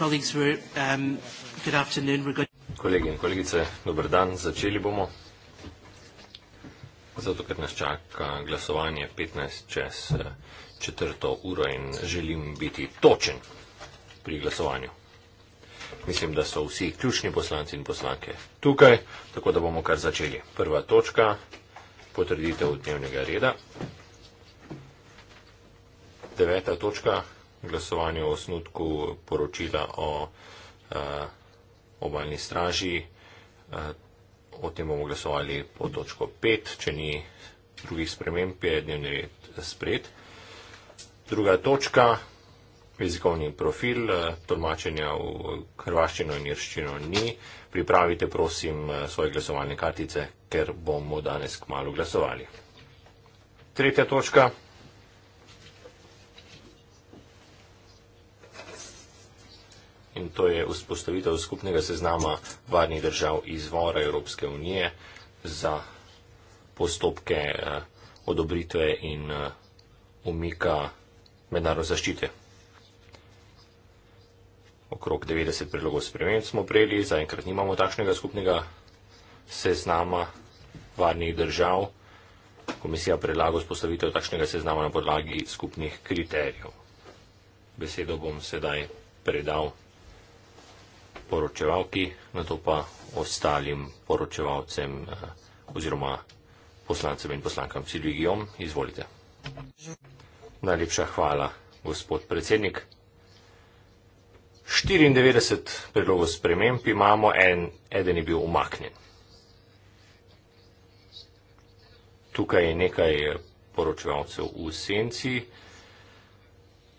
colleagues, we're, um, good afternoon. We're good. Kolegi in kolegice, dober dan. Začeli bomo. Zato, ker nas čaka glasovanje 15 čez eh, četrto uro in želim biti točen pri glasovanju. Mislim, da so vsi ključni poslanci in poslanke tukaj, tako da bomo kar začeli. Prva točka, potrditev dnevnega reda. Deveta točka, glasovanju o osnutku poročila o uh, obaljni straži. Uh, o tem bomo glasovali po točko 5, če ni drugih sprememb, je dnevni red spred. Druga točka, jezikovni profil, eh, tolmačenja v hrvaščino in irščino ni. Pripravite prosim svoje glasovalne kartice, ker bomo danes k malu glasovali. Tretja točka. in to je vzpostavitev skupnega seznama varnih držav izvora Evropske unije za postopke eh, odobritve in eh, umika mednarodne zaščite. Okrog 90 predlogov sprememb smo prejeli, zaenkrat nimamo takšnega skupnega seznama varnih držav. Komisija predlaga vzpostavitev takšnega seznama na podlagi skupnih kriterijev. Besedo bom sedaj predal poročevalki, na to pa ostalim poročevalcem eh, oziroma poslancem in poslankam Silvigijom. Izvolite. Najlepša hvala, gospod predsednik. 94 predlogov sprememb imamo, en, eden je bil umaknjen. Tukaj je nekaj poročevalcev v senci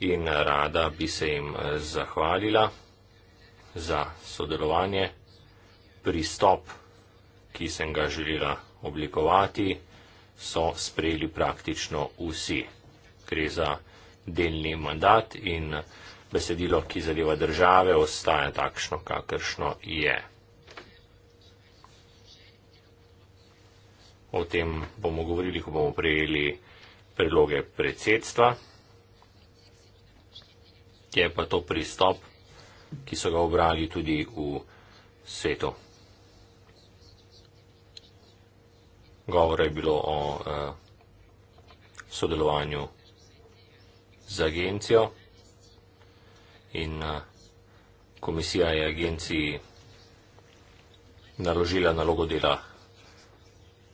in rada bi se jim eh, zahvalila za sodelovanje, pristop, ki sem ga želela oblikovati, so sprejeli praktično vsi. Gre za delni mandat in besedilo, ki zadeva države, ostaja takšno, kakršno je. O tem bomo govorili, ko bomo prejeli predloge predsedstva. Je pa to pristop ki so ga obrali tudi v svetu. Govore je bilo o eh, sodelovanju z agencijo in eh, komisija je agenciji naložila nalogo dela,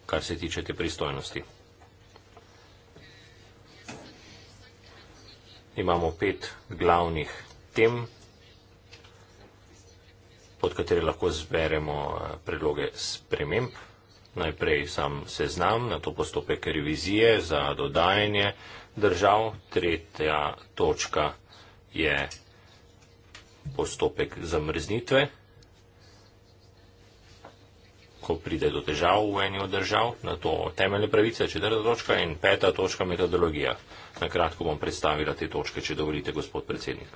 kar se tiče te pristojnosti. Imamo pet glavnih tem od katere lahko zberemo eh, predloge sprememb. Najprej sam seznam, na to postopek revizije za dodajanje držav. Tretja točka je postopek zamrznitve, ko pride do težav v eni od držav, na to temeljne pravice, četrta točka in peta točka metodologija. Na kratko bom predstavila te točke, če dovolite, gospod predsednik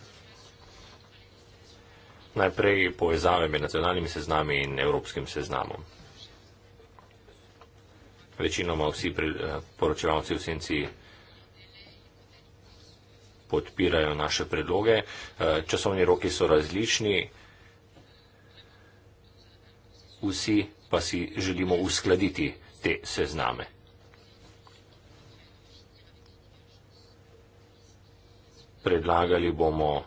najprej povezave med nacionalnimi seznami in evropskim seznamom. Večinoma vsi eh, poročevalci v senci podpirajo naše predloge. Eh, časovni roki so različni, vsi pa si želimo uskladiti te sezname. Predlagali bomo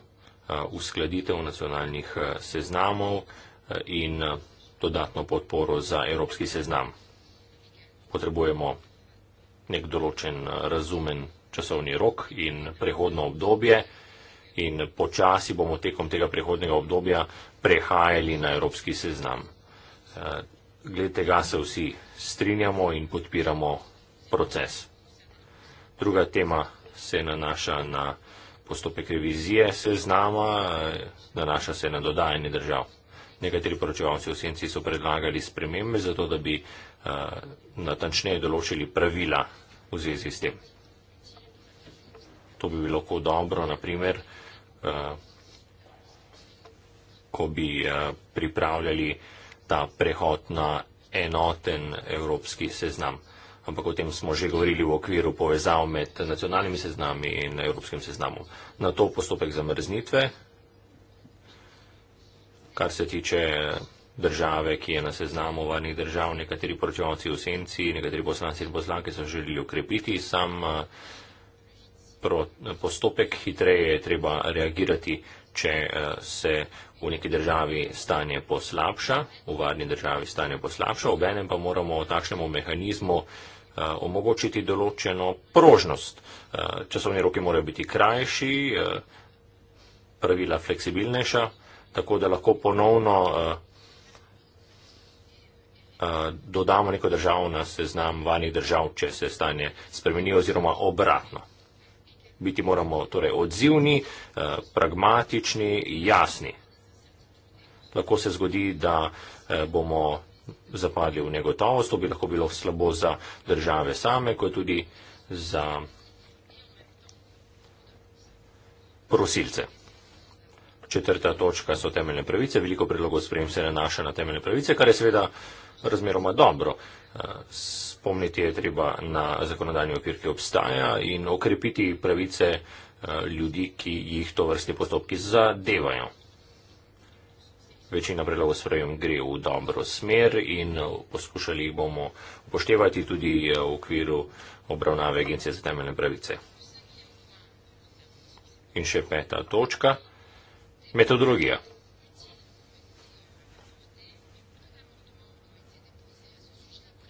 Eh, uskladitev nacionalnih eh, seznamov eh, in dodatno podporo za evropski seznam. Potrebujemo nek določen razumen časovni rok in prehodno obdobje in počasi bomo tekom tega prehodnega obdobja prehajali na evropski seznam. Glede tega se vsi strinjamo in podpiramo proces. Druga tema se nanaša na postopek revizije seznama, nanaša se na dodajanje držav. Nekateri poročevalci v senci so predlagali spremembe, zato da bi uh, natančneje določili pravila v zvezi s tem. To bi bilo lahko dobro, naprimer, uh, eh, ko bi uh, pripravljali ta prehod na enoten evropski seznam ampak o tem smo že govorili v okviru povezav med nacionalnimi seznami in evropskim seznamom. Na to postopek zamrznitve, kar se tiče države, ki je na seznamu varnih držav, nekateri poročevalci v senci, nekateri poslanci in poslanke so želeli ukrepiti, sam eh, pro, postopek hitreje je treba reagirati, če eh, se v neki državi stanje poslabša, v varni državi stanje poslabša, obenem pa moramo o takšnemu mehanizmu, Eh, omogočiti določeno prožnost. Eh, časovni roki morajo biti krajši, eh, pravila fleksibilnejša, tako da lahko ponovno dodamo neko državo na seznam vanjih držav, če se stanje spremeni oziroma obratno. Biti moramo torej odzivni, pragmatični, jasni. Lahko se zgodi, da bomo zapadli v negotovost. To bi lahko bilo slabo za države same, kot tudi za prosilce. Četrta točka so temeljne pravice. Veliko predlogov sprejem se nanaša na temeljne pravice, kar je seveda razmeroma dobro. Eh, spomniti je treba na zakonodajni okvir, ki obstaja in okrepiti pravice eh, ljudi, ki jih to vrstni postopki zadevajo večina predlogov sprejem gre v dobro smer in uh, poskušali bomo upoštevati tudi uh, v okviru obravnave Agencije za temeljne pravice. In še peta točka, metodologija.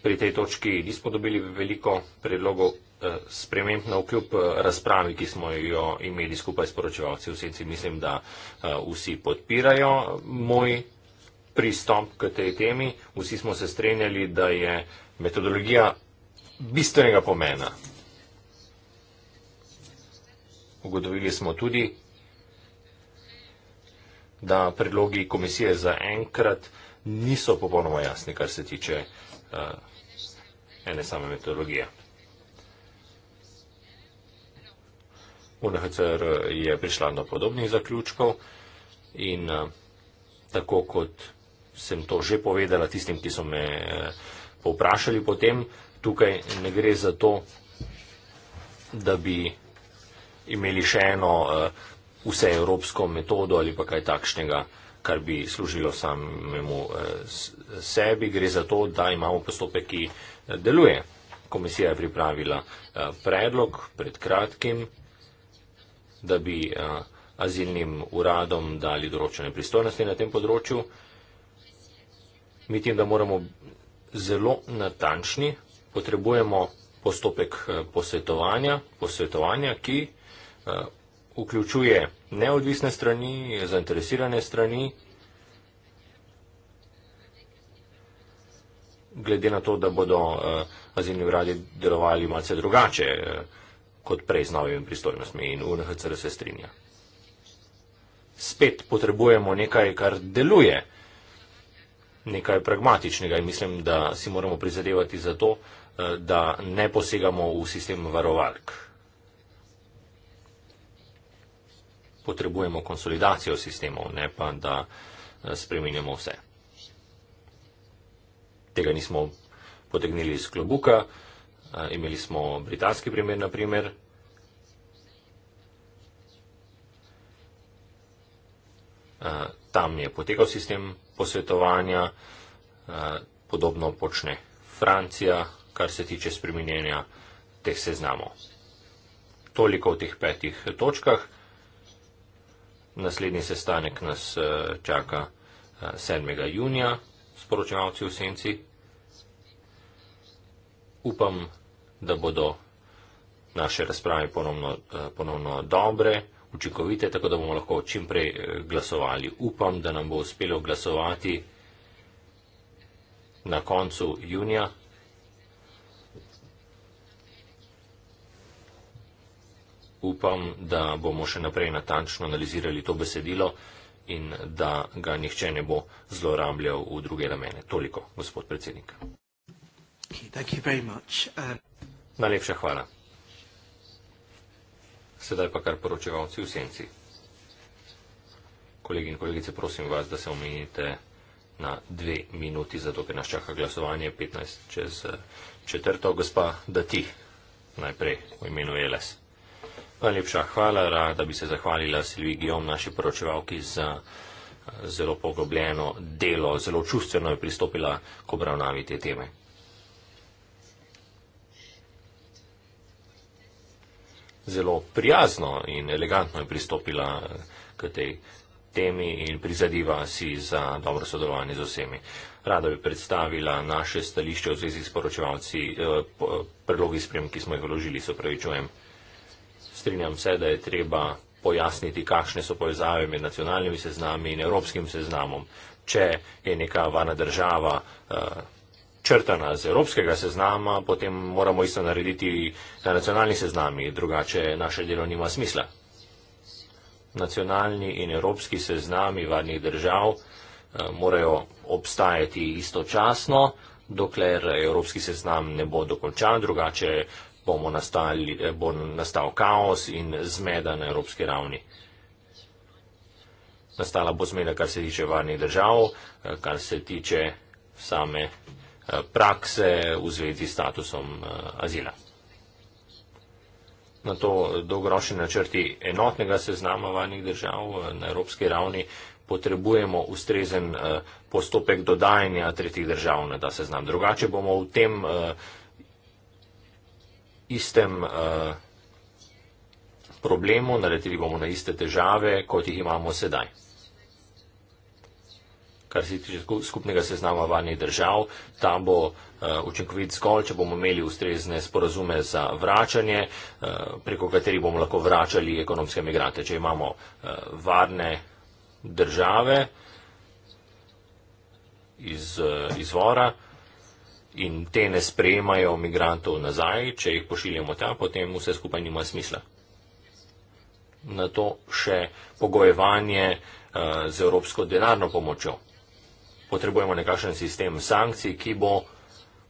Pri tej točki nismo dobili veliko predlogov Eh, sprememb na vkljub eh, razpravi, ki smo jo imeli skupaj s poročevalci v senci. Mislim, da eh, vsi podpirajo moj pristop k tej temi. Vsi smo se strenjali, da je metodologija bistvenega pomena. Ugotovili smo tudi, da predlogi komisije za enkrat niso popolnoma jasni, kar se tiče uh, ene same metodologije. UNHCR je prišla do podobnih zaključkov in eh, tako kot sem to že povedala tistim, ki so me eh, povprašali potem, tukaj ne gre za to, da bi imeli še eno eh, vseevropsko metodo ali pa kaj takšnega, kar bi služilo samemu sebi. Gre za to, da imamo postopek, ki deluje. Komisija je pripravila predlog pred kratkim, da bi azilnim uradom dali določene pristojnosti na tem področju. Mislim, da moramo zelo natančni, potrebujemo postopek posvetovanja, posvetovanja, ki vključuje neodvisne strani, zainteresirane strani, glede na to, da bodo azilni uradi delovali malce drugače kot prej z novimi pristojnostmi in UNHCR se strinja. Spet potrebujemo nekaj, kar deluje, nekaj pragmatičnega in mislim, da si moramo prizadevati za to, eh, da ne posegamo v sistem varovalk. Potrebujemo konsolidacijo sistemov, ne pa, da eh, spremenjamo vse. Tega nismo potegnili iz klobuka. Imeli smo britanski primer, na primer. Tam je potekal sistem posvetovanja, podobno počne Francija, kar se tiče spremenjenja teh seznamov. Toliko v teh petih točkah. Naslednji sestanek nas čaka 7. junija, sporočevalci v Senci. Upam, da bodo naše razprave ponovno, eh, ponovno dobre, učinkovite, tako da bomo lahko čim prej eh, glasovali. Upam, da nam bo uspelo glasovati na koncu junija. Upam, da bomo še naprej natančno analizirali to besedilo in da ga nihče ne bo zlorabljal v druge namene. Toliko, gospod predsednik. Okay, Najlepša hvala. Sedaj pa kar poročevalci v senci. Kolegi in kolegice, prosim vas, da se omenite na dve minuti, zato ker nas čaka glasovanje 15 čez eh, četrto. Gospa, da ti najprej v imenu LS. Najlepša hvala, rada bi se zahvalila Silvi Gijom, naši poročevalki, za eh, zelo poglobljeno delo, zelo čustveno je pristopila k obravnavi te teme. zelo prijazno in elegantno je pristopila eh, k tej temi in prizadeva si za dobro sodelovanje z vsemi. Rada bi predstavila naše stališče v zvezi s poročevalci, eh, eh, predlogi sprem, ki smo jih vložili, se pravi, čujem. Strinjam se, da je treba pojasniti, kakšne so povezave med nacionalnimi seznami in evropskim seznamom. Če je neka varna država črtana z evropskega seznama, potem moramo isto narediti na nacionalni seznami, drugače naše delo nima smisla. Nacionalni in evropski seznami varnih držav eh, morajo obstajati istočasno, dokler evropski seznam ne bo dokončan, drugače nastali, eh, bo nastal kaos in zmeda na evropski ravni. Nastala bo zmeda, kar se tiče varnih držav, eh, kar se tiče same Eh, prakse v zvezi s statusom eh, azila. Na to dolgoročni načrti enotnega seznama vanjih držav eh, na evropski ravni potrebujemo ustrezen postopek dodajanja tretjih držav na ta seznam. Drugače bomo v tem istem problemu naredili bomo na iste težave, kot jih imamo sedaj kar se tiče skupnega seznama varnih držav. Ta bo eh, učinkovit zgolj, če bomo imeli ustrezne sporazume za vračanje, eh, preko katerih bomo lahko vračali ekonomske migrante. Če imamo eh, varne države iz izvora in te ne sprejemajo migrantov nazaj, če jih pošiljamo tja, potem vse skupaj nima smisla. Na to še pogojevanje z evropsko denarno pomočjo potrebujemo nekakšen sistem sankcij, ki bo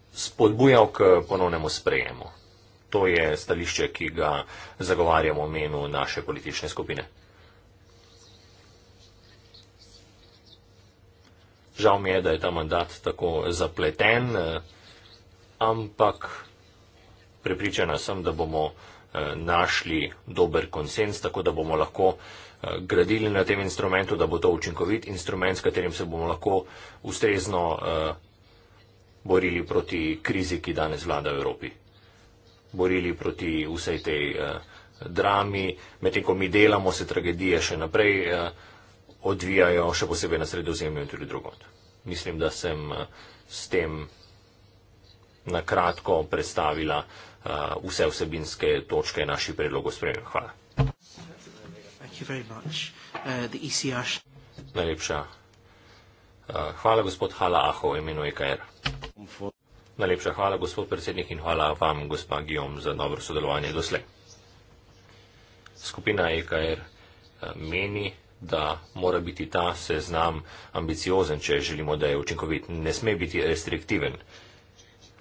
spodbujal k ponovnemu sprejemu. To je stališče, ki ga zagovarjamo v menu naše politične skupine. Žal mi je, da je ta mandat tako zapleten, eh, ampak pripričana sem, da bomo eh, našli dober konsens, tako da bomo lahko uh, Eh, gradili na tem instrumentu, da bo to učinkovit instrument, s katerim se bomo lahko ustrezno eh, borili proti krizi, ki danes vlada v Evropi. Borili proti vsej tej eh, drami, medtem ko mi delamo, se tragedije še naprej odvijajo, še posebej na sredozemlju in tudi drugod. Mislim, da sem s tem na kratko predstavila vse vsebinske točke naših predlogov spremljenja. Hvala. Thank you very much. Uh, the ECR... Najlepša. Uh, hvala, gospod Hala Aho, imenu EKR. Najlepša hvala, gospod predsednik, in hvala vam, gospa Gijom, za dobro sodelovanje doslej. Skupina EKR uh, meni, da mora biti ta seznam ambiciozen, če želimo, da je učinkovit. Ne sme biti restriktiven.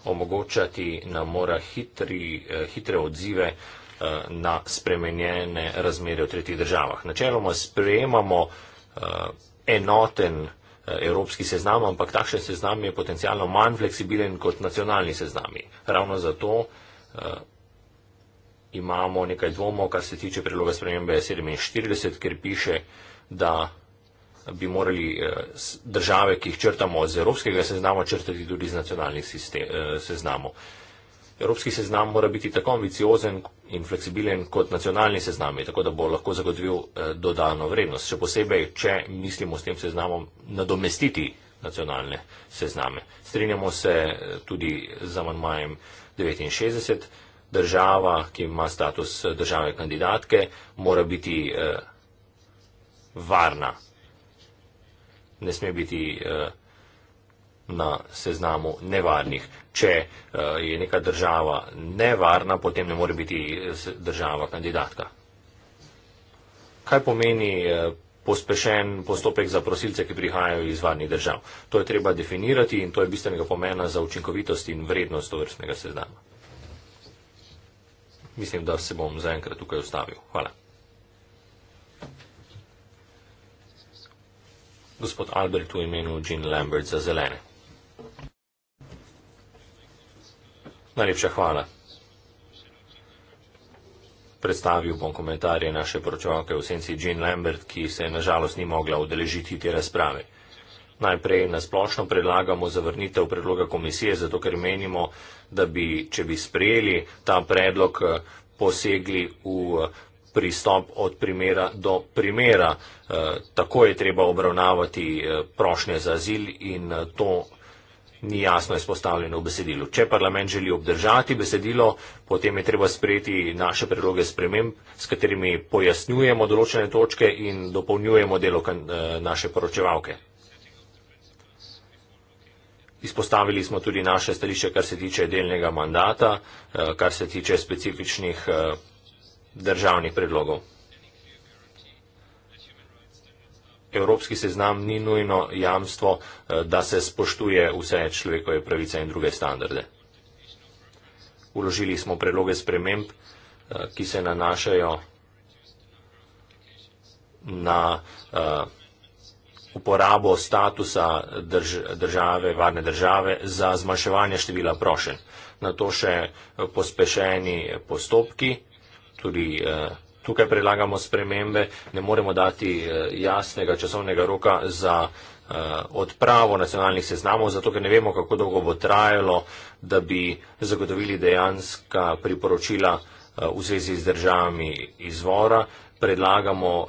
Omogočati nam mora hitri, uh, hitre odzive, Eh, na spremenjene razmere v tretjih državah. Načeloma sprejemamo eh, enoten eh, evropski seznam, ampak takšen seznam je potencialno manj fleksibilen kot nacionalni seznami. Ravno zato imamo nekaj dvomov, kar se tiče predloga spremembe 47, ker piše, da bi morali države, ki jih črtamo z evropskega seznama, črtati tudi z nacionalnih seznamov. Evropski seznam mora biti tako ambiciozen in fleksibilen kot nacionalni seznami, tako da bo lahko zagotovil eh, dodano vrednost, še posebej, če mislimo s tem seznamom nadomestiti nacionalne sezname. Strinjamo se eh, tudi z amanmajem 69. Država, ki ima status eh, države kandidatke, mora biti eh, varna. Ne sme biti eh, na seznamu nevarnih če eh, je neka država nevarna, potem ne more biti eh, država kandidatka. Kaj pomeni eh, pospešen postopek za prosilce, ki prihajajo iz varnih držav? To je treba definirati in to je bistvenega pomena za učinkovitost in vrednost tovrstnega seznama. Mislim, da se bom zaenkrat tukaj ustavil. Hvala. Gospod Albert v imenu Jean Lambert za zelene. Najlepša hvala. Predstavil bom komentarje naše poročevalke v senci Jean Lambert, ki se nažalost ni mogla udeležiti te razprave. Najprej nasplošno predlagamo zavrnitev predloga komisije, zato ker menimo, da bi, če bi sprejeli ta predlog, eh, posegli v eh, pristop od primera do primera. Eh, tako je treba obravnavati prošnje za azil in to ni jasno izpostavljeno v besedilu. Če parlament želi obdržati besedilo, potem je treba sprejeti naše predloge sprememb, s katerimi pojasnjujemo določene točke in dopolnjujemo delo eh, naše poročevalke. Izpostavili smo tudi naše stališče, kar se tiče delnega mandata, eh, kar se tiče specifičnih eh, državnih predlogov. Evropski seznam ni nujno jamstvo, eh, da se spoštuje vse človekove pravice in druge standarde. Uložili smo predloge sprememb, eh, ki se nanašajo na eh, uporabo statusa drž države, varne države za zmanjševanje števila prošen. Na to še pospešeni postopki, tudi tukaj predlagamo spremembe, ne moremo dati eh, jasnega časovnega roka za eh, odpravo nacionalnih seznamov, zato ker ne vemo, kako dolgo bo trajalo, da bi zagotovili dejanska priporočila eh, v zvezi z državami izvora, predlagamo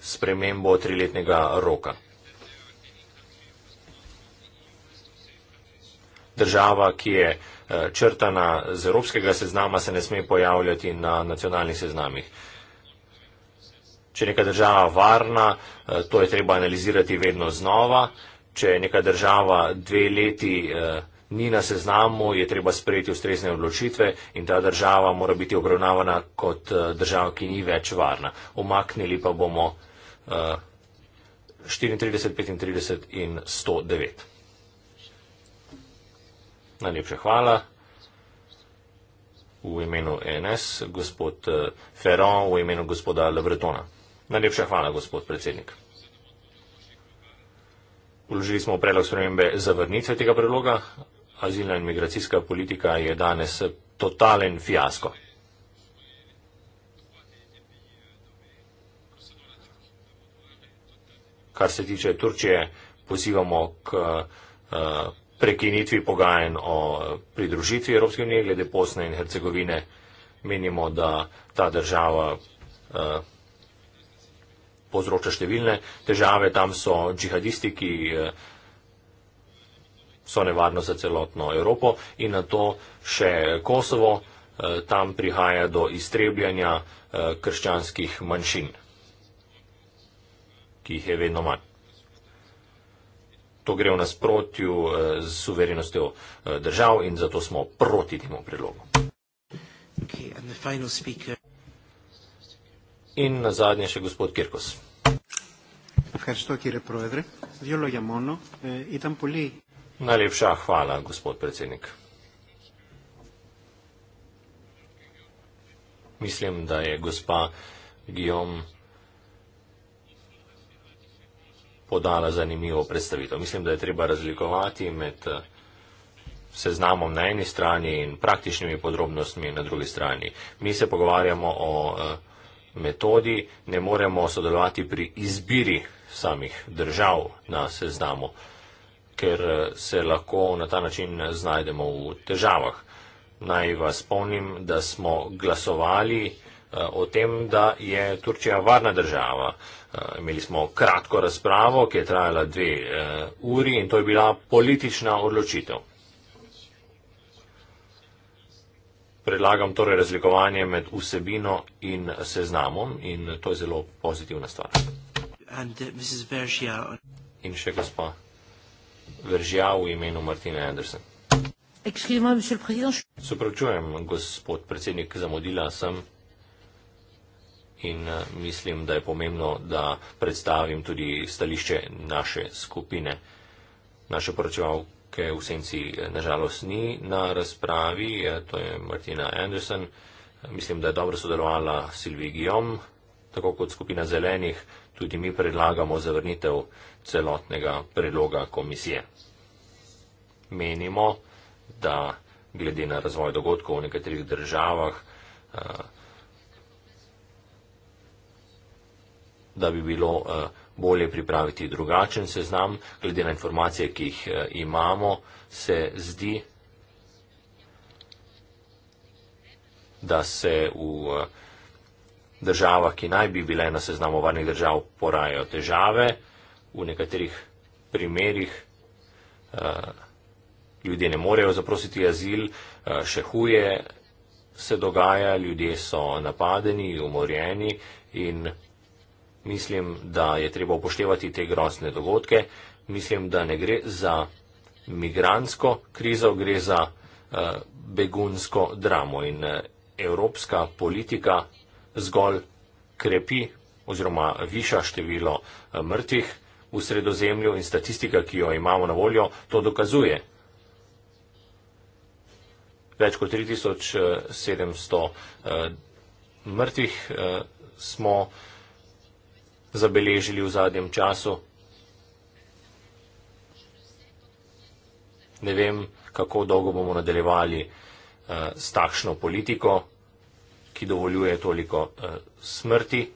spremembo triletnega roka. Država, ki je črtana z evropskega seznama, se ne sme pojavljati na nacionalnih seznamih. Če je neka država varna, eh, to je treba analizirati vedno znova. Če je neka država dve leti eh, ni na seznamu, je treba sprejeti ustrezne odločitve in ta država mora biti obravnavana kot eh, država, ki ni več varna. Umaknili pa bomo 34, 35 in 109. Najlepša hvala. V imenu NS, gospod Ferron, v imenu gospoda Lebretona. Najlepša hvala, gospod predsednik. Vložili smo predlog spremembe zavrnitve tega predloga. Azilna in migracijska politika je danes totalen fiasko. Kar se tiče Turčije, pozivamo k eh, prekinitvi pogajanj o pridružitvi Evropske unije glede Posne in Hercegovine. Menimo, da ta država. Eh, povzroča številne težave, tam so džihadisti, ki eh, so nevarno za celotno Evropo in na to še Kosovo, eh, tam prihaja do iztrebljanja eh, krščanskih manjšin, ki jih je vedno manj. To gre v nasprotju z suverenostjo držav in zato smo proti temu predlogu. Okay, In na zadnje še gospod Kirkos. Ευχαριστώ κύριε Πρόεδρε. Δύο λόγια μόνο. Ε, ήταν πολύ... Να λείψα χβάλα, γκουσπότ Πρετσίνικ. Μισλήμ δα ε γκουσπά Γιόμ podala zanimivo predstavitev. Mislim, da je treba razlikovati med eh, seznamom na eni strani in praktičnimi podrobnostmi na drugi strani. Mi se pogovarjamo o uh, metodi ne moremo sodelovati pri izbiri samih držav na seznamu, ker eh, se lahko na ta način znajdemo v težavah. Naj vas spomnim, da smo glasovali eh, o tem, da je Turčija varna država. Eh, imeli smo kratko razpravo, ki je trajala dve uri in to je bila politična odločitev. predlagam torej razlikovanje med vsebino in seznamom in to je zelo pozitivna stvar. And, uh, in še gospa Veržja v imenu Martina Andersen. Supravčujem, gospod predsednik, zamudila sem in uh, mislim, da je pomembno, da predstavim tudi stališče naše skupine, naše poročevalke ki v senci eh, nažalost ni na razpravi, eh, to je Martina Anderson. Mislim, da je dobro sodelovala s Silvigijom, tako kot skupina zelenih, tudi mi predlagamo zavrnitev celotnega predloga komisije. Menimo, da glede na razvoj dogodkov v nekaterih državah, eh, da bi bilo bolje pripraviti drugačen seznam, glede na informacije, ki jih eh, imamo, se zdi, da se v eh, državah, ki naj bi bile na seznamu varnih držav, porajajo težave. V nekaterih primerjih eh, ljudje ne morejo zaprositi azil, še huje se dogaja, ljudje so napadeni, umorjeni in Mislim, da je treba upoštevati te grozne dogodke. Mislim, da ne gre za migransko krizo, gre za uh, begunsko dramo in uh, evropska politika zgolj krepi oziroma viša število uh, mrtvih v sredozemlju in statistika, ki jo imamo na voljo, to dokazuje. Več kot 3700 uh, mrtvih uh, smo zabeležili v zadnjem času. Ne vem, kako dolgo bomo nadaljevali eh, s takšno politiko, ki dovoljuje toliko eh, smrti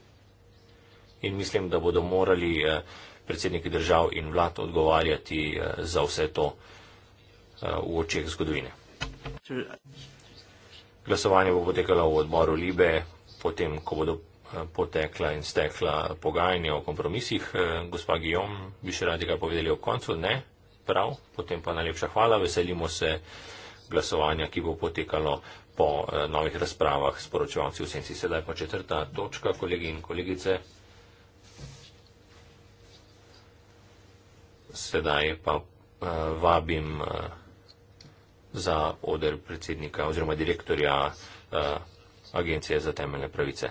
in mislim, da bodo morali eh, predsedniki držav in vlad odgovarjati eh, za vse to eh, v očeh zgodovine. Glasovanje bo potekalo v odboru Libe, potem, ko bodo potekla in stekla pogajanja o kompromisih. Eh, gospa Gijom, bi še radi kaj povedali o koncu? Ne? Prav, potem pa najlepša hvala. Veselimo se glasovanja, ki bo potekalo po eh, novih razpravah s poročevalci v senci. Sedaj pa četrta točka, kolegi in kolegice. Sedaj pa uh, vabim uh, za odr predsednika oziroma direktorja uh, Agencije za temeljne pravice.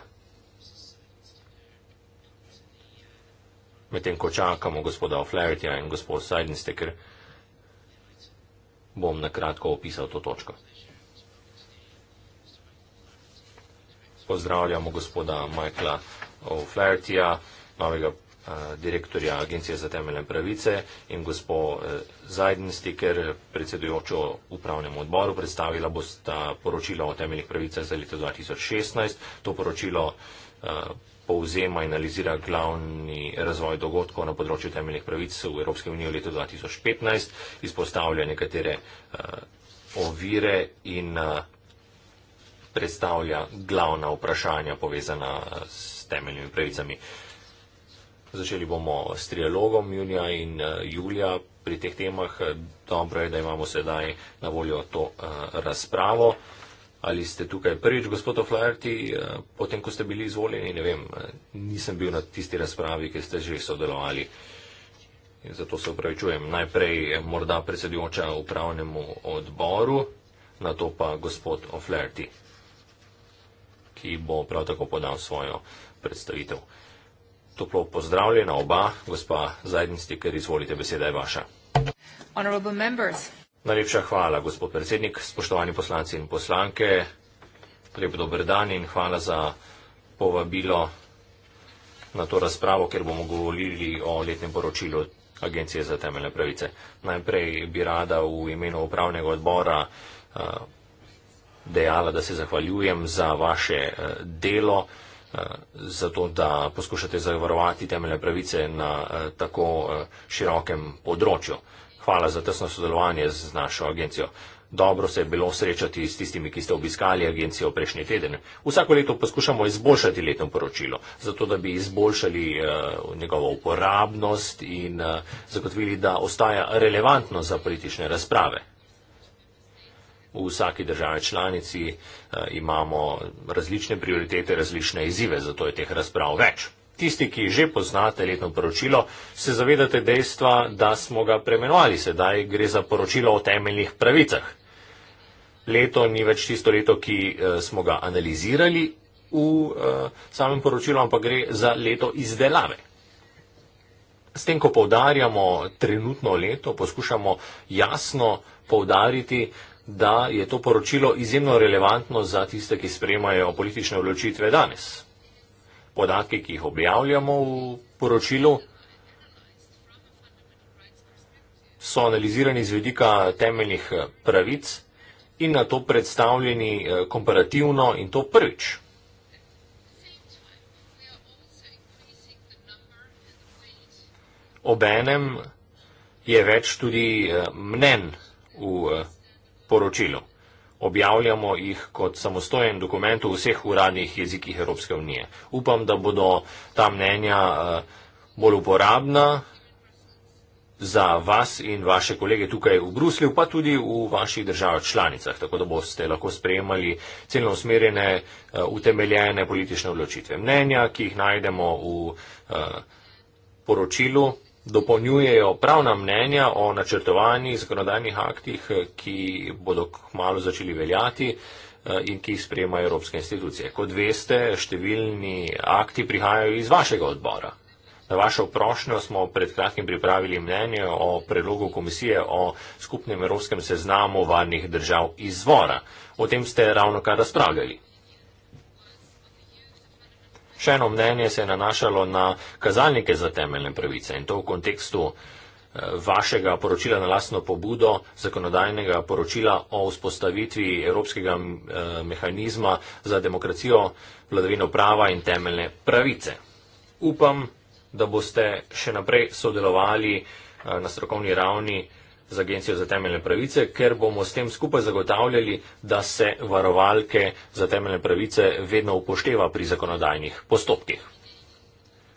medtem ko čakamo gospoda Flaherty in gospod Seidensteker, bom na kratko opisal to točko. Pozdravljamo gospoda Michaela Flahertyja, novega uh, direktorja Agencije za temeljne pravice in gospod uh, eh, Seidensteker, predsedujočo upravnemu odboru, predstavila bosta poročilo o temeljnih pravicah za leto 2016. To poročilo uh, povzema in analizira glavni razvoj dogodkov na področju temeljnih pravic v Evropske unije v letu 2015, izpostavlja nekatere uh, ovire in uh, predstavlja glavna vprašanja povezana eh, s temeljnimi pravicami. Začeli bomo s trialogom junija in uh, julija pri teh temah. Dobro je, da imamo sedaj na voljo to uh, razpravo. Uh, Ali ste tukaj prvič, gospod Oflaherty, eh, potem, ko ste bili izvoljeni, ne vem, eh, nisem bil na tisti razpravi, ki ste že sodelovali. In zato se upravičujem. Najprej morda predsedujoča upravnemu odboru, na to pa gospod Oflaherty, ki bo prav tako podal svojo predstavitev. Toplo pozdravljena oba, gospa Zajdnisti, ker izvolite, beseda je vaša. Najlepša hvala, gospod predsednik, spoštovani poslanci in poslanke. Lep dober dan in hvala za povabilo na to razpravo, ker bomo govorili o letnem poročilu Agencije za temeljne pravice. Najprej bi rada v imenu upravnega odbora eh, dejala, da se zahvaljujem za vaše eh, delo, eh, za to, da poskušate zavarovati temeljne pravice na tako širokem področju. Hvala za tesno sodelovanje z našo agencijo. Dobro se je bilo srečati s tistimi, ki ste obiskali agencijo prejšnji teden. Vsako leto poskušamo izboljšati letno poročilo, zato da bi izboljšali uh, njegovo uporabnost in uh, zagotovili, da ostaja relevantno za politične razprave. V vsaki državi članici uh, imamo različne prioritete, različne izzive, zato je teh razprav več. Tisti, ki že poznate letno poročilo, se zavedate dejstva, da smo ga premenovali sedaj, gre za poročilo o temeljnih pravicah. Leto ni več tisto leto, ki eh, smo ga analizirali v eh, samem poročilu, ampak gre za leto izdelave. S tem, ko povdarjamo trenutno leto, poskušamo jasno povdariti, da je to poročilo izjemno relevantno za tiste, ki spremajo politične odločitve danes podatki, ki jih objavljamo v poročilu, so analizirani z vedika temeljnih eh, pravic in na to predstavljeni eh, komparativno in to prvič. Obenem je več tudi eh, mnen v poročilu objavljamo jih kot samostojen dokument v vseh uradnih jezikih Evropske unije. Upam, da bodo ta mnenja eh, bolj uporabna za vas in vaše kolege tukaj v Bruslju, pa tudi v vaših državah članicah, tako da boste lahko sprejemali celno usmerjene, eh, utemeljene politične odločitve. Mnenja, ki jih najdemo v eh, poročilu dopolnjujejo pravna mnenja o načrtovanih zakonodajnih aktih, ki bodo kmalo začeli veljati eh, in ki jih sprejemajo evropske institucije. Kot veste, številni akti prihajajo iz vašega odbora. Na vašo prošnjo smo pred kratkim pripravili mnenje o predlogu komisije o skupnem evropskem seznamu varnih držav izvora. O tem ste ravno kar razpravljali. Še eno mnenje se je nanašalo na kazalnike za temeljne pravice in to v kontekstu eh, vašega poročila na lastno pobudo, zakonodajnega poročila o vzpostavitvi Evropskega eh, mehanizma za demokracijo, vladavino prava in temeljne pravice. Upam, da boste še naprej sodelovali eh, na strokovni ravni z Agencijo za temeljne pravice, ker bomo s tem skupaj zagotavljali, da se varovalke za temeljne pravice vedno upošteva pri zakonodajnih postopkih.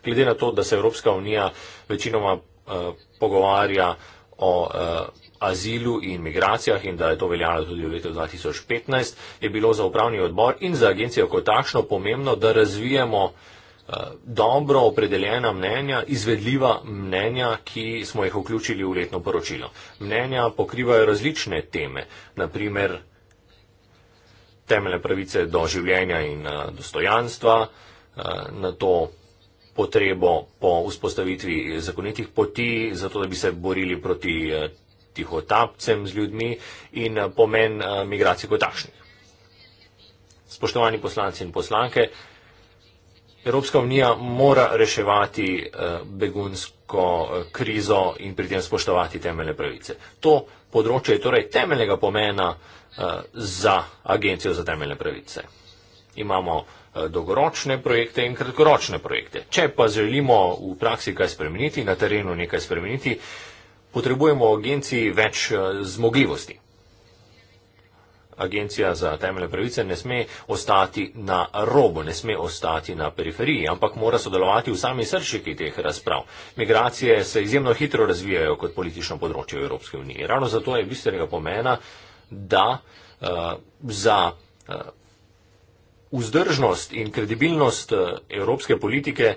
Glede na to, da se Evropska unija večinoma eh, pogovarja o eh, azilu in migracijah in da je to veljalo tudi v letu 2015, je bilo za upravni odbor in za agencijo kot takšno pomembno, da razvijemo dobro opredeljena mnenja, izvedljiva mnenja, ki smo jih vključili v letno poročilo. Mnenja pokrivajo različne teme, naprimer temeljne pravice do življenja in eh, dostojanstva, eh, na to potrebo po vzpostavitvi zakonitih poti, zato da bi se borili proti eh, tihotapcem z ljudmi in pomen migracij kot takšnih. Spoštovani poslanci in poslanke, Evropska unija mora reševati eh, begunsko eh, krizo in pri tem spoštovati temeljne pravice. To področje je torej temeljnega pomena eh, za agencijo za temeljne pravice. Imamo dolgoročne projekte in kratkoročne projekte. Če pa želimo v praksi kaj spremeniti, na terenu nekaj spremeniti, potrebujemo agenciji več zmogljivosti agencija za temeljne pravice ne sme ostati na robu, ne sme ostati na periferiji, ampak mora sodelovati v sami srčiki teh razprav. Migracije se izjemno hitro razvijajo kot politično področje v Evropske unije. Ravno zato je bistvenega pomena, da uh, za uh, vzdržnost in kredibilnost uh, evropske politike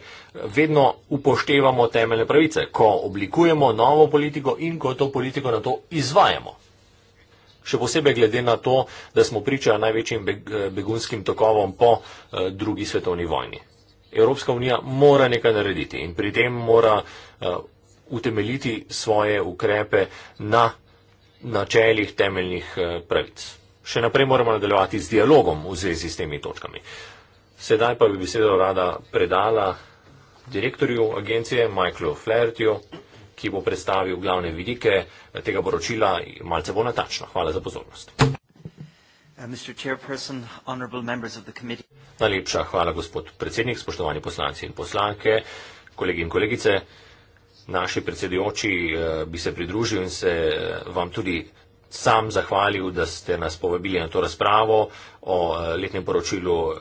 vedno upoštevamo temeljne pravice, ko oblikujemo novo politiko in ko to politiko na to izvajamo. Še posebej glede na to, da smo priča največjim eh, begunskim tokovom po eh, drugi svetovni vojni. Evropska unija mora nekaj narediti in pri tem mora eh, utemeljiti svoje ukrepe na načeljih temeljnih pravic. Še naprej moramo nadaljevati z dialogom v zvezi s temi točkami. Sedaj pa bi besedo rada predala direktorju agencije Michaelu Flertiju ki bo predstavil glavne vidike eh, tega poročila, malce bo natačno. Hvala za pozornost. Uh, Najlepša hvala, gospod predsednik, spoštovani poslanci in poslanke, kolegi in kolegice. Naši predsedujoči eh, bi se pridružil in se eh, vam tudi sam zahvalil, da ste nas povabili na to razpravo o letnem poročilu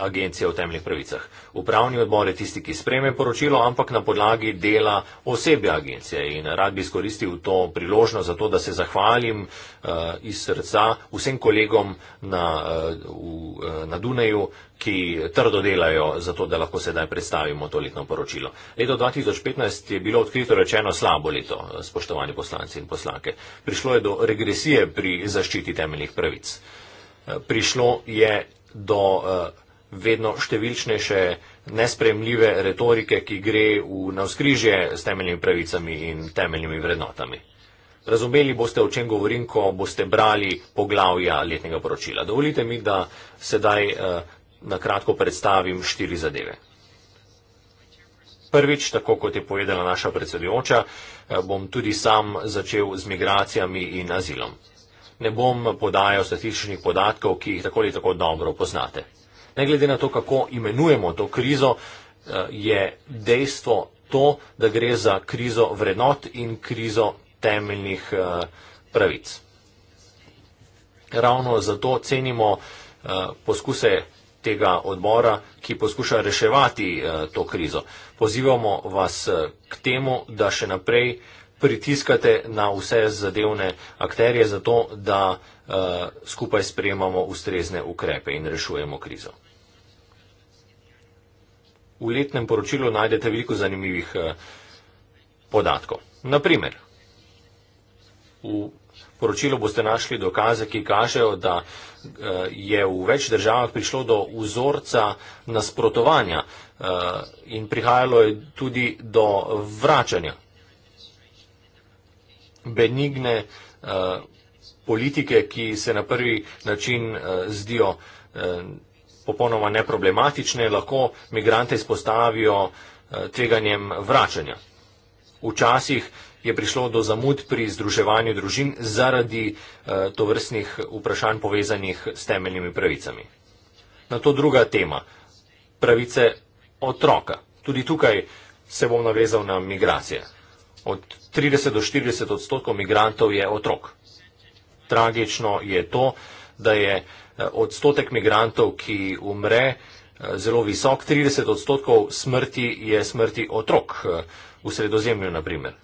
agencije o temeljnih pravicah. Upravni odbor je tisti, ki spreme poročilo, ampak na podlagi dela osebe agencije in rad bi izkoristil to priložnost za to, da se zahvalim uh, iz srca vsem kolegom na, uh, v, uh, na Dunaju, ki trdo delajo za to, da lahko sedaj predstavimo to letno poročilo. Leto 2015 je bilo odkrito rečeno slabo leto, spoštovani poslanci in poslanke. Prišlo je do regresije pri zaščiti temeljnih pravic. Uh, prišlo je do uh, vedno številčnejše nespremljive retorike, ki gre v navskrižje s temeljnimi pravicami in temeljnimi vrednotami. Razumeli boste, o čem govorim, ko boste brali poglavja letnega poročila. Dovolite mi, da sedaj eh, na kratko predstavim štiri zadeve. Prvič, tako kot je povedala naša predsedujoča, eh, bom tudi sam začel z migracijami in azilom. Ne bom podajal statističnih podatkov, ki jih tako ali tako dobro poznate ne glede na to, kako imenujemo to krizo, eh, je dejstvo to, da gre za krizo vrednot in krizo temeljnih eh, pravic. Ravno zato cenimo eh, poskuse tega odbora, ki poskuša reševati to krizo. Pozivamo vas k temu, da še naprej pritiskate na vse zadevne akterje, zato da skupaj sprejemamo ustrezne ukrepe in rešujemo krizo v letnem poročilu najdete veliko zanimivih eh, podatkov. Naprimer, v poročilu boste našli dokaze, ki kažejo, da eh, je v več državah prišlo do vzorca nasprotovanja eh, in prihajalo je tudi do vračanja benigne politike, ki se na prvi način zdijo popolnoma neproblematične, lahko migrante izpostavijo eh, tveganjem vračanja. Včasih je prišlo do zamud pri združevanju družin zaradi eh, tovrstnih vprašanj povezanih s temeljnimi pravicami. Na to druga tema. Pravice otroka. Tudi tukaj se bom navezal na migracije. Od 30 do 40 odstotkov migrantov je otrok. Tragično je to, da je odstotek migrantov, ki umre, zelo visok. 30 odstotkov smrti je smrti otrok v sredozemlju, na primer.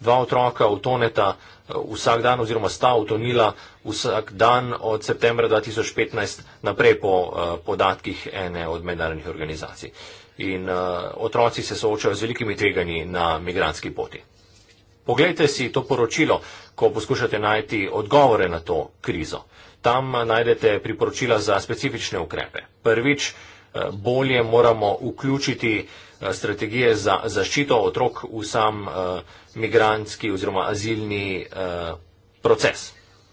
Dva otroka utoneta vsak dan oziroma sta utonila vsak dan od septembra 2015 naprej po podatkih ene od mednarodnih organizacij. In otroci se soočajo z velikimi tveganji na migranski poti. Poglejte si to poročilo, ko poskušate najti odgovore na to krizo. Tam eh, najdete priporočila za specifične ukrepe. Prvič, eh, bolje moramo vključiti eh, strategije za zaščito otrok v sam migranski oziroma azilni proces.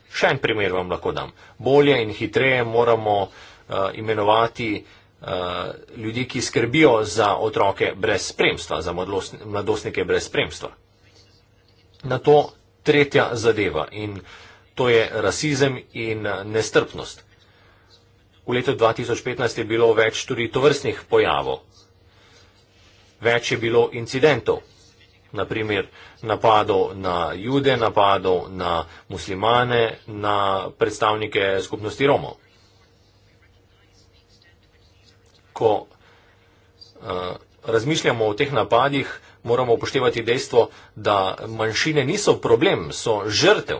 Še en primer vam lahko dam. Bolje in hitreje moramo imenovati ljudi, ki skrbijo za otroke brez spremstva, za mladostnike brez spremstva na to tretja zadeva in to je rasizem in nestrpnost. V letu 2015 je bilo več tudi tovrstnih pojavov. Več je bilo incidentov, naprimer napadov na jude, napadov na muslimane, na predstavnike skupnosti Romov. Ko uh, razmišljamo o teh napadih, moramo upoštevati dejstvo, da manjšine niso problem, so žrtev.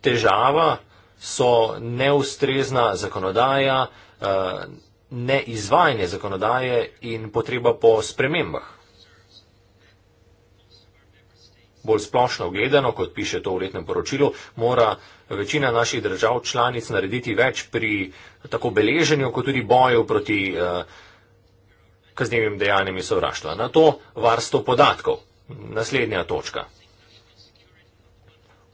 Težava so neustrezna zakonodaja, eh, neizvajanje zakonodaje in potreba po spremembah. Bolj splošno gledano, kot piše to v letnem poročilu, mora večina naših držav članic narediti več pri tako beleženju, kot tudi boju proti uh, kaznjivim dejanjem sovraštva. Na to varstvo podatkov. Naslednja točka.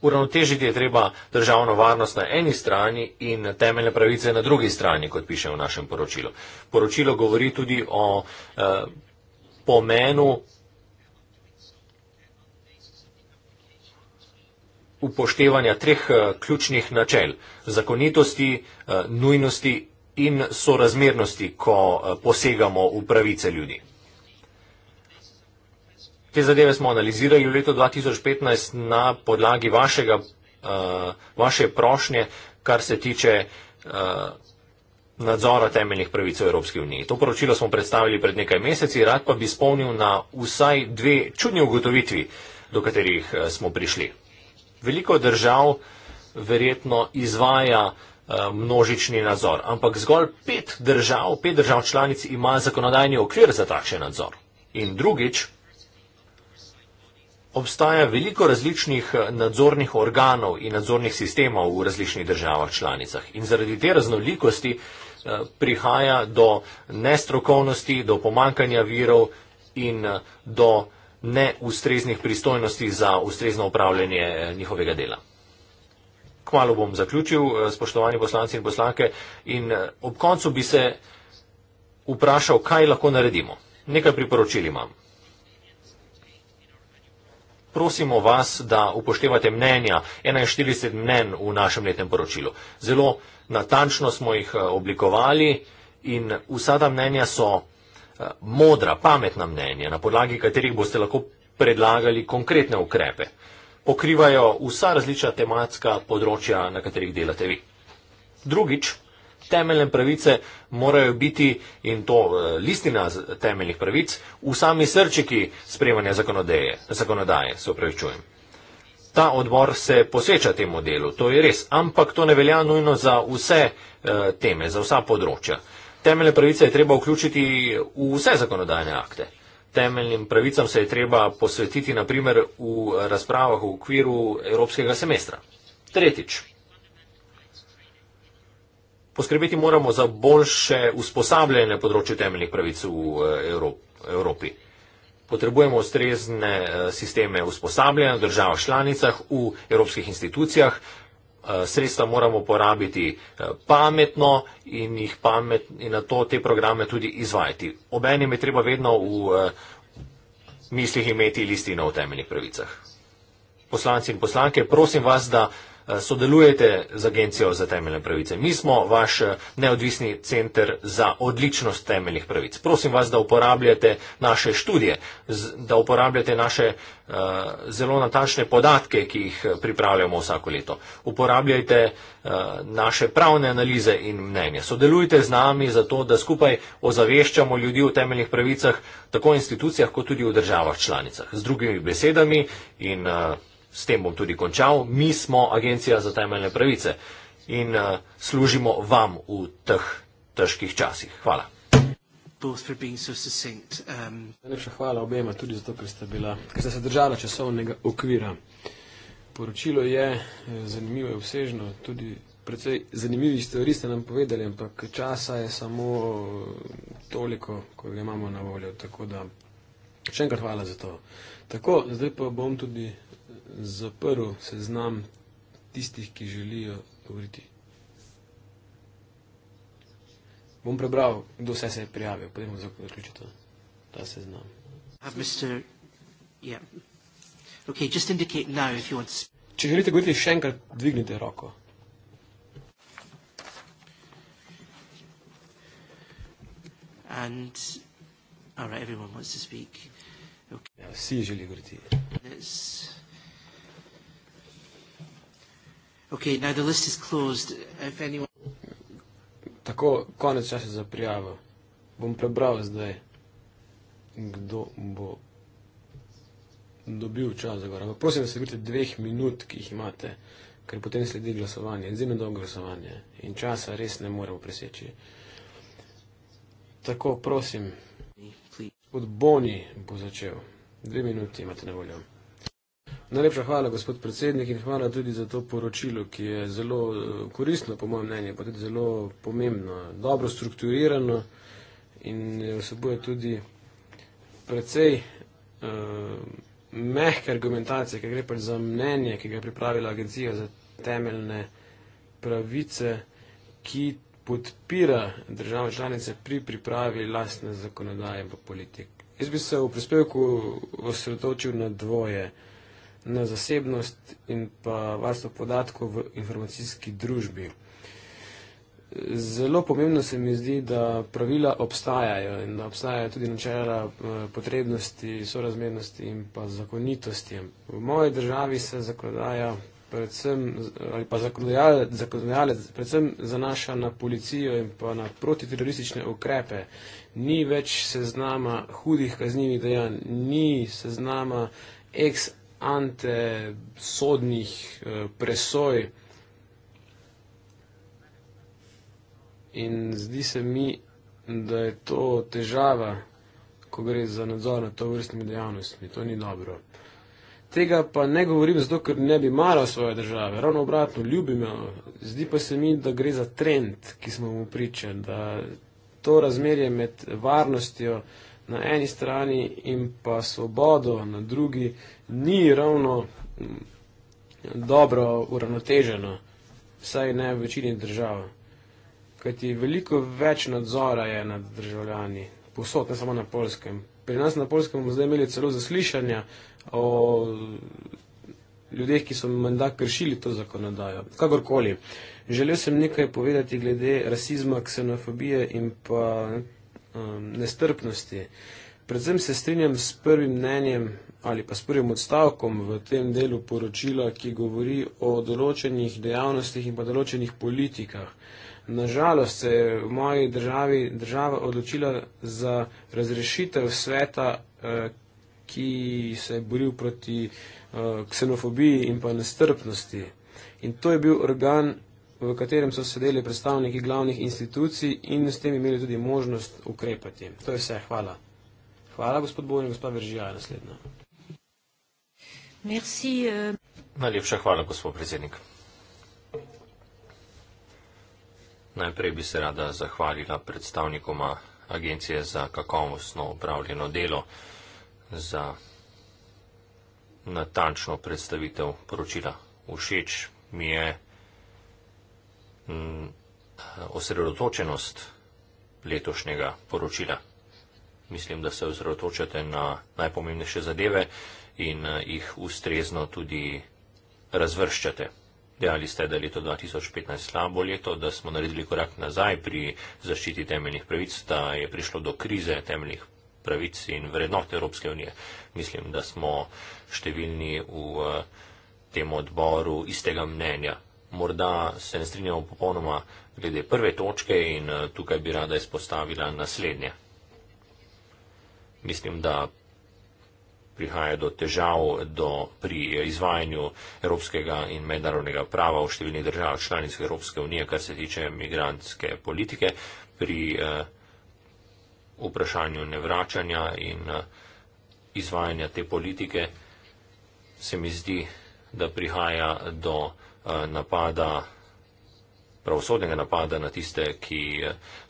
Uravnotežiti je treba državno varnost na eni strani in temeljne pravice na drugi strani, kot piše v našem poročilu. Poročilo govori tudi o eh, pomenu upoštevanja treh eh, ključnih načel zakonitosti, eh, nujnosti in sorazmernosti, ko eh, posegamo v pravice ljudi. Te zadeve smo analizirali v letu 2015 na podlagi vašega, uh, vaše prošnje, kar se tiče uh, nadzora temeljnih pravic v Evropski uniji. To poročilo smo predstavili pred nekaj meseci, rad pa bi spomnil na vsaj dve čudni ugotovitvi, do katerih smo prišli. Veliko držav verjetno izvaja uh, Eh, množični nadzor, ampak zgolj pet držav, pet držav članic ima zakonodajni okvir za takšen nadzor. In drugič, obstaja veliko različnih eh, nadzornih organov in nadzornih sistemov v različnih državah članicah. In zaradi te raznolikosti eh, prihaja do nestrokovnosti, do pomankanja virov in do neustreznih pristojnosti za ustrezno upravljanje njihovega dela kmalo bom zaključil, eh, spoštovani poslanci in poslanke, in eh, ob koncu bi se vprašal, kaj lahko naredimo. Nekaj priporočil imam. Prosimo vas, da upoštevate mnenja 41 mnen v našem letnem poročilu. Zelo natančno smo jih eh, oblikovali in vsa ta mnenja so modra, pametna mnenja, na podlagi katerih boste lahko predlagali konkretne ukrepe pokrivajo vsa različna tematska področja, na katerih delate vi. Drugič, temeljne pravice morajo biti in to eh, listina temeljnih pravic v sami srčiki sprejemanja zakonodaje, zakonodaje, se upravičujem. Ta odbor se posveča temu delu, to je res, ampak to ne velja nujno za vse eh, teme, za vsa področja. Temeljne pravice je treba vključiti v vse zakonodajne akte temeljnim pravicam se je treba posvetiti, naprimer, v razpravah v okviru evropskega semestra. Tretjič. Poskrbeti moramo za boljše usposabljanje področju temeljnih pravic v eh, Evropi. Potrebujemo ustrezne eh, sisteme usposabljanja v državah članicah, v evropskih institucijah, Eh, sredstva moramo porabiti eh, pametno in, pamet, in na to te programe tudi izvajati. Obenem je treba vedno v eh, mislih imeti listino o temeljnih pravicah. Poslanci in poslanke, prosim vas, da. Eh, sodelujete z Agencijo za temeljne pravice. Mi smo vaš eh, neodvisni center za odličnost temeljnih pravic. Prosim vas, da uporabljate naše študije, da uporabljate naše eh, zelo natačne podatke, ki jih pripravljamo vsako leto. Uporabljajte naše pravne analize in mnenje. Sodelujte z nami za to, da skupaj ozaveščamo ljudi o temeljnih pravicah, tako v institucijah, kot tudi v državah članicah. Z drugimi besedami in uh, s tem bom tudi končal, mi smo agencija za temeljne pravice in uh, služimo vam v teh težkih časih. Hvala. So um... Najlepša hvala obema tudi zato, ker ste, bila, ker ste se držala časovnega okvira. Poročilo je eh, zanimivo, je vsežno, tudi precej zanimivih stvari ste nam povedali, ampak časa je samo eh, toliko, ko ga imamo na voljo. Tako da še enkrat hvala za to. Tako, zdaj pa bom tudi zaprl seznam tistih, ki želijo govoriti. Bom prebral, kdo vse se je prijavil, potem bomo zaključili ta seznam. Če želite govoriti, še enkrat dvignite roko. And, all right, everyone wants to speak. Okay. Yeah, see you, Julie. Okay, now the list is closed. If anyone... Tako, konec časa za prijavo. Bom prebral zdaj, kdo bo dobil čas za govor. Prosim, da se vidite dveh minut, ki jih imate, ker potem sledi glasovanje. Zime dolgo glasovanje in časa res ne moremo preseči. Tako, prosim, gospod Boni bo začel. Dve minuti imate na voljo. Najlepša hvala, gospod predsednik, in hvala tudi za to poročilo, ki je zelo eh, koristno, po mojem mnenju, pa tudi zelo pomembno, dobro strukturirano in vsebuje tudi precej uh, mehke argumentacije, ker gre pač za mnenje, ki ga je pripravila Agencija za temeljne pravice, ki podpira države članice pri pripravi lastne zakonodaje in politik. Jaz bi se v prispevku osredotočil na dvoje na zasebnost in pa varstvo podatkov v informacijski družbi. Zelo pomembno se mi zdi, da pravila obstajajo in da obstajajo tudi načela eh, potrebnosti, sorazmernosti in pa zakonitosti. V moji državi se zakonodaja predvsem ali pa zakonodajalec predvsem zanaša na policijo in pa na protiteroristične ukrepe. Ni več seznama hudih kaznjivih dejanj, ni seznama ex ante sodnih eh, presoj. In zdi se mi, da je to težava, ko gre za nadzor nad to vrstnimi dejavnostmi. To ni dobro. Tega pa ne govorim zato, ker ne bi maral svoje države, ravno obratno, ljubim jo. Zdi pa se mi, da gre za trend, ki smo mu priča, da to razmerje med varnostjo na eni strani in pa svobodo na drugi ni ravno mm, dobro uravnoteženo, vsaj ne v večini držav. Kajti veliko več nadzora je nad državljani, posod, ne samo na polskem. Pri nas na polskem bomo zdaj imeli celo zaslišanja o ljudeh, ki so menda kršili to zakonodajo. Kakorkoli. Želel sem nekaj povedati glede rasizma, ksenofobije in pa um, nestrpnosti. Uh, Predvsem se strinjam s prvim mnenjem ali pa s prvim odstavkom v tem delu poročila, ki govori o določenih dejavnostih in pa določenih politikah. Nažalost se je v moji državi država odločila za razrešitev sveta, eh, ki se je boril proti eh, ksenofobiji in pa nestrpnosti. In to je bil organ, v katerem so sedeli predstavniki glavnih institucij in s tem imeli tudi možnost ukrepati. To je vse. Hvala. Hvala, gospod Bojan, gospod Veržija je naslednja. Merci, uh... Najlepša hvala, gospod predsednik. Najprej bi se rada zahvalila predstavnikoma Agencije za kakovostno upravljeno delo za natančno predstavitev poročila. Všeč mi je mm, osredotočenost letošnjega poročila mislim, da se ozrotočate na najpomembnejše zadeve in eh, jih ustrezno tudi razvrščate. Dejali ste, da je leto 2015 slabo leto, da smo naredili korak nazaj pri zaščiti temeljnih pravic, da je prišlo do krize temeljnih pravic in vrednot Evropske unije. Mislim, da smo številni v eh, tem odboru istega mnenja. Morda se ne strinjamo popolnoma glede prve točke in eh, tukaj bi rada izpostavila naslednje mislim, da prihaja do težav do, pri izvajanju evropskega in mednarodnega prava v številnih državah članic Evropske unije, kar se tiče migrantske politike, pri eh, vprašanju nevračanja in eh, izvajanja te politike se mi zdi, da prihaja do eh, napada pravosodnega napada na tiste, ki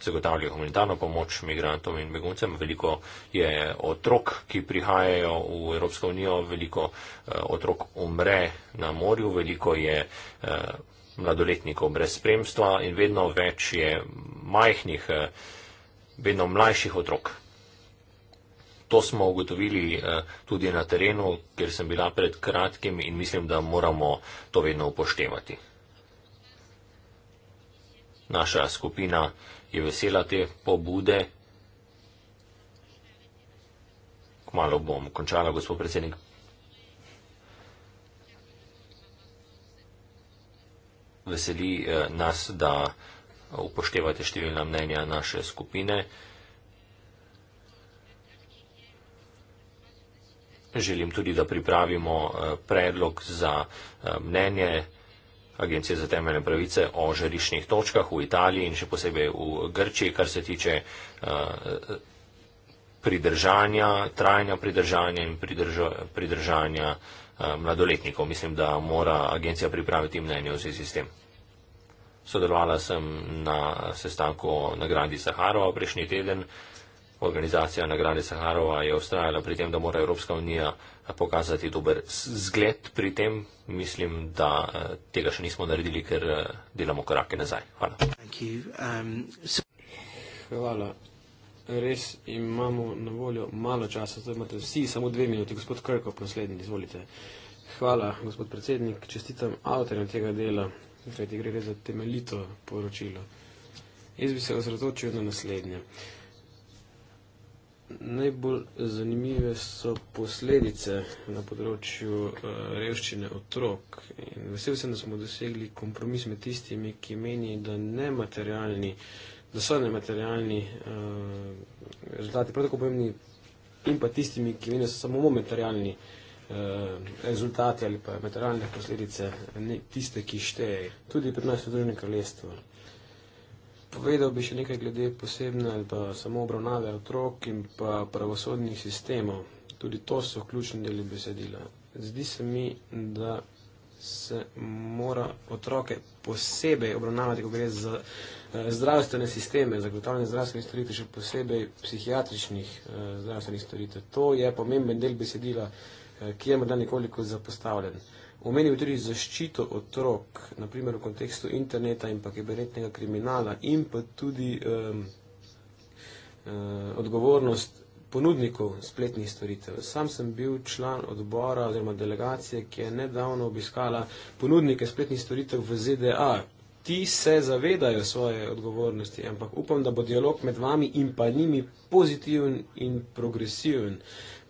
zagotavljajo humanitarno pomoč migrantom in beguncem. Veliko je otrok, ki prihajajo v Evropsko unijo, veliko eh, otrok umre na morju, veliko je eh, mladoletnikov brez spremstva in vedno več je majhnih, eh, vedno mlajših otrok. To smo ugotovili tudi na terenu, kjer sem bila pred kratkim in mislim, da moramo to vedno upoštevati naša skupina je vesela te pobude. Kmalo bom končala, gospod predsednik. Veseli eh, nas, da upoštevate številna mnenja naše skupine. Želim tudi, da pripravimo eh, predlog za eh, mnenje agencije za temeljne pravice o žariščnih točkah v Italiji in še posebej v Grčiji, kar se tiče eh, pridržanja, trajanja pridržanja in pridržo, pridržanja eh, mladoletnikov. Mislim, da mora agencija pripraviti mnenje v zvezi s tem. Sodelovala sem na sestanku o nagradi Saharova prejšnji teden. Organizacija nagrade Saharova je ustrajala pri tem, da mora Evropska unija pokazati dober zgled pri tem. Mislim, da eh, tega še nismo naredili, ker eh, delamo korake nazaj. Hvala. Um, Hvala. Res imamo na voljo malo časa, zdaj imate vsi samo dve minuti. Gospod Krkop, naslednji, izvolite. Hvala, gospod predsednik. Čestitam avtorjem tega dela, kajti gre za temeljito poročilo. Jaz bi se osredotočil na naslednje. Uh, najbolj zanimive so posledice na področju eh, revščine otrok. In vesel sem, da smo dosegli kompromis med tistimi, ki menijo, da nematerialni, da so nematerialni eh, rezultati prav tako pomembni in pa tistimi, ki menijo, da so samo materialni eh, rezultati ali pa materialne posledice, ne tiste, ki šteje. Tudi pri nas v Združenem kraljestvu Povedal bi še nekaj glede posebne ali pa samo obravnave otrok in pa pravosodnih sistemov. Tudi to so ključni deli besedila. Zdi se mi, da se mora otroke posebej obravnavati, ko gre za eh, zdravstvene sisteme, zagotavljanje zdravstvenih storitev, še posebej psihiatričnih eh, zdravstvenih storitev. To je pomemben del besedila, eh, ki je morda nekoliko zapostavljen. Eh, Omenil tudi zaščito otrok, naprimer v kontekstu interneta in pa kibernetnega kriminala in pa tudi um, um, odgovornost ponudnikov spletnih storitev. Sam sem bil član odbora oziroma delegacije, ki je nedavno obiskala ponudnike spletnih storitev v ZDA. Ti se zavedajo svoje odgovornosti, ampak upam, da bo dialog med vami in pa njimi pozitiven in progresiven.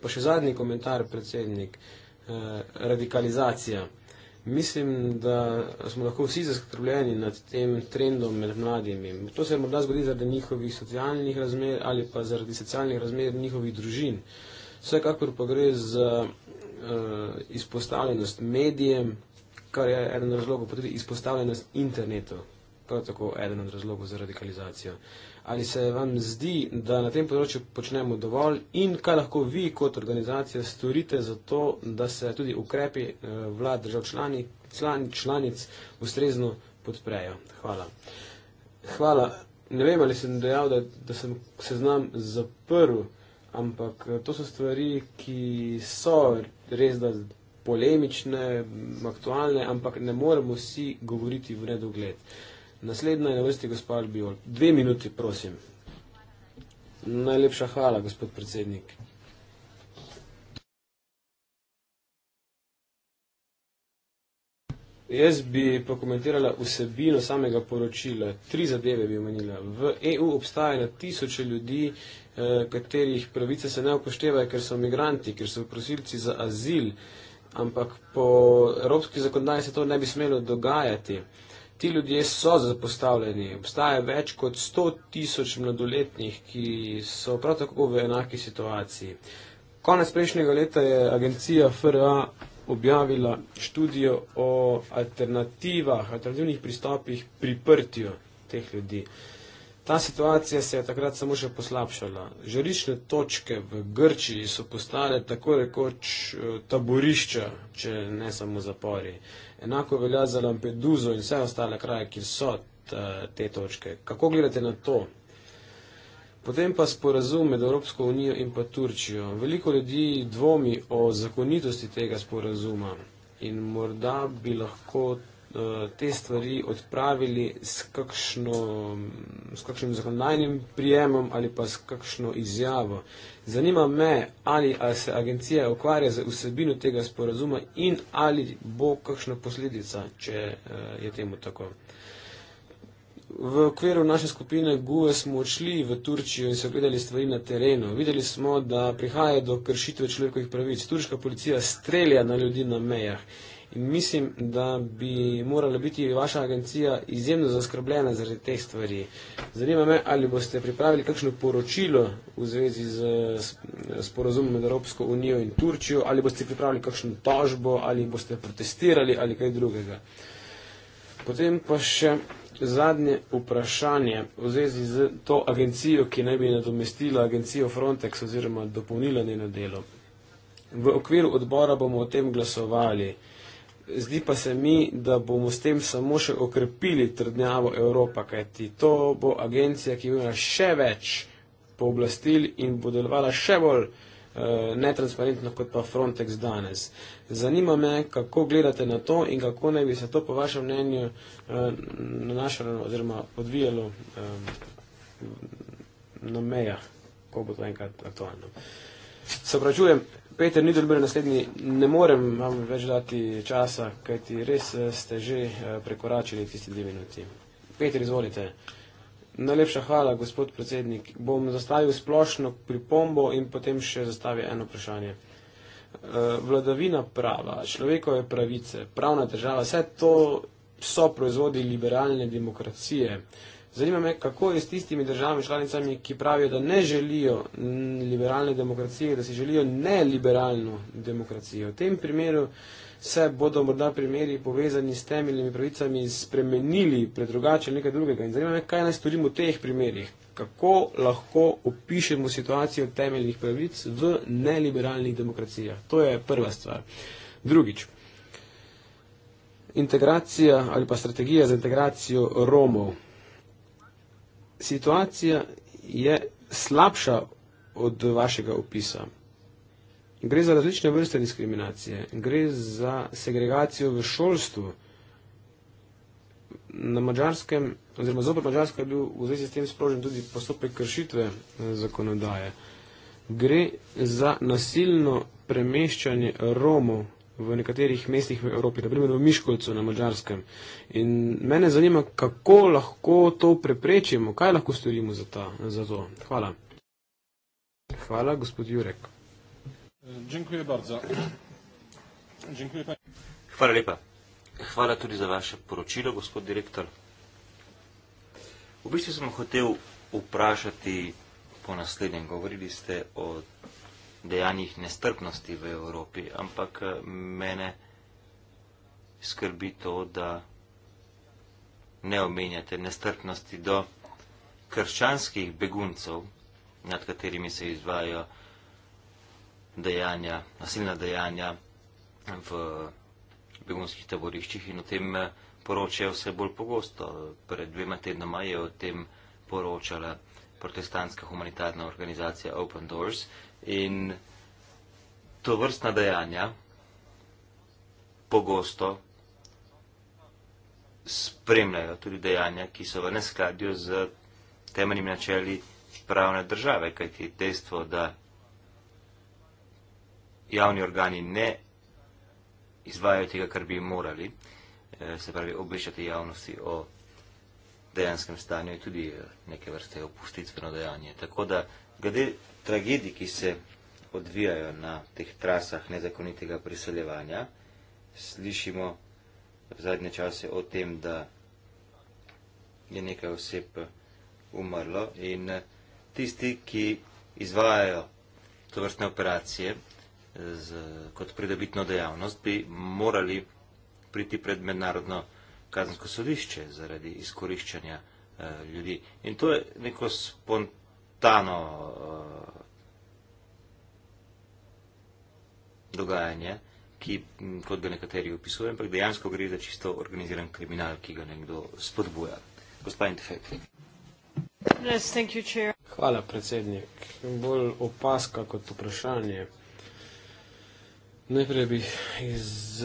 Pa še zadnji komentar, predsednik. Uh, Eh, radikalizacija. Mislim, da smo lahko vsi zaskrbljeni nad tem trendom med mladimi. To se morda zgodi zaradi njihovih socialnih razmer ali pa zaradi socialnih razmer njihovih družin. Vsekakor pa gre za uh, izpostavljenost medijem, kar je eden od razlogov, pa tudi izpostavljenost internetu, prav tako eden od razlogov za radikalizacijo. Uh, ali se vam zdi, da na tem področju počnemo dovolj in kaj lahko vi kot organizacija storite za to, da se tudi ukrepi eh, vlad držav člani, člani, članic ustrezno podprejo. Hvala. Hvala. Ne vem, ali sem dejal, da, da sem seznam zaprl, ampak eh, to so stvari, ki so res da polemične, aktualne, ampak ne moremo vsi govoriti v nedogled. Uh, Naslednja je na vrsti gospod Albiol. Dve minuti, prosim. Najlepša hvala, gospod predsednik. Jaz bi pokomentirala vsebino samega poročila. Tri zadeve bi omenila. V EU obstaja na tisoče ljudi, eh, katerih pravice se ne upoštevajo, ker so migranti, ker so prosilci za azil, ampak po evropski zakonodaji se to ne bi smelo dogajati ti ljudje so zapostavljeni. Obstaja več kot 100 tisoč mladoletnih, ki so prav tako v enaki situaciji. Konec prejšnjega leta je agencija FRA objavila študijo o alternativah, alternativnih pristopih priprtju teh ljudi. Uh, Ta situacija se je takrat samo še poslabšala. Žarične točke v Grčiji so postale tako rekoč eh, taborišča, če ne samo zapori. Enako velja za Lampeduzo in vse ostale kraje, kjer so eh, te točke. Kako gledate na to? Potem pa sporazum med Evropsko unijo in pa Turčijo. Veliko ljudi dvomi o zakonitosti tega sporazuma in morda bi lahko Eh, te stvari odpravili s, kakšno, s kakšnim zakonodajnim prijemom ali pa s kakšno izjavo. Zanima me, ali se agencija ukvarja z vsebino tega sporazuma in ali bo kakšna posledica, če eh, je temu tako. V okviru naše skupine GUE smo odšli v Turčijo in se ogledali stvari na terenu. Videli smo, da prihaja do kršitve človekovih pravic. Turška policija strelja na ljudi na mejah. In mislim, da bi morala biti vaša agencija izjemno zaskrbljena zaradi teh stvari. Zanima me, ali boste pripravili kakšno poročilo v zvezi z sporozumom med Evropsko unijo in Turčijo, ali boste pripravili kakšno tožbo, ali boste protestirali ali kaj drugega. Potem pa še zadnje vprašanje v zvezi z to agencijo, ki naj bi nadomestila agencijo Frontex oziroma dopolnila njeno delo. V okviru odbora bomo o tem glasovali zdi pa se mi, da bomo s tem samo še okrepili trdnjavo Evropa, kajti to bo agencija, ki bo imela še več pooblastil in bo delovala še bolj eh, netransparentno kot pa Frontex danes. Zanima me, kako gledate na to in kako naj bi se to po vašem mnenju eh, nanašalo oziroma odvijalo eh, na mejah, ko bo to enkrat aktualno. Se pravčujem, Peter Nidelber, naslednji, ne morem vam več dati časa, kajti res eh, ste že eh, prekoračili tiste dve minuti. Peter, izvolite. Najlepša hvala, gospod predsednik. Bom zastavil splošno pripombo in potem še zastavil eno vprašanje. Eh, vladavina prava, človekove pravice, pravna država, vse to so proizvodi liberalne demokracije. Zanima me, kako je s tistimi državami članicami, ki pravijo, da ne želijo liberalne demokracije, da si želijo neliberalno demokracijo. V tem primeru se bodo morda primeri povezani s temeljnimi pravicami spremenili predrugače nekaj drugega. In zanima me, kaj naj storimo v teh primerih. Kako lahko opišemo situacijo temeljnih pravic v neliberalnih demokracijah? To je prva stvar. Drugič. Integracija ali pa strategija za integracijo Romov situacija je slabša od vašega opisa. Gre za različne vrste diskriminacije, gre za segregacijo v šolstvu. Na mačarskem, oziroma zopet mačarskem, je bil v zvezi s tem sprožen tudi postopek kršitve eh, zakonodaje. Gre za nasilno premeščanje Romov v nekaterih mestih v Evropi, naprimer v Miškolcu na Mačarskem. In mene zanima, kako lahko to preprečimo, kaj lahko storimo za, ta, za to. Hvala. Hvala, gospod Jurek. Dziękuję bardzo. Dziękuję pani. Hvala lepa. Hvala tudi za vaše poročilo, gospod direktor. V bistvu sem hotel vprašati po naslednjem. Govorili ste o dejanjih nestrpnosti v Evropi, ampak eh, mene skrbi to, da ne omenjate nestrpnosti do krščanskih beguncev, nad katerimi se izvajo dejanja, nasilna dejanja v begunskih taboriščih in o tem eh, poročajo vse bolj pogosto. Pred dvema tednoma je o tem poročala protestantska humanitarna organizacija Open Doors, In to vrstna dejanja pogosto spremljajo tudi dejanja, ki so v neskladju z temeljnimi načeli pravne države, kajti dejstvo, da javni organi ne izvajajo tega, kar bi morali, eh, se pravi obveščati javnosti o dejanskem stanju, je tudi eh, neke vrste opustitveno dejanje. Tako da, glede tragedij, ki se odvijajo na teh trasah nezakonitega priseljevanja. Slišimo v zadnje čase o tem, da je nekaj oseb umrlo in eh, tisti, ki izvajajo to vrstne operacije z, kot pridobitno dejavnost, bi morali priti pred mednarodno kazensko sodišče zaradi izkoriščanja uh, ljudi. In to je neko spontano uh, dogajanje, ki, kot ga nekateri opisujem, ampak dejansko gre za čisto organiziran kriminal, ki ga nekdo spodbuja. Gospod Intefek. Yes, you, Hvala, predsednik. Bolj opaska kot vprašanje. Najprej bi iz,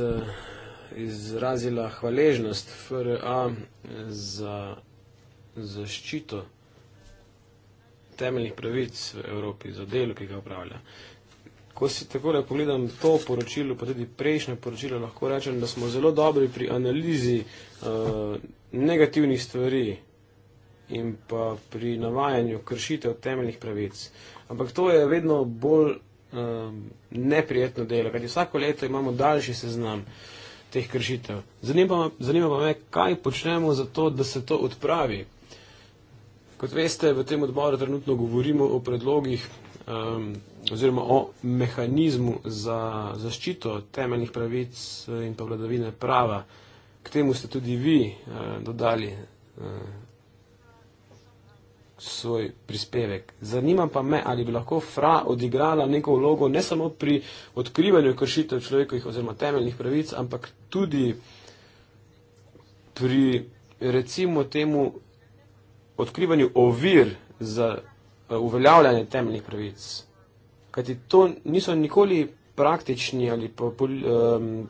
izrazila hvaležnost FRA za zaščito temeljnih pravic v Evropi, za delo, ki ga upravlja. Uh, Ko si tako pogledam to poročilo, pa tudi prejšnje poročilo, lahko rečem, da smo zelo dobri pri analizi uh, negativnih stvari in pa pri navajanju kršitev temeljnih pravic. Ampak to je vedno bolj um, neprijetno delo, kajti vsako leto imamo daljši seznam teh kršitev. Zanima, zanima pa me, kaj počnemo za to, da se to odpravi. Kot veste, v tem odboru trenutno govorimo o predlogih um, oziroma o mehanizmu za zaščito temeljnih pravic in pa vladavine prava. K temu ste tudi vi uh, dodali uh, svoj prispevek. Zanima pa me, ali bi lahko FRA odigrala neko vlogo ne samo pri odkrivanju kršitev človekovih oziroma temeljnih pravic, ampak tudi pri recimo temu odkrivanju ovir za uveljavljanje temeljnih pravic. Kajti to niso nikoli praktični ali pa um,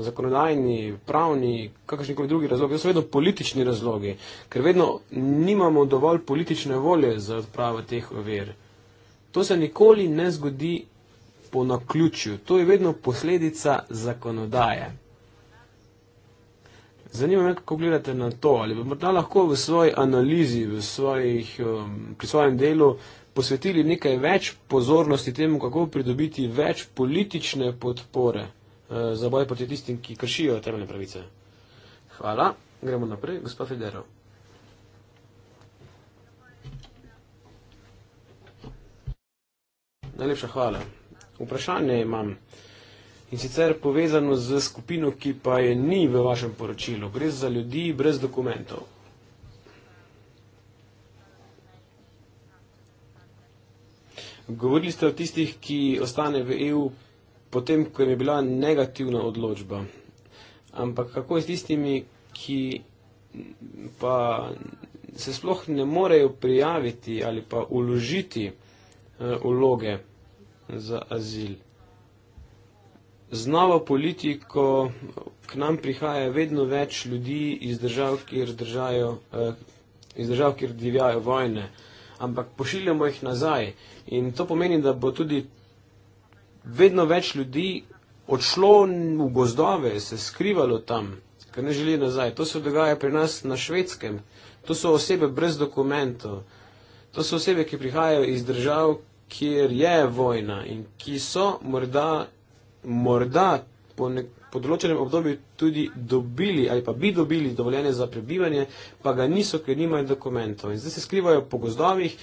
zakonodajni, pravni, kakršni koli drugi razlogi, to so vedno politični razlogi, ker vedno nimamo dovolj politične volje za odpravo teh ver. To se nikoli ne zgodi po naključju, to je vedno posledica zakonodaje. Zanima me, kako gledate na to, ali bi morda lahko v svoji analizi, v svojih, um, pri svojem delu posvetili nekaj več pozornosti temu, kako pridobiti več politične podpore uh, za boj proti tistim, ki kršijo temeljne pravice. Hvala. Gremo naprej. Gospa Federo. Najlepša hvala. Vprašanje imam in sicer povezano z skupino, ki pa je ni v vašem poročilu. Gre za ljudi brez dokumentov. Govorili ste o tistih, ki ostane v EU potem, ko jim je bila negativna odločba. Ampak kako je s tistimi, ki pa se sploh ne morejo prijaviti ali pa uložiti uh, vloge za azil? z novo politiko k nam prihaja vedno več ljudi iz držav, kjer, držajo, eh, iz držav, kjer divjajo vojne, ampak pošiljamo jih nazaj. In to pomeni, da bo tudi vedno več ljudi odšlo v gozdove, se skrivalo tam, ker ne želi nazaj. To se dogaja pri nas na švedskem. To so osebe brez dokumentov. To so osebe, ki prihajajo iz držav, kjer je vojna in ki so morda morda po, ne, po določenem obdobju tudi dobili ali pa bi dobili dovoljenje za prebivanje, pa ga niso, ker nimajo dokumentov. In zdaj se skrivajo po gozdovih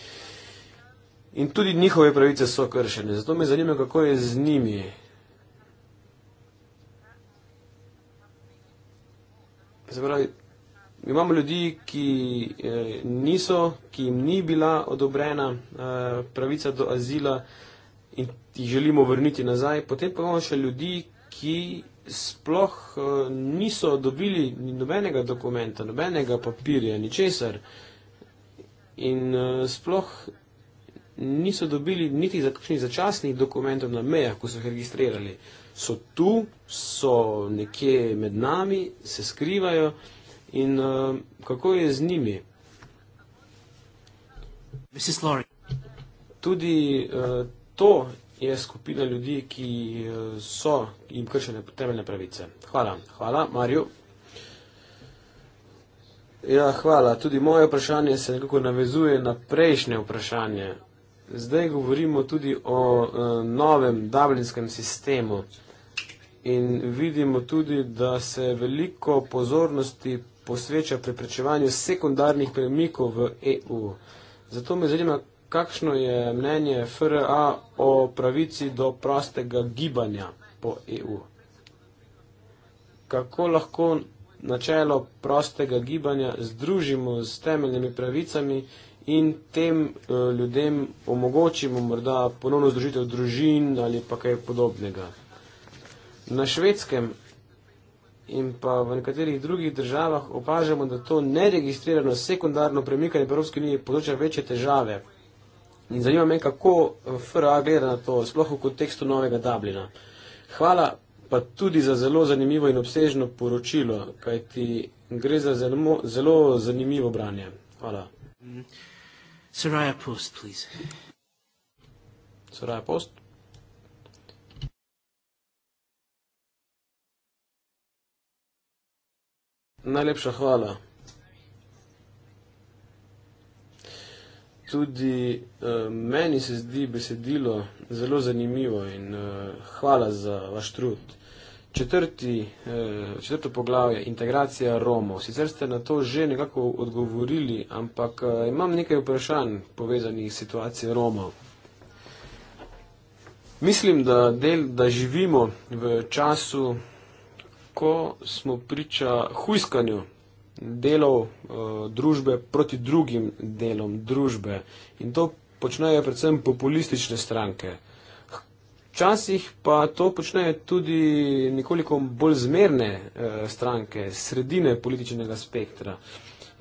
in tudi njihove pravice so kršene. Zato me zanima, kako je z njimi. Se pravi, imamo ljudi, ki eh, niso, ki jim ni bila odobrena eh, pravica do azila in jih želimo vrniti nazaj. Potem pa imamo še ljudi, ki sploh eh, niso dobili nobenega dokumenta, nobenega papirja, ničesar. In eh, sploh niso dobili niti za kakšnih začasnih dokumentov na mejah, ko so jih registrirali. So tu, so nekje med nami, se skrivajo in uh, kako je z njimi? Tudi uh, To je skupina ljudi, ki eh, so jim kršene temeljne pravice. Hvala, hvala, Marju. Ja, hvala. Tudi moje vprašanje se nekako navezuje na prejšnje vprašanje. Zdaj govorimo tudi o uh, novem dublinskem sistemu in vidimo tudi, da se veliko pozornosti posveča preprečevanju sekundarnih premikov v EU. Zato me zanima, kakšno je mnenje FRA o pravici do prostega gibanja po EU? Kako lahko načelo prostega gibanja združimo s temeljnimi pravicami in tem eh, ljudem omogočimo morda ponovno združitev družin ali pa kaj podobnega? Na švedskem in pa v nekaterih drugih državah opažamo, da to neregistrirano sekundarno premikanje Evropske unije področja večje težave, In zanima me, kako eh, FRA gleda na to, sploh v kontekstu novega Dublina. Hvala pa tudi za zelo zanimivo in obsežno poročilo, kaj ti gre za zelo, zelo zanimivo branje. Hvala. Soraya Post, please. Soraya Post. Najlepša hvala. tudi uh, meni se zdi besedilo zelo zanimivo in uh, hvala za vaš trud. Četrti, uh, četrto poglavje, integracija Romov. Sicer ste na to že nekako odgovorili, ampak uh, imam nekaj vprašanj povezanih s situacijo Romov. Mislim, da, del, da živimo v času, ko smo priča hujskanju delov uh, družbe proti drugim delom družbe. In to počnejo predvsem populistične stranke. Včasih pa to počnejo tudi nekoliko bolj zmerne uh, stranke, sredine političnega spektra.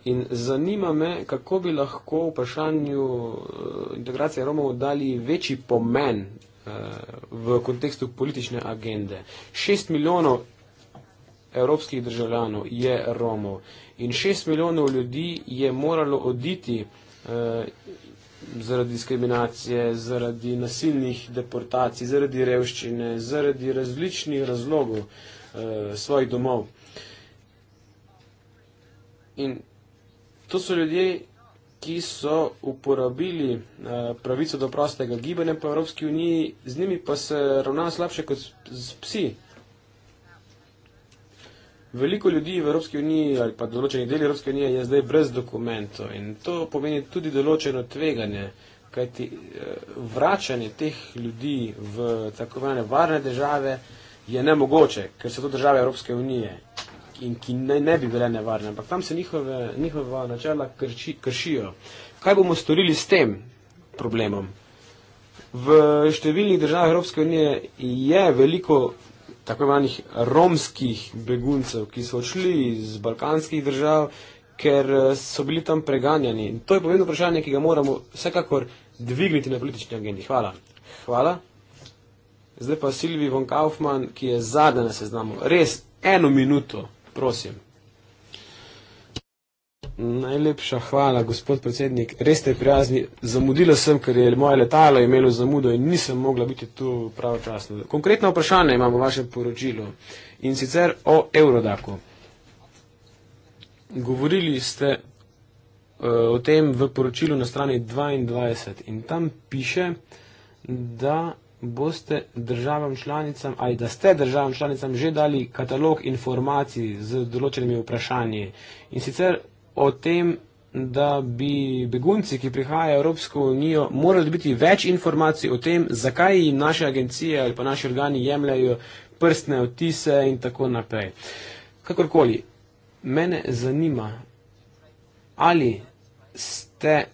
In zanima me, kako bi lahko v vprašanju uh, integracije Romov dali večji pomen uh, v kontekstu politične agende. Šest milijonov evropskih državljanov je Romov. In šest milijonov ljudi je moralo oditi eh, zaradi diskriminacije, zaradi nasilnih deportacij, zaradi revščine, zaradi različnih razlogov eh, svojih domov. In to so ljudje, ki so uporabili eh, pravico do prostega gibanja po Evropski uniji, z njimi pa se ravna slabše kot s psi. Veliko ljudi v Evropski uniji ali pa določeni deli Evropske unije je zdaj brez dokumentov in to pomeni tudi določeno tveganje, kajti eh, vračanje teh ljudi v tako imenovane varne države je nemogoče, ker so to države Evropske unije in ki ne, ne bi bile nevarne, ampak tam se njihove, njihova načela krši, kršijo. Kaj bomo storili s tem problemom? V številnih državah Evropske unije je veliko tako imenih romskih beguncev, ki so odšli iz balkanskih držav, ker eh, so bili tam preganjani. In to je pomembno vprašanje, ki ga moramo vsekakor dvigniti na politični agendi. Hvala. Hvala. Zdaj pa Silvi von Kaufmann, ki je zadnja na seznamu. Res eno minuto, prosim. Najlepša hvala, gospod predsednik. Res ste prijazni. Zamudila sem, ker je moje letalo imelo zamudo in nisem mogla biti tu pravočasno. Konkretno vprašanje imam v vašem poročilu in sicer o Eurodaku. Govorili ste uh, o tem v poročilu na strani 22 in tam piše, da boste državam članicam ali da ste državam članicam že dali katalog informacij z določenimi vprašanji. In sicer o tem, da bi begunci, ki prihajajo v Evropsko unijo, morali dobiti več informacij o tem, zakaj jim naše agencije ali pa naši organi jemljajo prstne otise in tako naprej. Kakorkoli, mene zanima, ali ste eh,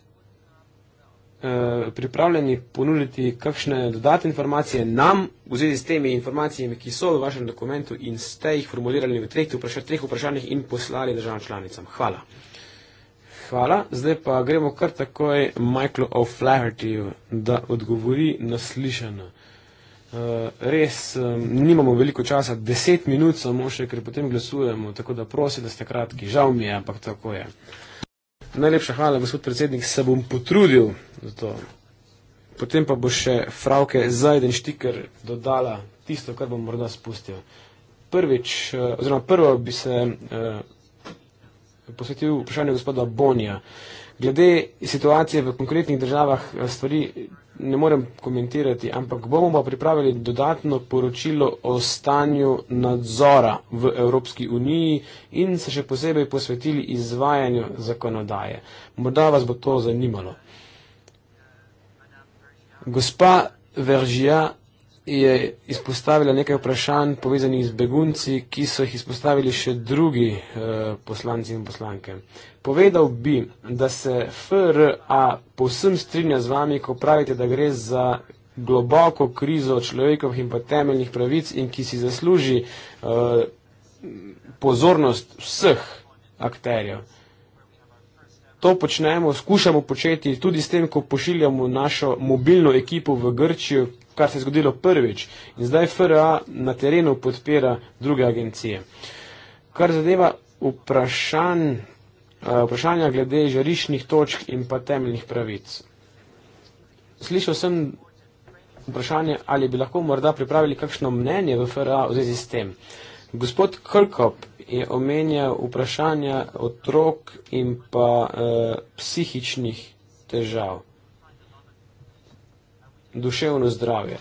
pripravljeni ponuditi kakšne dodatne informacije nam v zvezi s temi informacijami, ki so v vašem dokumentu in ste jih formulirali v treh vprašanjih in poslali državam članicam. Hvala. Hvala. Zdaj pa gremo kar takoj Michaelu O'Flahertyju, da odgovori na slišano. Eh, res, nimamo veliko časa, deset minut samo še, ker potem glasujemo, tako da prosim, da ste kratki. Žal mi je, ampak tako je. Najlepša hvala, gospod predsednik, se bom potrudil za to. Potem pa bo še Frauke Zajden Štiker dodala tisto, kar bom morda spustil. Prvič, eh, oziroma prvo bi se eh, posvetil vprašanju gospoda Bonija. Glede situacije v konkretnih državah eh, stvari ne morem komentirati, ampak bomo pa pripravili dodatno poročilo o stanju nadzora v Evropski uniji in se še posebej posvetili izvajanju zakonodaje. Morda vas bo to zanimalo. Gospa Veržija je izpostavila nekaj vprašanj povezanih z begunci, ki so jih izpostavili še drugi eh, poslanci in poslanke. Povedal bi, da se FRA povsem strinja z vami, ko pravite, da gre za globoko krizo človekovih in pa temeljnih pravic in ki si zasluži eh, pozornost vseh akterjev. To počnemo, skušamo početi tudi s tem, ko pošiljamo našo mobilno ekipo v Grčijo, kar se je zgodilo prvič in zdaj FRA na terenu podpira druge agencije. Kar zadeva vprašan, eh, vprašanja glede žarišnih točk in pa temeljnih pravic. Slišal sem vprašanje, ali bi lahko morda pripravili kakšno mnenje v FRA v zvezi s tem. Gospod Krkop je omenjal vprašanja otrok in pa eh, psihičnih težav duševno zdravje.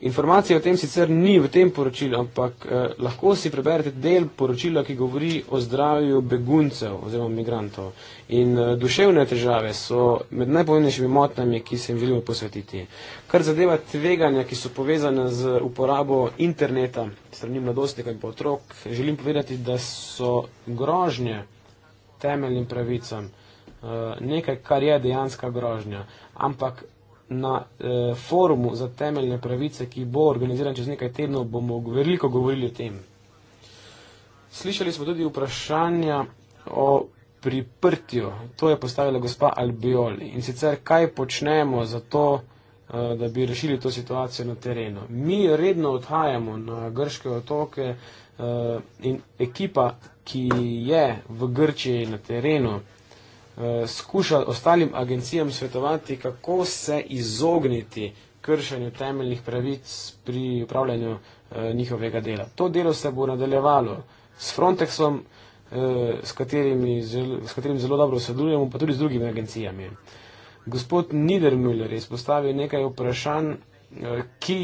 Informacije o tem sicer ni v tem poročilu, ampak eh, lahko si preberete del poročila, ki govori o zdravju beguncev oziroma migrantov. In eh, duševne težave so med najpomembnejšimi motnami, ki se jim želimo posvetiti. Kar zadeva tveganja, ki so povezane z uporabo interneta strani mladostnika in pa otrok, želim povedati, da so grožnje temeljnim pravicam eh, nekaj, kar je dejanska grožnja, ampak na eh, forumu za temeljne pravice, ki bo organiziran čez nekaj tednov, bomo veliko govorili o tem. Slišali smo tudi vprašanja o priprtju. To je postavila gospa Albioli. In sicer, kaj počnemo za to, eh, da bi rešili to situacijo na terenu. Mi redno odhajamo na grške otoke eh, in ekipa, ki je v Grčiji na terenu, Eh, skušal ostalim agencijam svetovati, kako se izogniti kršenju temeljnih pravic pri upravljanju eh, njihovega dela. To delo se bo nadaljevalo s Frontexom, eh, s, katerimi, s katerim zelo dobro sodelujemo, pa tudi z drugimi agencijami. Gospod Niedermüller je izpostavil nekaj vprašanj, eh, ki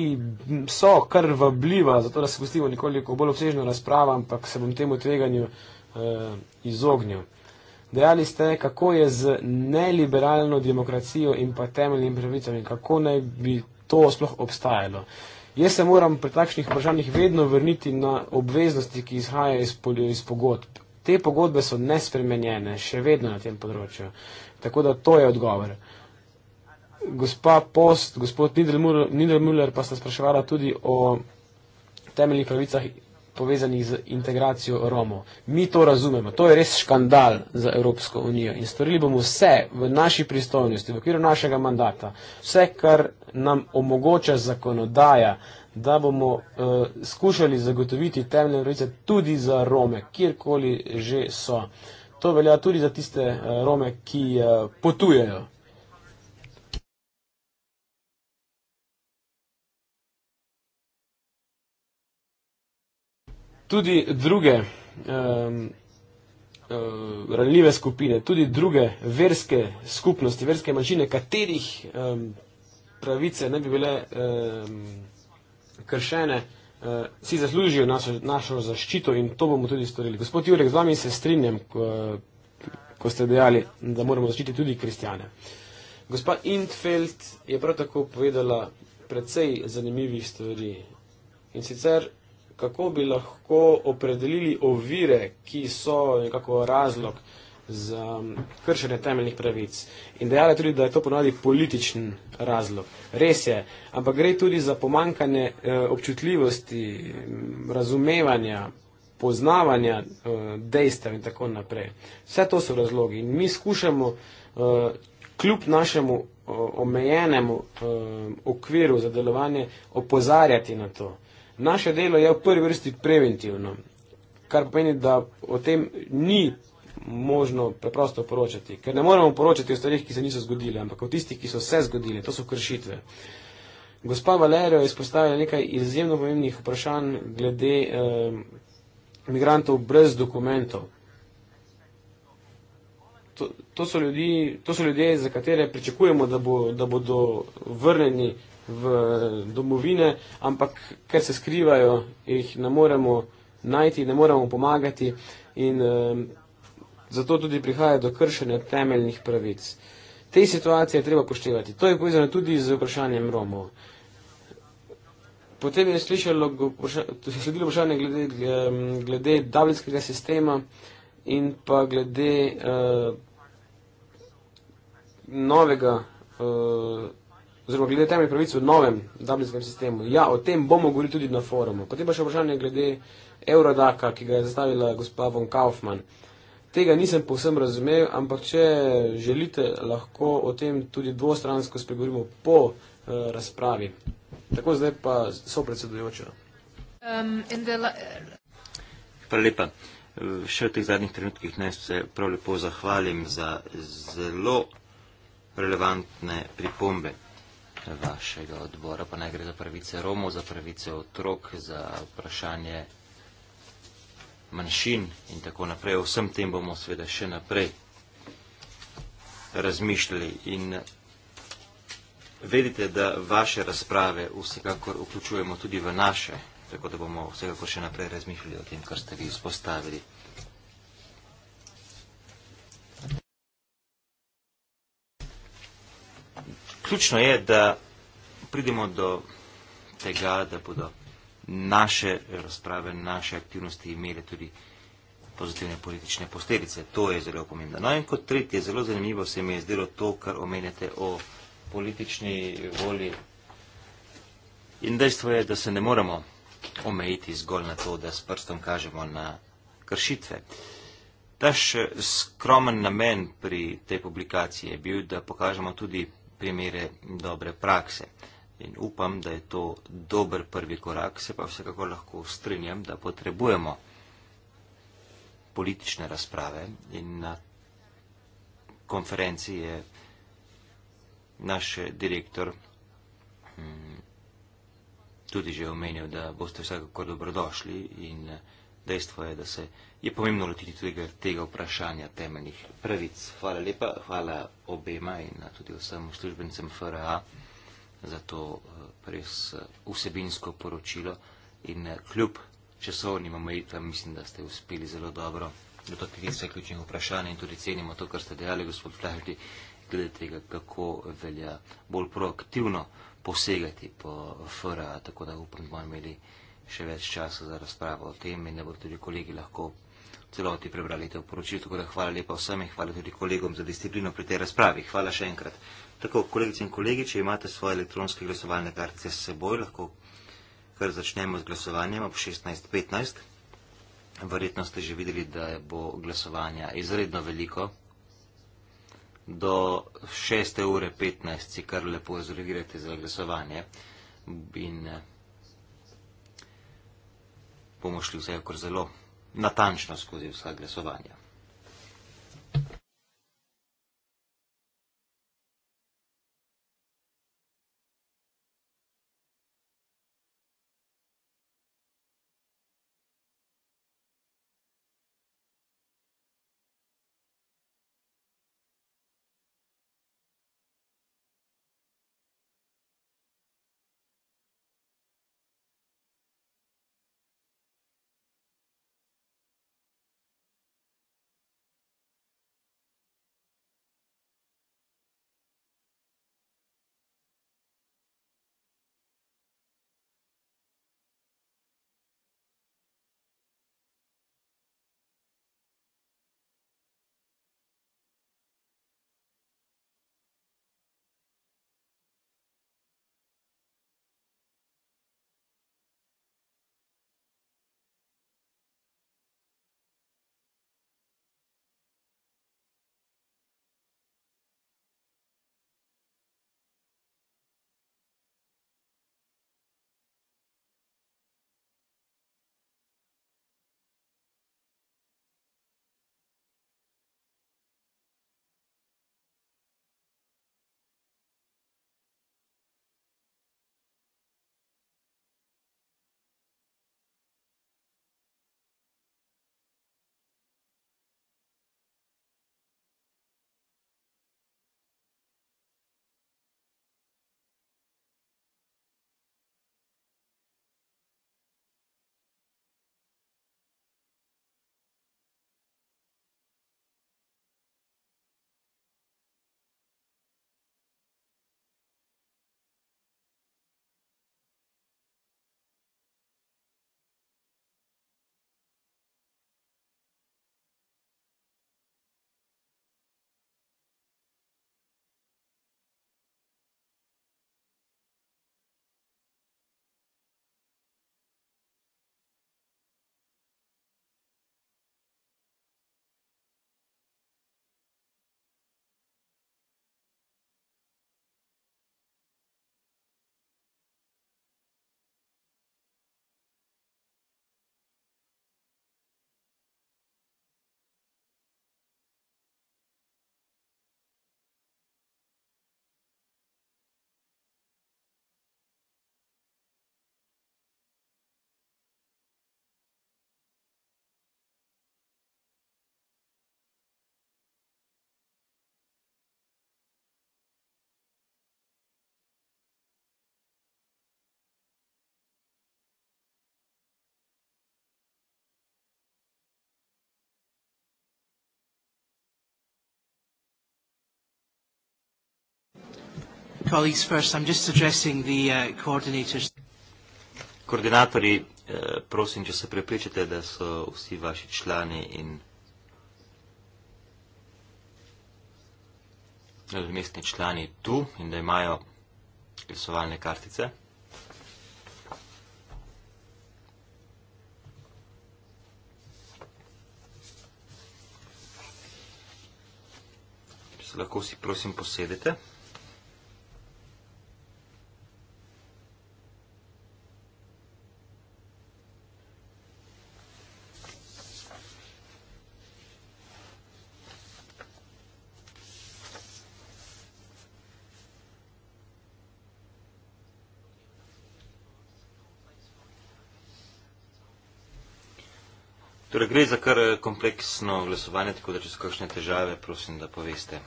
so kar vabljiva, zato da se pustimo nekoliko bolj obsežno razpravo, ampak se bom temu tveganju eh, izognil. Dejali ste, kako je z neliberalno demokracijo in pa temeljnimi pravicami, kako naj bi to sploh obstajalo. Jaz se moram pri takšnih vprašanjih vedno vrniti na obveznosti, ki izhajajo iz, iz pogodb. Te pogodbe so nespremenjene, še vedno na tem področju. Tako da to je odgovor. Gospa Post, gospod Niedermüller pa sta spraševala tudi o temeljnih pravicah povezanih z integracijo Romov. Mi to razumemo. To je res škandal za Evropsko unijo in storili bomo vse v naši pristojnosti, v okviru našega mandata, vse, kar nam omogoča zakonodaja, da bomo uh, skušali zagotoviti temeljne pravice tudi za Rome, kjerkoli že so. To velja tudi za tiste uh, Rome, ki uh, potujejo. tudi druge um, uh, ranljive skupine, tudi druge verske skupnosti, verske manjšine, katerih um, pravice ne bi bile um, kršene, uh, si zaslužijo našo, našo zaščito in to bomo tudi storili. Gospod Jurek, z vami se strinjam, ko, ko ste dejali, da moramo zaščititi tudi kristjane. Gospa Intfeld je prav tako povedala precej zanimivih stvari. In sicer kako bi lahko opredelili ovire, ki so nekako razlog za um, kršenje temeljnih pravic. In dejala je tudi, da je to ponovadi političen razlog. Res je, ampak gre tudi za pomankanje eh, občutljivosti, mm, razumevanja, poznavanja eh, dejstev in tako naprej. Vse to so razlogi. In mi skušamo eh, kljub našemu omejenemu okviru za delovanje opozarjati na to. Naše delo je v prvi vrsti preventivno, kar pomeni, da o tem ni možno preprosto poročati, ker ne moremo poročati o stvarih, ki se niso zgodile, ampak o tistih, ki so se zgodile, to so kršitve. Gospa Valerijo je izpostavila nekaj izjemno pomembnih vprašanj glede eh, migrantov brez dokumentov. To, to, so ljudi, to so ljudje, za katere pričakujemo, da, bo, da bodo vrnjeni v domovine, ampak ker se skrivajo, jih ne moremo najti, ne moremo pomagati in eh, zato tudi prihaja do kršenja temeljnih pravic. Te situacije je treba poštevati. To je povezano tudi z vprašanjem Romov. Potem je slišalo, vprašanje, sledilo vprašanje glede, ehm, glede davljskega sistema in pa glede eh, novega eh, oziroma glede temeljnih pravic v novem dublinskem sistemu. Ja, o tem bomo govorili tudi na forumu. Potem pa še vprašanje glede Eurodaka, ki ga je zastavila gospa von Kaufmann. Tega nisem povsem razumel, ampak če želite, lahko o tem tudi dvostransko spregovorimo po uh, razpravi. Tako zdaj pa so predsedujoča. Um, Hvala um, lepa. Eh, še v teh zadnjih trenutkih naj se prav lepo zahvalim za zelo relevantne pripombe vašega odbora, pa naj gre za pravice Romov, za pravice otrok, za vprašanje manjšin in tako naprej. Vsem tem bomo seveda še naprej razmišljali in vedite, da vaše razprave vsekakor vključujemo tudi v naše, tako da bomo vsekakor še naprej razmišljali o tem, kar ste vi izpostavili. Ključno je, da pridemo do tega, da bodo naše razprave, naše aktivnosti imele tudi pozitivne politične posledice. To je zelo pomembno. No in kot tretje, zelo zanimivo se mi je zdelo to, kar omenjate o politični volji. In dejstvo je, da se ne moramo omejiti zgolj na to, da s prstom kažemo na kršitve. Taš eh, skromen namen pri tej publikaciji je bil, da pokažemo tudi primere dobre prakse. In upam, da je to dober prvi korak, se pa vsekakor lahko strinjam, da potrebujemo politične razprave in na konferenci je naš direktor hm, tudi že omenil, da boste vsekakor dobrodošli in vsekakor dejstvo je, da se je pomembno lotiti tudi tega vprašanja temeljnih pravic. Hvala lepa, hvala obema in tudi vsem službencem FRA za to eh, res eh, vsebinsko poročilo in eh, kljub časovnim omejitvam mislim, da ste uspeli zelo dobro dotakniti vse ključnih vprašanj in tudi cenimo to, kar ste dejali, gospod Flaherty, glede tega, kako velja bolj proaktivno posegati po FRA, tako da upam, da bomo imeli še več časa za razpravo o tem in da bodo tudi kolegi lahko celoti prebrali to poročilo. Tako da hvala lepa vsem in hvala tudi kolegom za disciplino pri tej razpravi. Hvala še enkrat. Tako, kolegice in kolegi, če imate svoje elektronske glasovalne kartice s seboj, lahko kar začnemo z glasovanjem ob 16.15. Verjetno ste že videli, da bo glasovanja izredno veliko. Do 6.15 si kar lepo rezervirajte za glasovanje. In eh, bomo šli vsaj kar zelo natančno skozi vsa glasovanja. colleagues first. I'm just addressing the uh, coordinators. Koordinatori, eh, prosim, če se prepričate, da so vsi vaši člani in eh, mestni člani tu in da imajo glasovalne kartice. Če se lahko vsi prosim posedete. Torej, gre za kar eh, kompleksno glasovanje, tako da če so kakšne težave, prosim, da poveste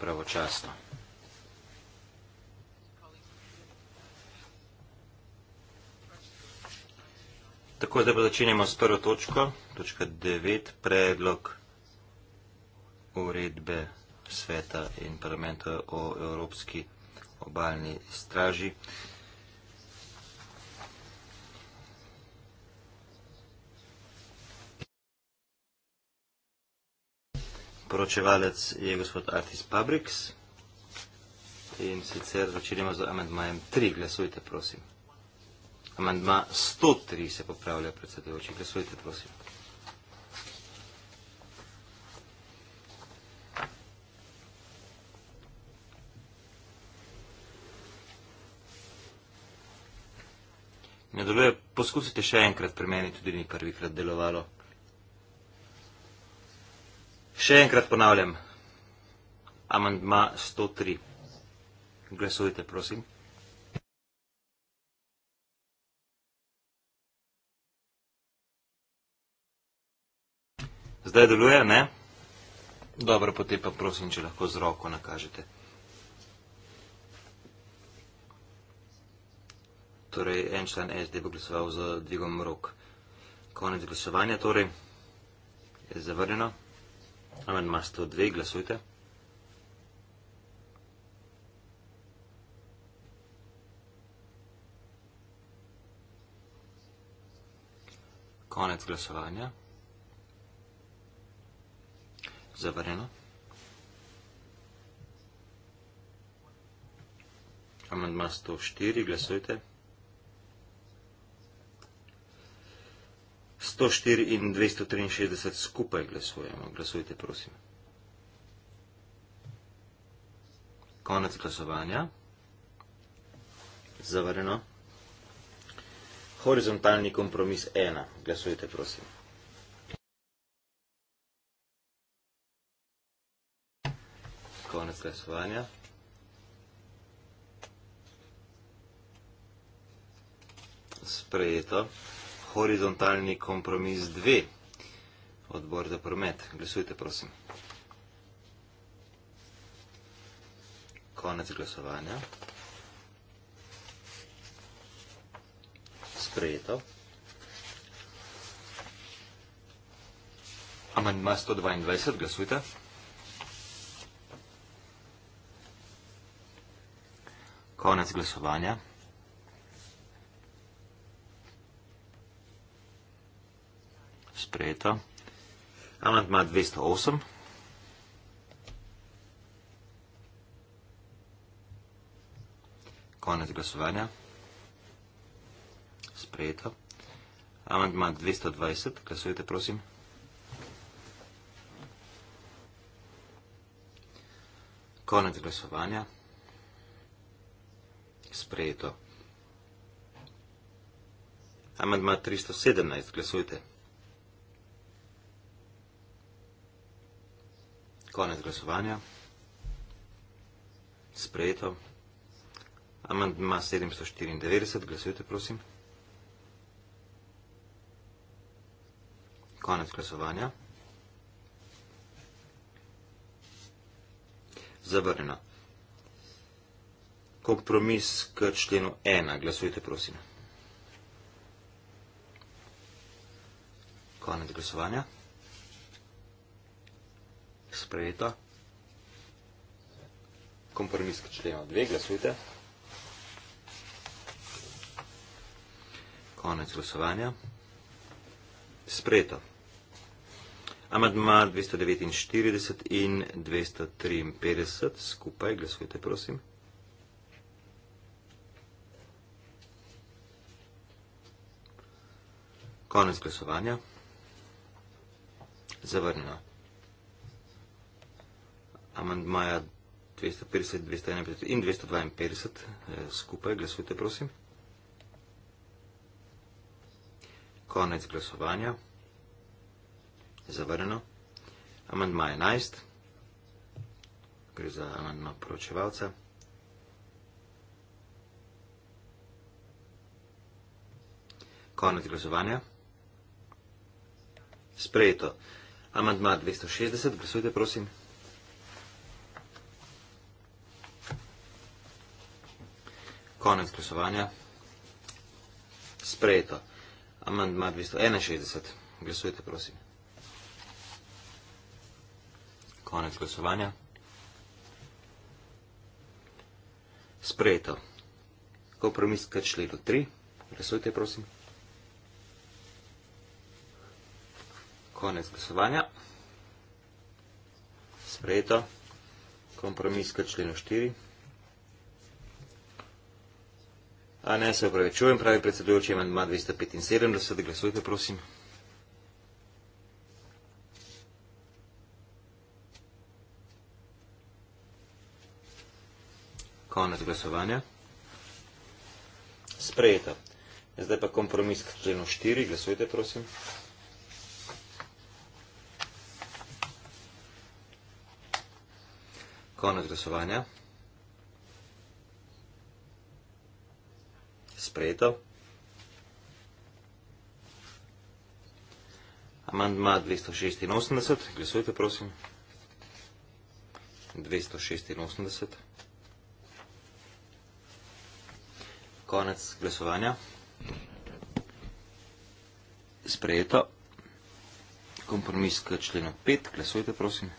pravočasno. Tako, zdaj pa začenjamo s prvo točko, točka 9, predlog uredbe sveta in parlamenta o Evropski obaljni straži. Poročevalec je gospod Artis Pabriks in sicer začenjamo z amendmajem 3. Glasujte, prosim. Amendma 103 se popravlja predsedujoči. Glasujte, prosim. Nadaljuje, poskusite še enkrat pri meni, tudi ni prvikrat delovalo. Še enkrat ponavljam, amandma 103. Glasujte, prosim. Zdaj deluje, ne? Dobro, potem pa prosim, če lahko z roko nakažete. Torej, en član SD bo glasoval za dvigom rok. Konec glasovanja, torej, je zavrnjeno. Amen, ima 102, glasujte. Konec glasovanja. Zavareno. Amandma 104, glasujte. 104 in 263 skupaj glasujemo. Glasujte, prosim. Konec glasovanja. Zavrjeno. Horizontalni kompromis 1. Glasujte, prosim. Konec glasovanja. Sprejeto horizontalni kompromis 2, odbor za promet. Glasujte, prosim. Konec glasovanja. Sprejeto. Amandma 122, glasujte. Konec glasovanja. sprejeta. Amantma 208. Konec glasovanja. Sprejeta. Amantma 220. Glasujete, prosim. Konec glasovanja. Sprejeto. Amendma 317. Glasujte. Konec glasovanja. Sprejeto. Amandma 794, glasujte prosim. Konec glasovanja. Zavrnjeno. Kompromis k členu 1, glasujte prosim. Konec glasovanja sprejeta. Kompromis, ki člena dve, glasujte. Konec glasovanja. Sprejeta. Amadma 249 in 253 skupaj, glasujte prosim. Konec glasovanja. Zavrnjeno amandmaja 250, 251 in 252 eh, skupaj. Glasujte, prosim. Konec glasovanja. Zavrneno. Amandma 11. Gre za amandma poročevalca. Konec glasovanja. Sprejeto. Amandma 260. Glasujte, prosim. Konec glasovanja. Sprejeto. Amandma 261. Glasujte, prosim. Konec glasovanja. Sprejeto. Kompromis k členu 3. Glasujte, prosim. Konec glasovanja. Sprejeto. Kompromis k členu 4. A ne, se upravičujem, pravi predsedujoči, imam 275, glasujte, prosim. Konec glasovanja. Sprejeta. Zdaj pa kompromis k členu 4, glasujte, prosim. Konec glasovanja. sprejeto. Amandma 286, glasujte prosim. 286. Konec glasovanja. Sprejeto. Kompromis k členu 5, glasujte prosim.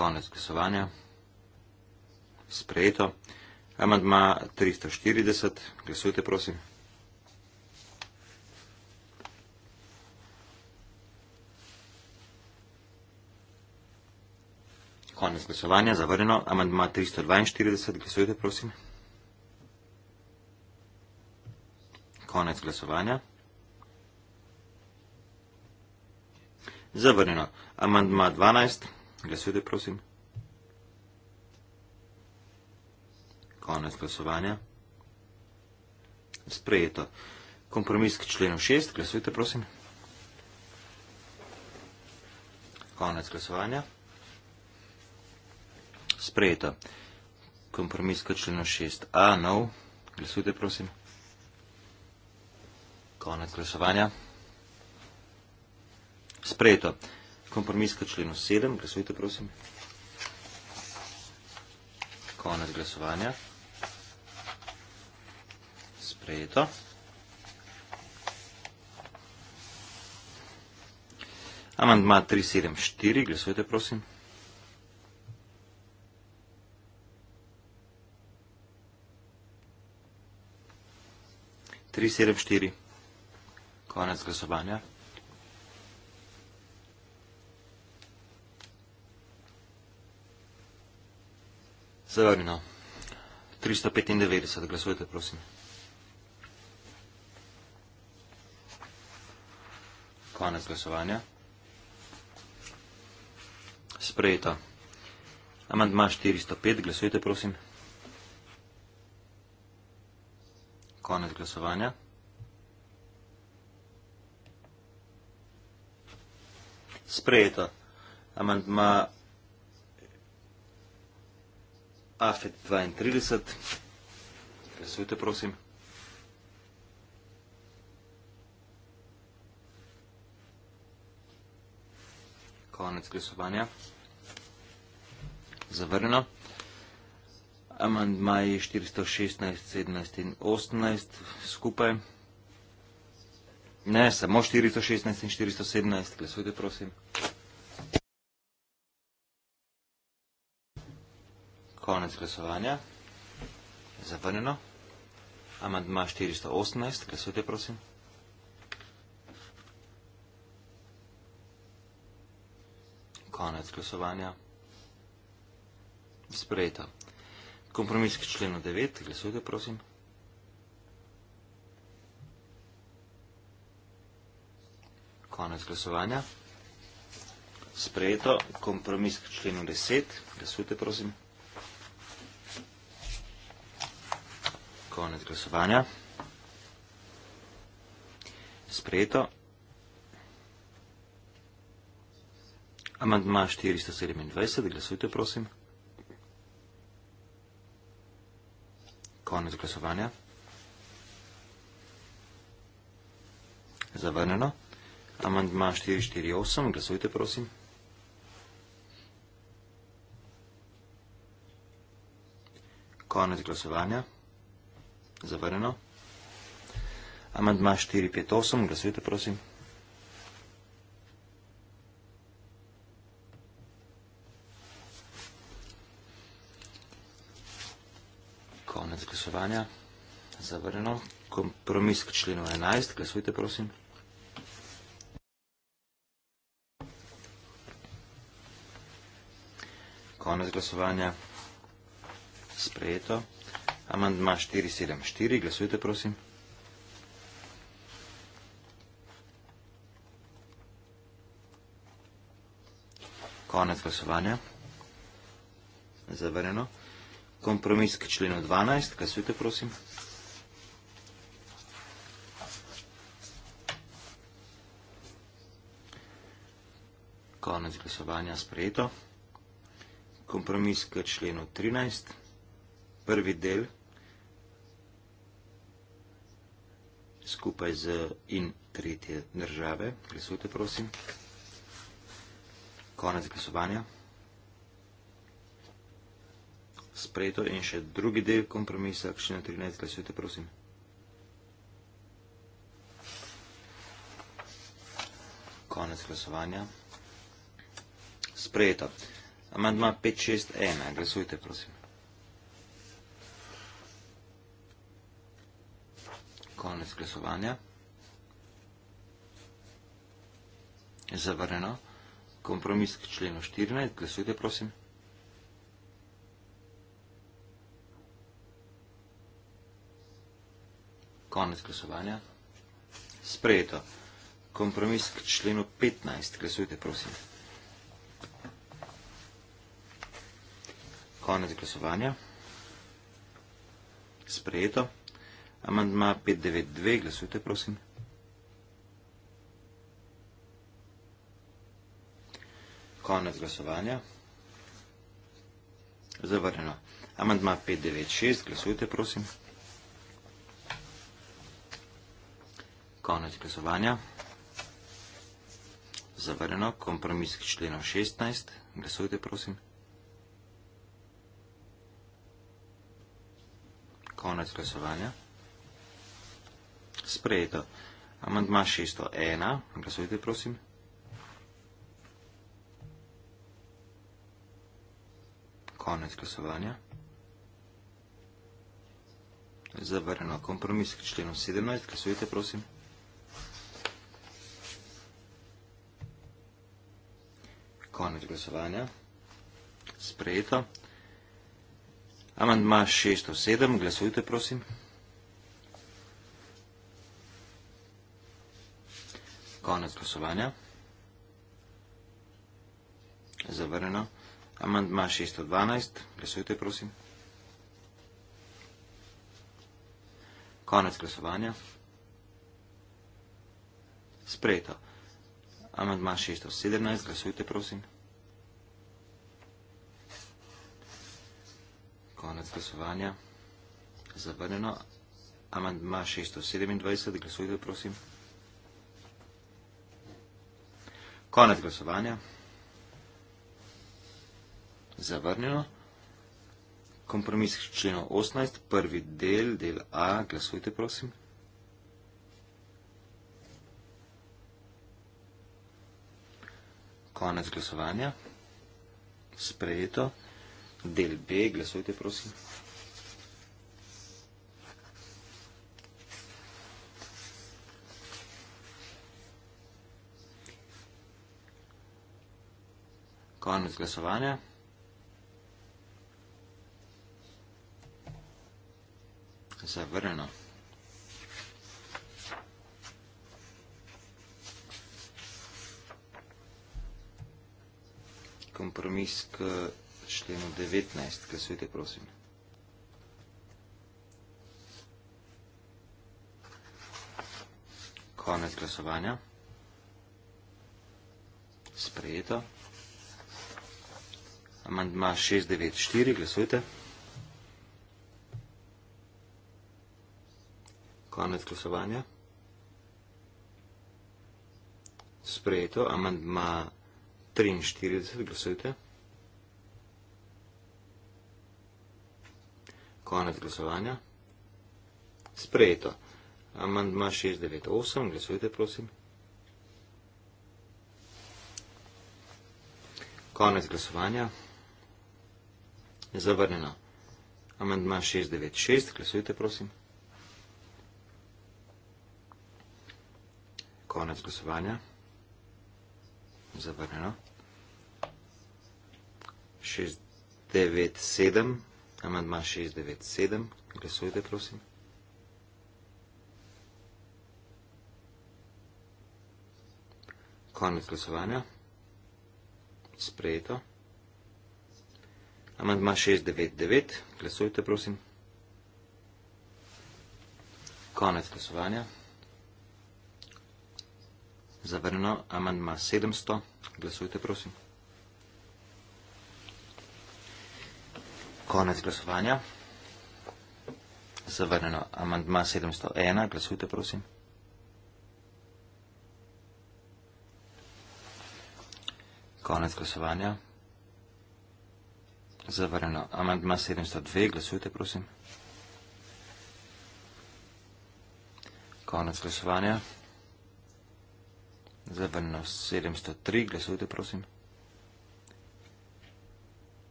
konec glasovanja. Sprejeto. Amandma 340. Glasujte, prosim. Konec glasovanja. Zavrneno. Amandma 342. Glasujte, prosim. Konec glasovanja. Zavrneno. Amandma 12. Glasujte, prosim. Ja, sedaj prosim. Konec glasovanja. Sprejeto. Kompromis k členu 6. Glasujte, prosim. Konec glasovanja. Sprejeto. Kompromis k členu 6. A, nov. Glasujte, prosim. Konec glasovanja. Sprejeto kompromis k členu 7. Glasujte, prosim. Konec glasovanja. Sprejeto. Amandma 374. Glasujte, prosim. Tri, sedem, štiri. Konec glasovanja. Zavrnjeno. 395, glasujte, prosim. Konec glasovanja. Sprejeto. Amandma 405, glasujte, prosim. Konec glasovanja. Sprejeto. Amandma 406. Afet 32. Razvijte, prosim. Konec glasovanja. Zavrnjeno. Amandmaji 416, 17 in 18 skupaj. Ne, samo 416 in 417. Glasujte, prosim. konec glasovanja. Zavrnjeno. Amandma 418. Glasujte, prosim. Konec glasovanja. Sprejeto. Kompromis k členu 9. Glasujte, prosim. Konec glasovanja. Sprejeto. Kompromis k členu 10. Glasujte, prosim. Glasujte, prosim. Konec glasovanja. Sprejeto. Amandma 427. Glasujte, prosim. Konec glasovanja. Zavrneno. Amandma 448. Glasujte, prosim. Konec glasovanja. Zavrneno. Amandma 458, glasujte prosim. Konec glasovanja. Zavrneno. Kompromis k členu 11, glasujte prosim. Konec glasovanja. Sprejeto. Amandma 474, glasujte prosim. Konec glasovanja. Zavrjeno. Kompromis k členu 12, glasujte prosim. Konec glasovanja sprejeto. Kompromis k členu 13, prvi del glasovanja. skupaj z in tretje države. Glesujte, prosim. Konec glesovanja. Sprejeto in še drugi del kompromisa, še na 13. Glesujte, prosim. Konec glesovanja. Sprejeto. Amandma 561. Glesujte, prosim. konec glasovanja. Zavrneno. Kompromis k členu 14. Glasujte, prosim. Konec glasovanja. Sprejeto. Kompromis k členu 15. Glasujte, prosim. Konec glasovanja. Sprejeto. Amandma 592, glasujte prosim. Konec glasovanja. Zavrneno. Amandma 596, glasujte prosim. Konec glasovanja. Zavrneno. Kompromis k členu 16, glasujte prosim. Konec glasovanja sprejeto. Amandma 601, glasujte prosim. Konec glasovanja. Zavrjeno kompromis k členu 17, glasujte prosim. Konec glasovanja. Sprejeto. Amandma 607, glasujte prosim. Amandma 607, glasujte prosim. Konec glasovanja. Zavrneno. Amandma 612. Glasujte, prosim. Konec glasovanja. Sprejeto. Amandma 617. Glasujte, prosim. Konec glasovanja. Zavrneno. Amandma 627. Glasujte, prosim. Prosim. Konec glasovanja. Zavrnjeno. Kompromis členov 18, prvi del, del A. Glasujte, prosim. Konec glasovanja. Sprejeto. Del B. Glasujte, prosim. Konec glasovanja. Zavrljeno. Kompromis k štenu 19. Glasujte, prosim. Konec glasovanja. Sprejeto. Amandma 694, glasujte. Konec glasovanja. Sprejeto. Amandma 43, glasujte. Konec glasovanja. Sprejeto. Amandma 698, glasujte, prosim. Konec glasovanja zavrnjeno. Amendma 696, glasujte prosim. Konec glasovanja. Zavrnjeno. 697, amendma 697, glasujte prosim. Konec glasovanja. Sprejeto. 698. Amandma 699, glasujte prosim. Konec glasovanja. Zavrneno, amandma 700, glasujte prosim. Konec glasovanja. Zavrneno, amandma 701, glasujte prosim. Konec glasovanja. Zavrljeno. Amandma 702. Glasujte, prosim. Konec glasovanja. Zavrljeno 703. Glasujte, prosim.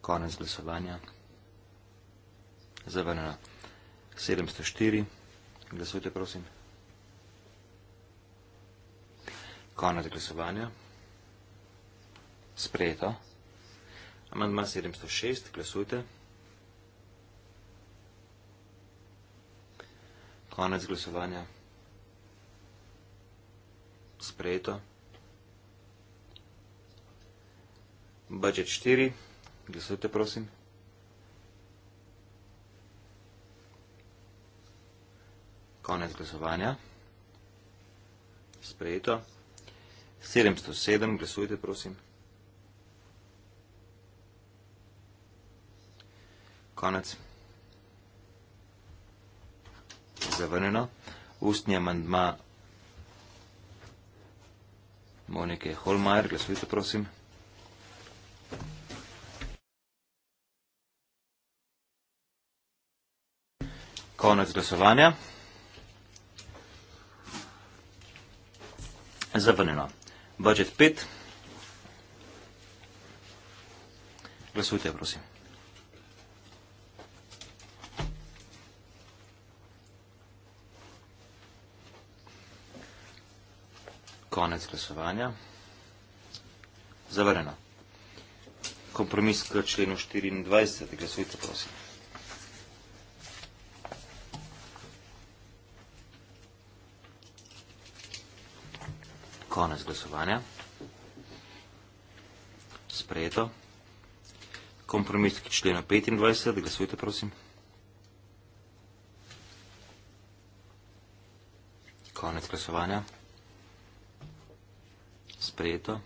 Konec glasovanja. Zavrljeno 704. Glasujte, prosim. Konec glasovanja. Sprejeto. Sprejeto. Amandma 706, glasujte. Konec glasovanja. Sprejeto. Budget 4, glasujte prosim. Konec glasovanja. Sprejeto. 707, glasujte prosim. Sprejeto. konec. Zavrnjeno. Ustni amandma Monike Holmajer, glasujte prosim. Konec glasovanja. Zavrnjeno. Budget 5. Glasujte prosim. Konec glasovanja. Zavrjeno. Kompromis k členu 24. Glasujte, prosim. Konec glasovanja. Sprejeto. Kompromis k členu 25. Glasujte, prosim. Konec glasovanja. Konec glasovanja sprejeto.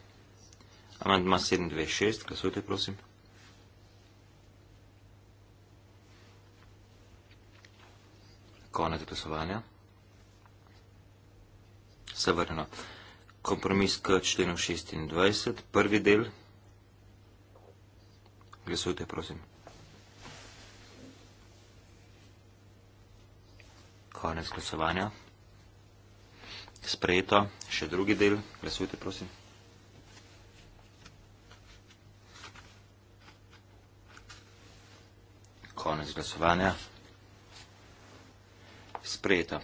Amandma 726, glasujte prosim. Konec glasovanja. Savrno. Kompromis k členu 26, prvi del. Glasujte prosim. Konec glasovanja. Sprejeto. Še drugi del. Glasujte prosim. konec glasovanja. Sprejeto.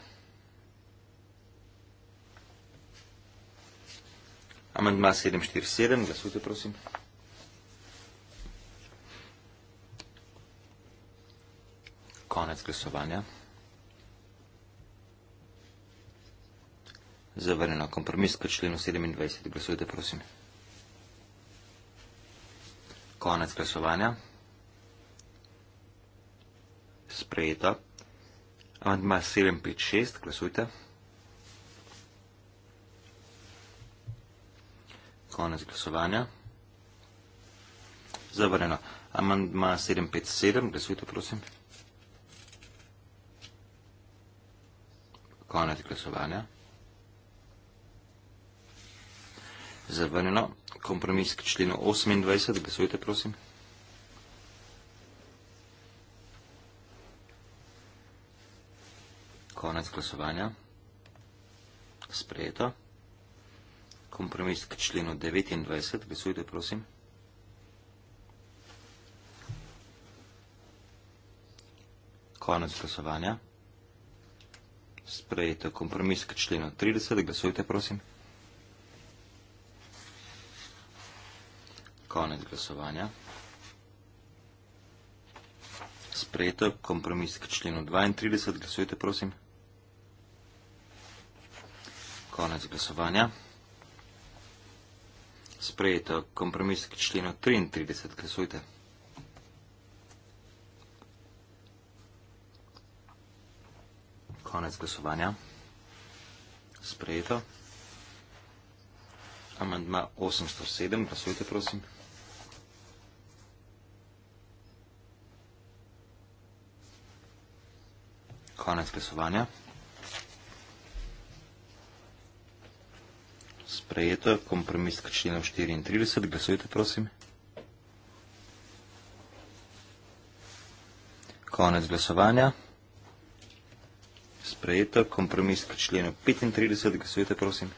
Amandma 747, glasujte prosim. Konec glasovanja. Zavrneno kompromis k členu 27, glasujte prosim. Konec glasovanja sprejeta. Amandma 756, glasujte. Konec glasovanja. Zavrnjeno. Amandma 757, glasujte, prosim. Konec glasovanja. Zavrnjeno. Kompromis k členu 28, glasujte, prosim. konec glasovanja. Sprejeto. Kompromis k členu 29. Glesujte, prosim. Konec glasovanja. Sprejeto. Kompromis k členu 30. Glesujte, prosim. Konec glasovanja. Sprejeto. Kompromis k členu 32. Glesujte, prosim. Konec glasovanja. Konec glasovanja. Sprejeto kompromis k členu 33. Glasujte. Konec glasovanja. Sprejeto. Amandma 807. Glasujte, prosim. Konec glasovanja. sprejeta, kompromis k členom 34, glasujte prosim. Konec glasovanja. Sprejeta, kompromis k členu 35, glasujte prosim.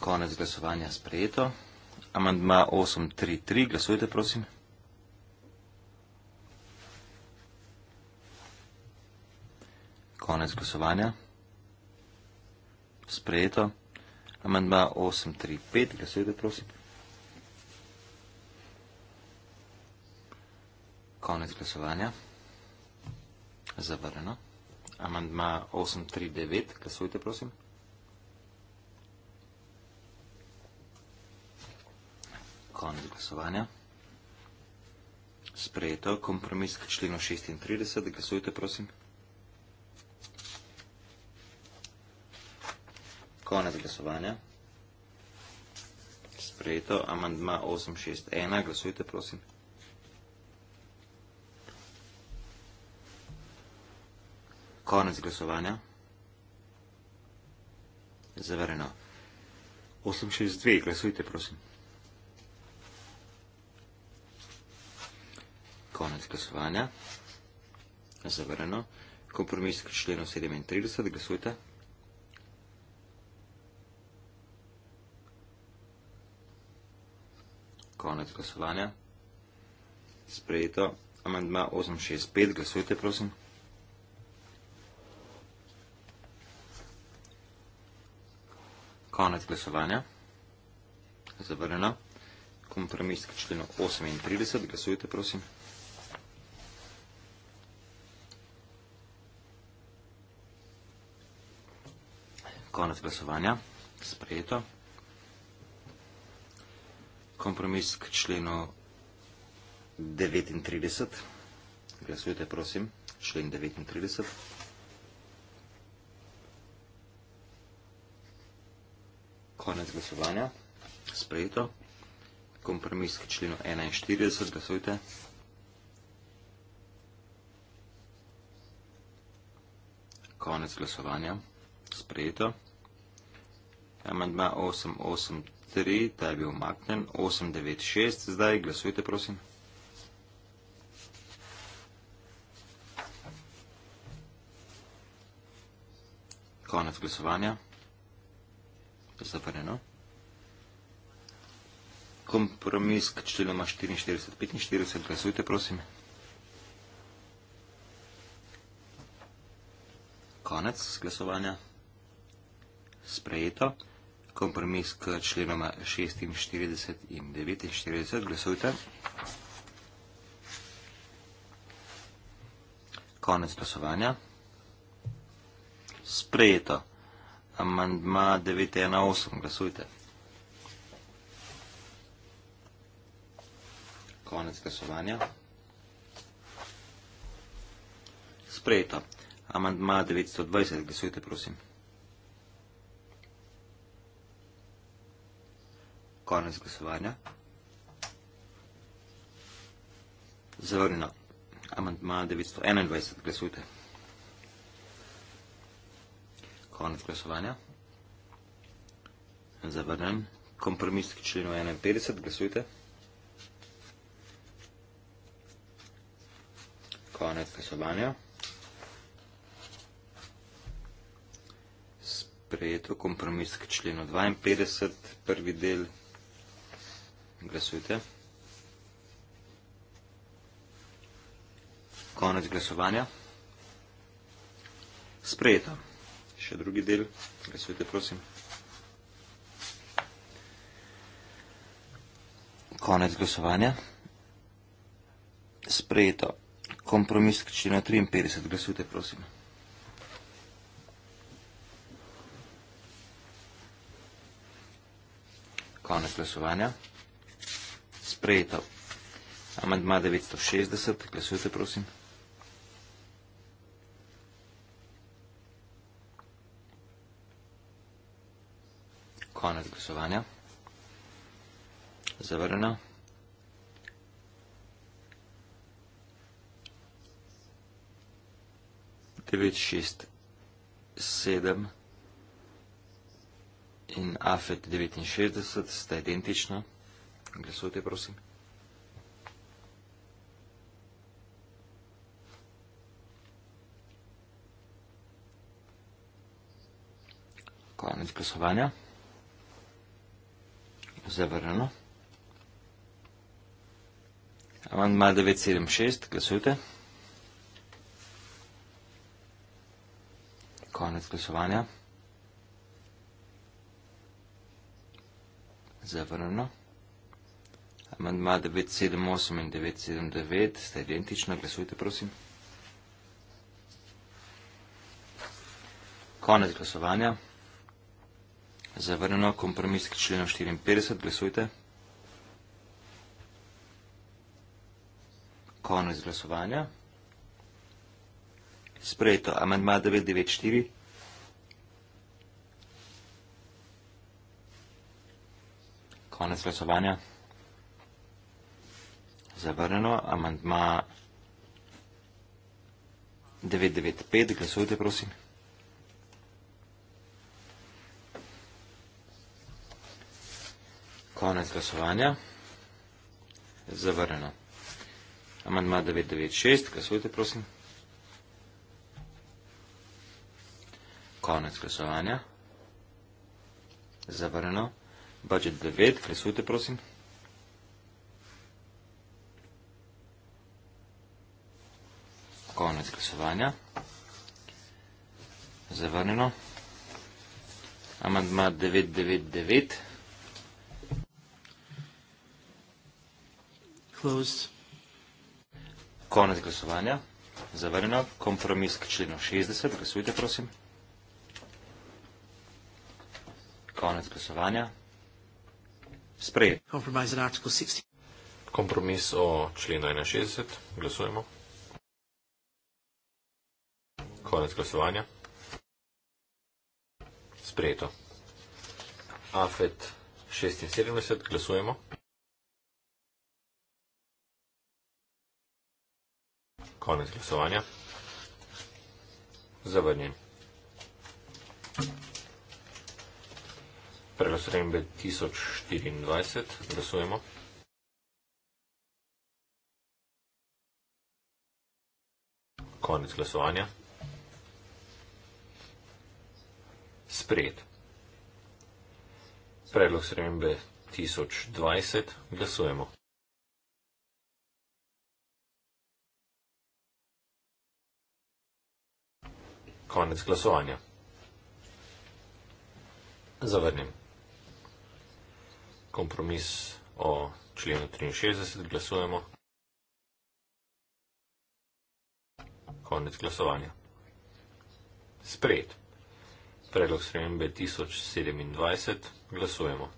Konec glasovanja sprejeto. Amandma 833, glasujte prosim. Konec glasovanja. Sprejeto. Amendma 835, glasujte prosim. Konec glasovanja. Zavrljeno. Amendma 839, glasujte prosim. Konec glasovanja. Sprejeto. Kompromis k členu 36, glasujte prosim. Konec glasovanja. Konec glasovanja. Sprejeto, amandma 861, glasujte, prosim. Konec glasovanja. Zavereno. 862, glasujte, prosim. Konec glasovanja. Zavereno. Kompromis k členu 37, glasujte. Zavereno. konec glasovanja. Sprejeto. Amendma 865. Glasujte, prosim. Konec glasovanja. Zavrljeno. Kompromis k členu 38. Glasujte, prosim. Konec glasovanja. Sprejeto kompromis k členu 39. Glasujte, prosim, člen 39. Konec glasovanja. Sprejeto. Kompromis k členu 41. Glasujte. Konec glasovanja. Sprejeto. Amendma 8.8.3. 3, ta je bil umaknjen, 8, 9, 6, zdaj glasujte, prosim. Konec glasovanja. Zaprljeno. Kompromis k členoma 44, 45, glasujte, prosim. Konec glasovanja. Sprejeto kompromis k členoma 46 in 49. Glasujte. Konec glasovanja. Sprejeto. Amandma 918. Glasujte. Konec glasovanja. Sprejeto. Amandma 920. Glasujte, prosim. konec glasovanja. Zavrljeno. Amantma 921. Glasujte. Konec glasovanja. Zavrljen. Kompromis k členu 51. Glasujte. Konec glasovanja. Sprejeto kompromis k členu 52. Prvi del glasovanja. Glasujte. Konec glasovanja. Sprejeto. Še drugi del. Glasujte, prosim. Konec glasovanja. Sprejeto. Kompromis k členu 53. Glasujte, prosim. Konec glasovanja sprejeta. Amandma 960, glasujte prosim. Konec glasovanja. Zavrljeno. Devet, šest, sedem in afet devetinšestdeset sta identična. Glasujte, prosim. Konec glasovanja. Zavrljeno. Amandma 976, glasujte. Konec glasovanja. Zavrljeno amandma 978 in 979, sta identična, glasujte prosim. Konec glasovanja. Zavrneno kompromis k členu 54, glasujte. Konec glasovanja. Sprejeto, amandma 994. Konec glasovanja zavrnjeno. Amandma 995, glasujte prosim. Konec glasovanja. Zavrnjeno. Amandma 996, glasujte prosim. Konec glasovanja. Zavrnjeno. Budget 9, glasujte prosim. konec glasovanja. Zavrnjeno. Amandma 999. Closed. Konec glasovanja. Zavrnjeno. Kompromis k členu 60. Glasujte, prosim. Konec glasovanja. Sprejet. Kompromis o členu 61. Glasujemo. Konec glasovanja. Sprejeto. AFET 76, glasujemo. Konec glasovanja. Zavrnjen. Preglasujembe 1024, glasujemo. Konec glasovanja. sprejet. Predlog srembe 1020 glasujemo. Konec glasovanja. Zavrnjen. Kompromis o členu 63 glasujemo. Konec glasovanja. Sprejet predlog spremembe 1027. Glasujemo.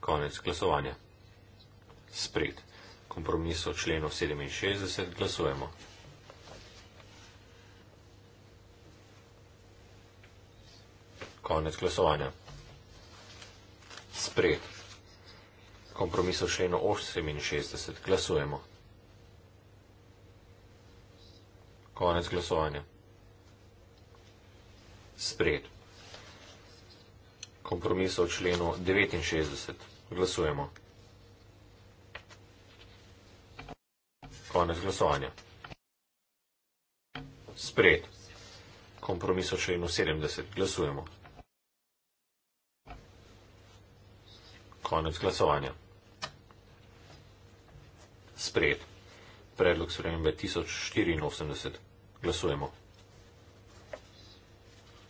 Konec glasovanja. Sprejet. Kompromis o členu 67. Glasujemo. Konec glasovanja. Sprejet. Kompromis o členu 68. Glasujemo. Konec glasovanja. Spred. Kompromis o členu 69. Glasujemo. Konec glasovanja. Spred. Kompromis o členu 70. Glasujemo. Konec glasovanja. Spred predlog spremembe 1084. Glasujemo.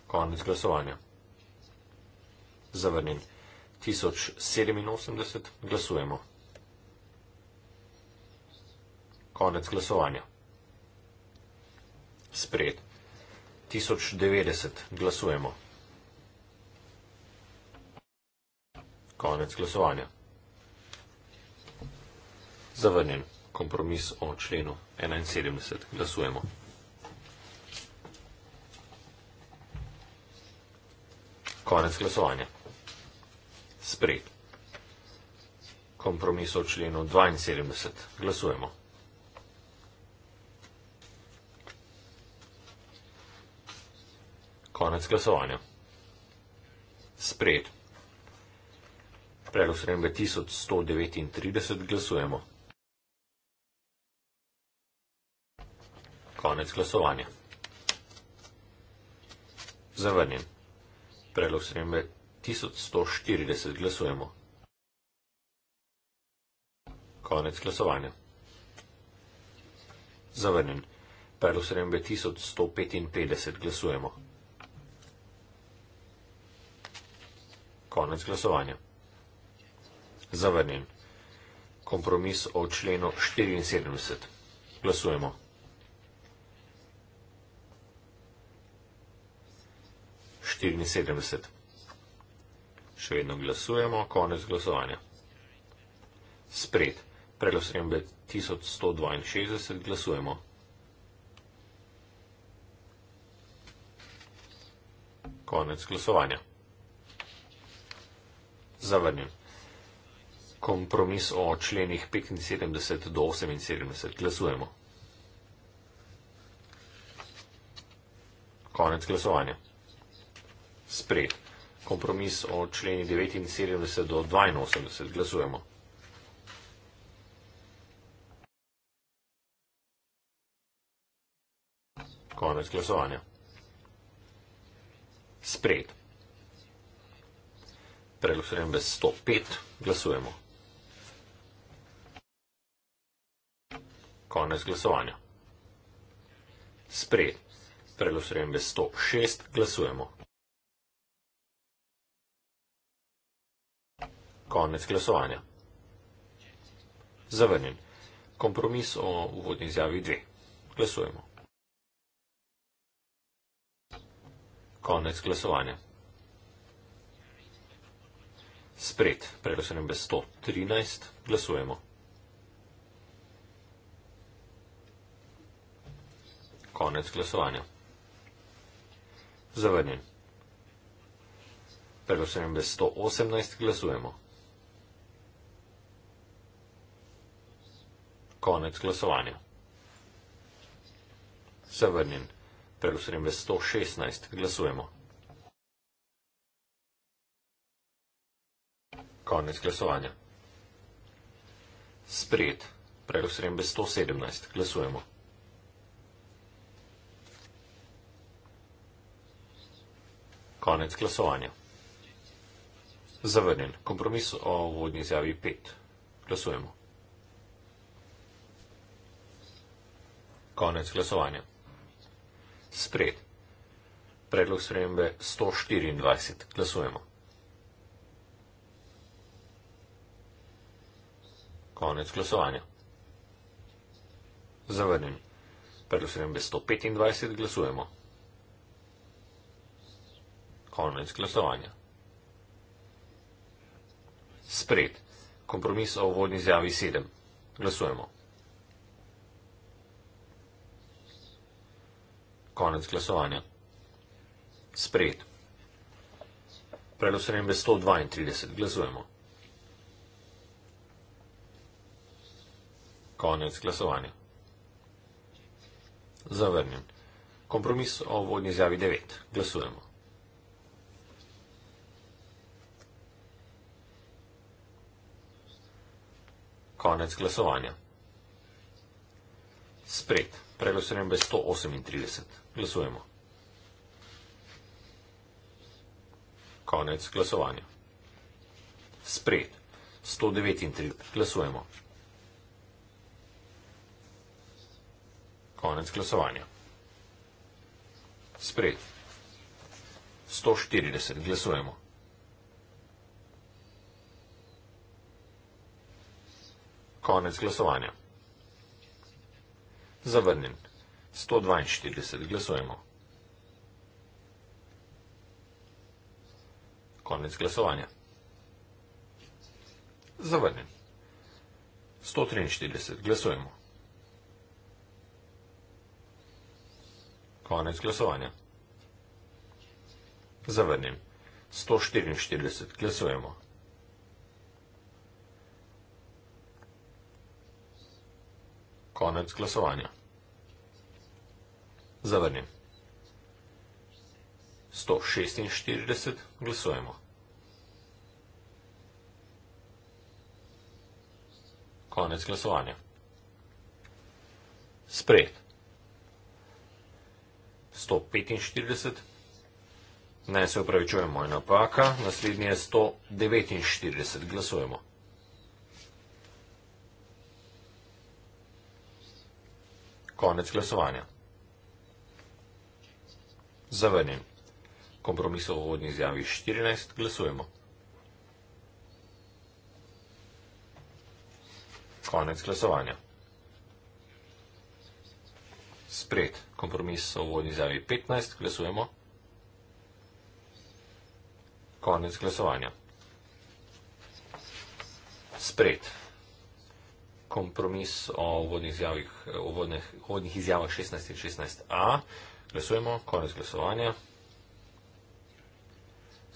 Konec glasovanja. Zavrnjen. 1087. Glasujemo. Konec glasovanja. Spred. 1090. Glasujemo. Konec glasovanja. Zavrnjen kompromis o členu 71. Glasujemo. Konec glasovanja. Sprejet. Kompromis o členu 72. Glasujemo. Konec glasovanja. Sprejet. Predlog sprejembe 1139. Glasujemo. Konec glasovanja. Zavrnjen. Predlog se ime 1140. Glasujemo. Konec glasovanja. Zavrnjen. Predlog se ime 1155. Glasujemo. Konec glasovanja. Zavrnjen. Kompromis o členu 74. Glasujemo. 74. Še vedno glasujemo, konec glasovanja. Spred, preglasujem be 1162, glasujemo. Konec glasovanja. Zavrnjen. Kompromis o členih 75 do 78. Glasujemo. Konec glasovanja sprejet. Kompromis o členi 79 do 82. Glasujemo. Konec glasovanja. Sprejet. Predlog sprejembe 105. Glasujemo. Konec glasovanja. Sprejet. Predlog sprejembe 106. Glasujemo. Glasujemo. Konec glasovanja. Zavrnjen. Kompromis o uvodni izjavi 2. Glasujemo. Konec glasovanja. Spred, preglasujem bez 113, glasujemo. Konec glasovanja. Zavrnjen. Preglasujem bez 118, glasujemo. konec glasovanja. Severnin, Perusrim v 116, glasujemo. Konec glasovanja. Sprejet, Perusrim v 117, glasujemo. Konec glasovanja. Zavrnjen. Kompromis o vodni izjavi 5. Glasujemo. Konec glasovanja. Spred. Predlog spremembe 124. Glasujemo. Konec glasovanja. Zavrnjen. Predlog spremembe 125. Glasujemo. Konec glasovanja. Spred. Kompromis o vodni izjavi 7. Glasujemo. Konec glasovanja. Sprejet. Prelosrejem ve 132. Glasujemo. Konec glasovanja. Zavrnjen. Kompromis o vodnji zjavi 9. Glasujemo. Konec glasovanja. Sprejet. Prelosrejem ve 138. Glasujemo. Glasujemo. Konec glasovanja. Spred. 139. Glasujemo. Konec glasovanja. Spred. 140. Glasujemo. Konec glasovanja. Zavrnjen. 142. Glasujemo. Konec glasovanja. Zavrnjen. 143. Glasujemo. Konec glasovanja. Zavrnjen. 144. Glasujemo. Konec glasovanja. Zavrnjen. 146. Glasujemo. Konec glasovanja. Sprejet. 145. Ne se upravičujemo, je napaka. Naslednji je 149. Glasujemo. Konec glasovanja. Zavrnjen. Kompromis o vhodni izjavi 14. Glasujemo. Konec glasovanja. Spred. Kompromis o vhodni izjavi 15. Glasujemo. Konec glasovanja. Spred. Kompromis o vhodnih izjavah 16 in 16a. Spred. Glasujemo, konec glasovanja.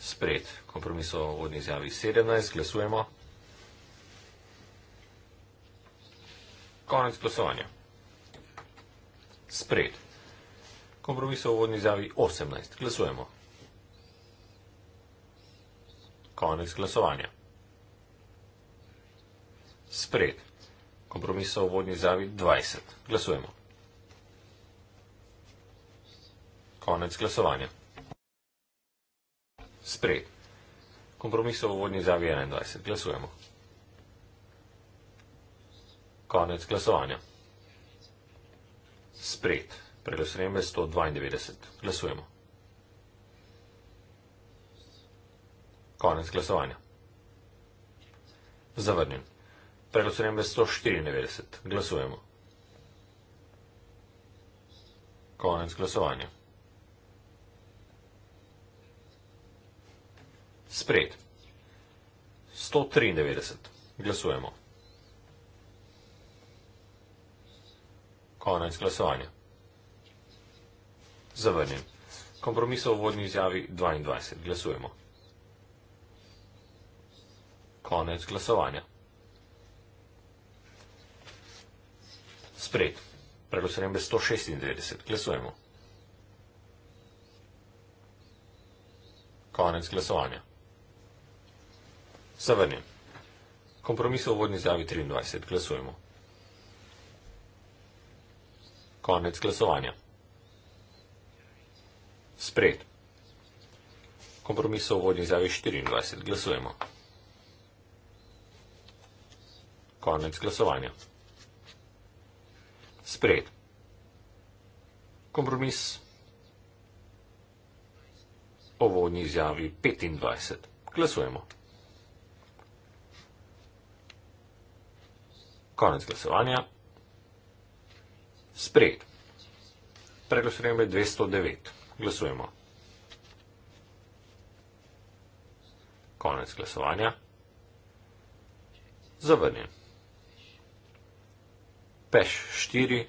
Spred kompromiso v vodni izjavi 17, glasujemo. Konec glasovanja. Spred kompromiso v vodni izjavi 18, glasujemo. Konec glasovanja. Spred kompromiso v vodni izjavi 20, glasujemo. Konec glasovanja. Sprejet. Kompromis o uvodni izjavi 21. Glasujemo. Konec glasovanja. Sprejet. Preglasujeme 192. Glasujemo. Konec glasovanja. Zavrnjen. Preglasujeme 194. Glasujemo. Konec glasovanja. Sprejet. 193. Glasujemo. Konec glasovanja. Zavrnjen. Kompromisov v vodni izjavi 22. Glasujemo. Konec glasovanja. Sprejet. Preglasujem bez 196. Glasujemo. Konec glasovanja. Savanje. Kompromis v vodni zjavi 23. Glasujemo. Konec glasovanja. Spred. Kompromis v vodni zjavi 24. Glasujemo. Konec glasovanja. Spred. Kompromis o vodni izjavi 25. Glasujemo. Konec glasovanja. Sprejet. Predlog sprejembe 209. Glasujemo. Konec glasovanja. Zavrnjen. Peš 4.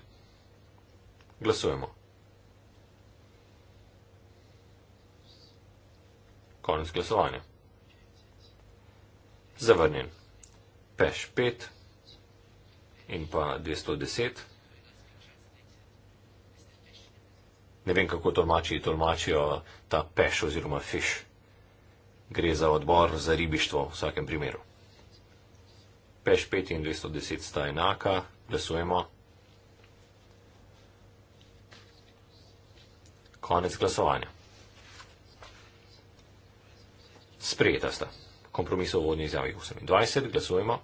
Glasujemo. Konec glasovanja. Zavrnjen. Peš 5. Glasujemo in pa 210. Ne vem, kako tolmači tolmačijo ta peš oziroma fish. Gre za odbor za ribištvo v vsakem primeru. Peš 5 in 210 sta enaka, glasujemo. Konec glasovanja. Sprejeta sta. Kompromisov vodni izjavi 28, glasujemo.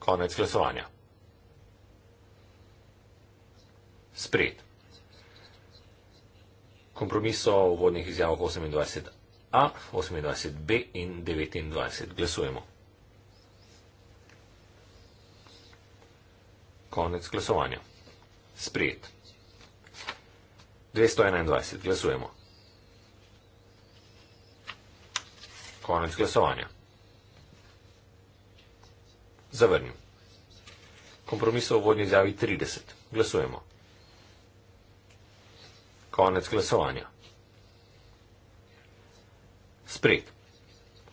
Konec glasovanja. Sprejet. Kompromis so v vodnih izjavah 28a, 28b in 29. Glasujemo. Konec glasovanja. Sprejet. 221. Glasujemo. Konec glasovanja. Zavrnil. Kompromisov v vodni izjavi 30. Glasujemo. Konec glasovanja. Sprejet.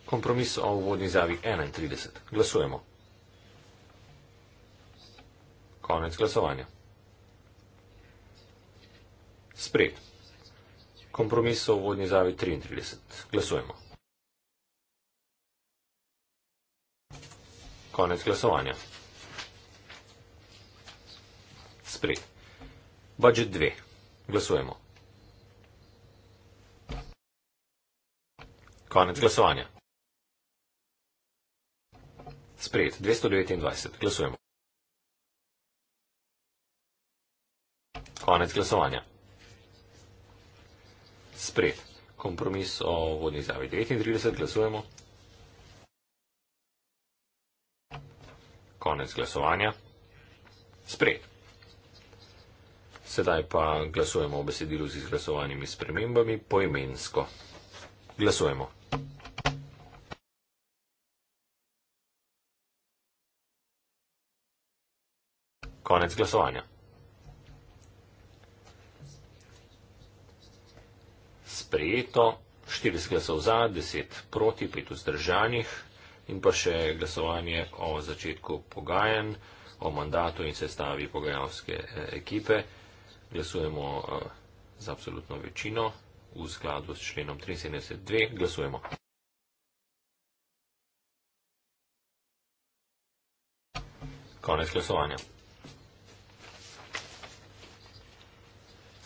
Kompromis o vodni izjavi 31. Glasujemo. Konec glasovanja. Sprejet. Kompromis o vodni izjavi 33. Glasujemo. Konec glasovanja. Sprit. Budget 2. Glasujemo. Konec glasovanja. Sprit. 229. Glasujemo. Konec glasovanja. Sprit. Kompromis o vodni zavi 39. Glasujemo. Glasujemo. konec glasovanja. Sprejet. Sedaj pa glasujemo o besedilu z izglasovanimi spremembami poimensko. Glasujemo. Konec glasovanja. Sprejeto 40 glasov za, 10 proti, 5 vzdržanih, in pa še glasovanje o začetku pogajanj, o mandatu in sestavi pogajalske eh, ekipe. Glasujemo eh, z absolutno večino v skladu s členom 372. Glasujemo. Konec glasovanja.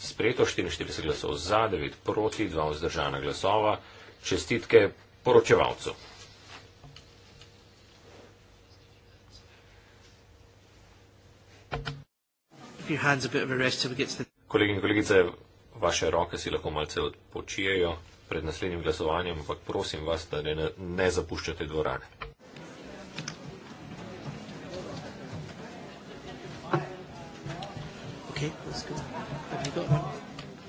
Sprejeto 44 glasov za, 9 proti, 2 vzdržana glasova. Čestitke poročevalcu. Kolegi in kolegice, vaše roke si lahko malce odpočijejo pred naslednjim glasovanjem, ampak prosim vas, da ne, ne zapuščate dvorane. Okay, that's good. Have you got one?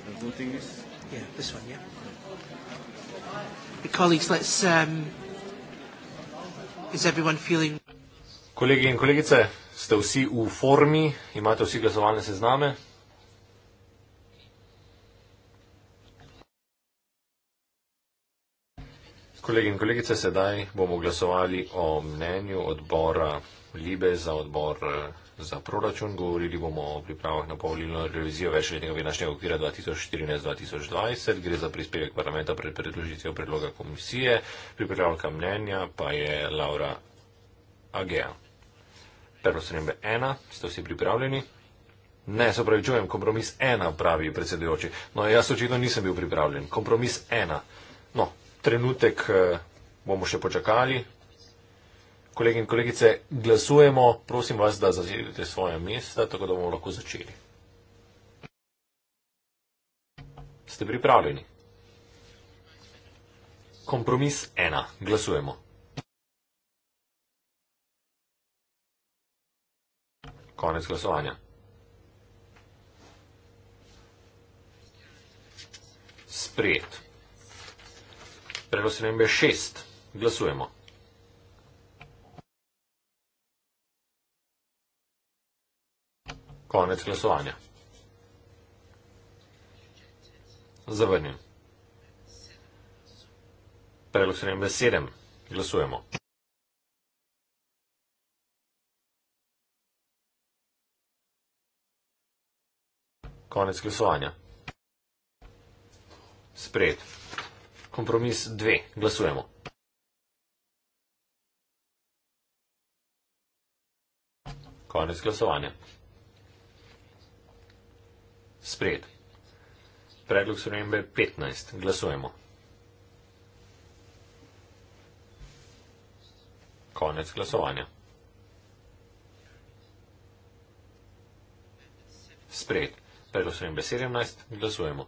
The voting is? Yeah, this one, yeah. The colleagues, let's... Um, is everyone feeling... Colleagues and colleagues, ste vsi v formi, imate vsi glasovalne sezname. Kolegi in kolegice, sedaj bomo glasovali o mnenju odbora Libe za odbor eh, za proračun. Govorili bomo o pripravah na polnilno revizijo večletnega finančnega okvira 2014-2020. Gre za prispevek parlamenta pred predložitvijo predloga komisije. Pripravljalka mnenja pa je Laura Agea. Prvostrem be ena, ste vsi pripravljeni? Ne, se pravi, čujem, kompromis ena, pravi predsedujoči. No, jaz očitno nisem bil pripravljen. Kompromis ena. No, trenutek eh, bomo še počakali. Kolegi in kolegice, glasujemo, prosim vas, da zasedete svoje mesta, tako da bomo lahko začeli. Ste pripravljeni? Kompromis ena. Glasujemo. Konec glasovanja. Sprejet. Predlog spremembe šest. Glasujemo. Konec glasovanja. Zavrnjen. Predlog spremembe sedem. Glasujemo. Konec glasovanja. Spred. Kompromis 2. Glasujemo. Konec glasovanja. Spred. Predlog spremembe 15. Glasujemo. Konec glasovanja. Spred. Pero se jim besede mnajst, glasujemo.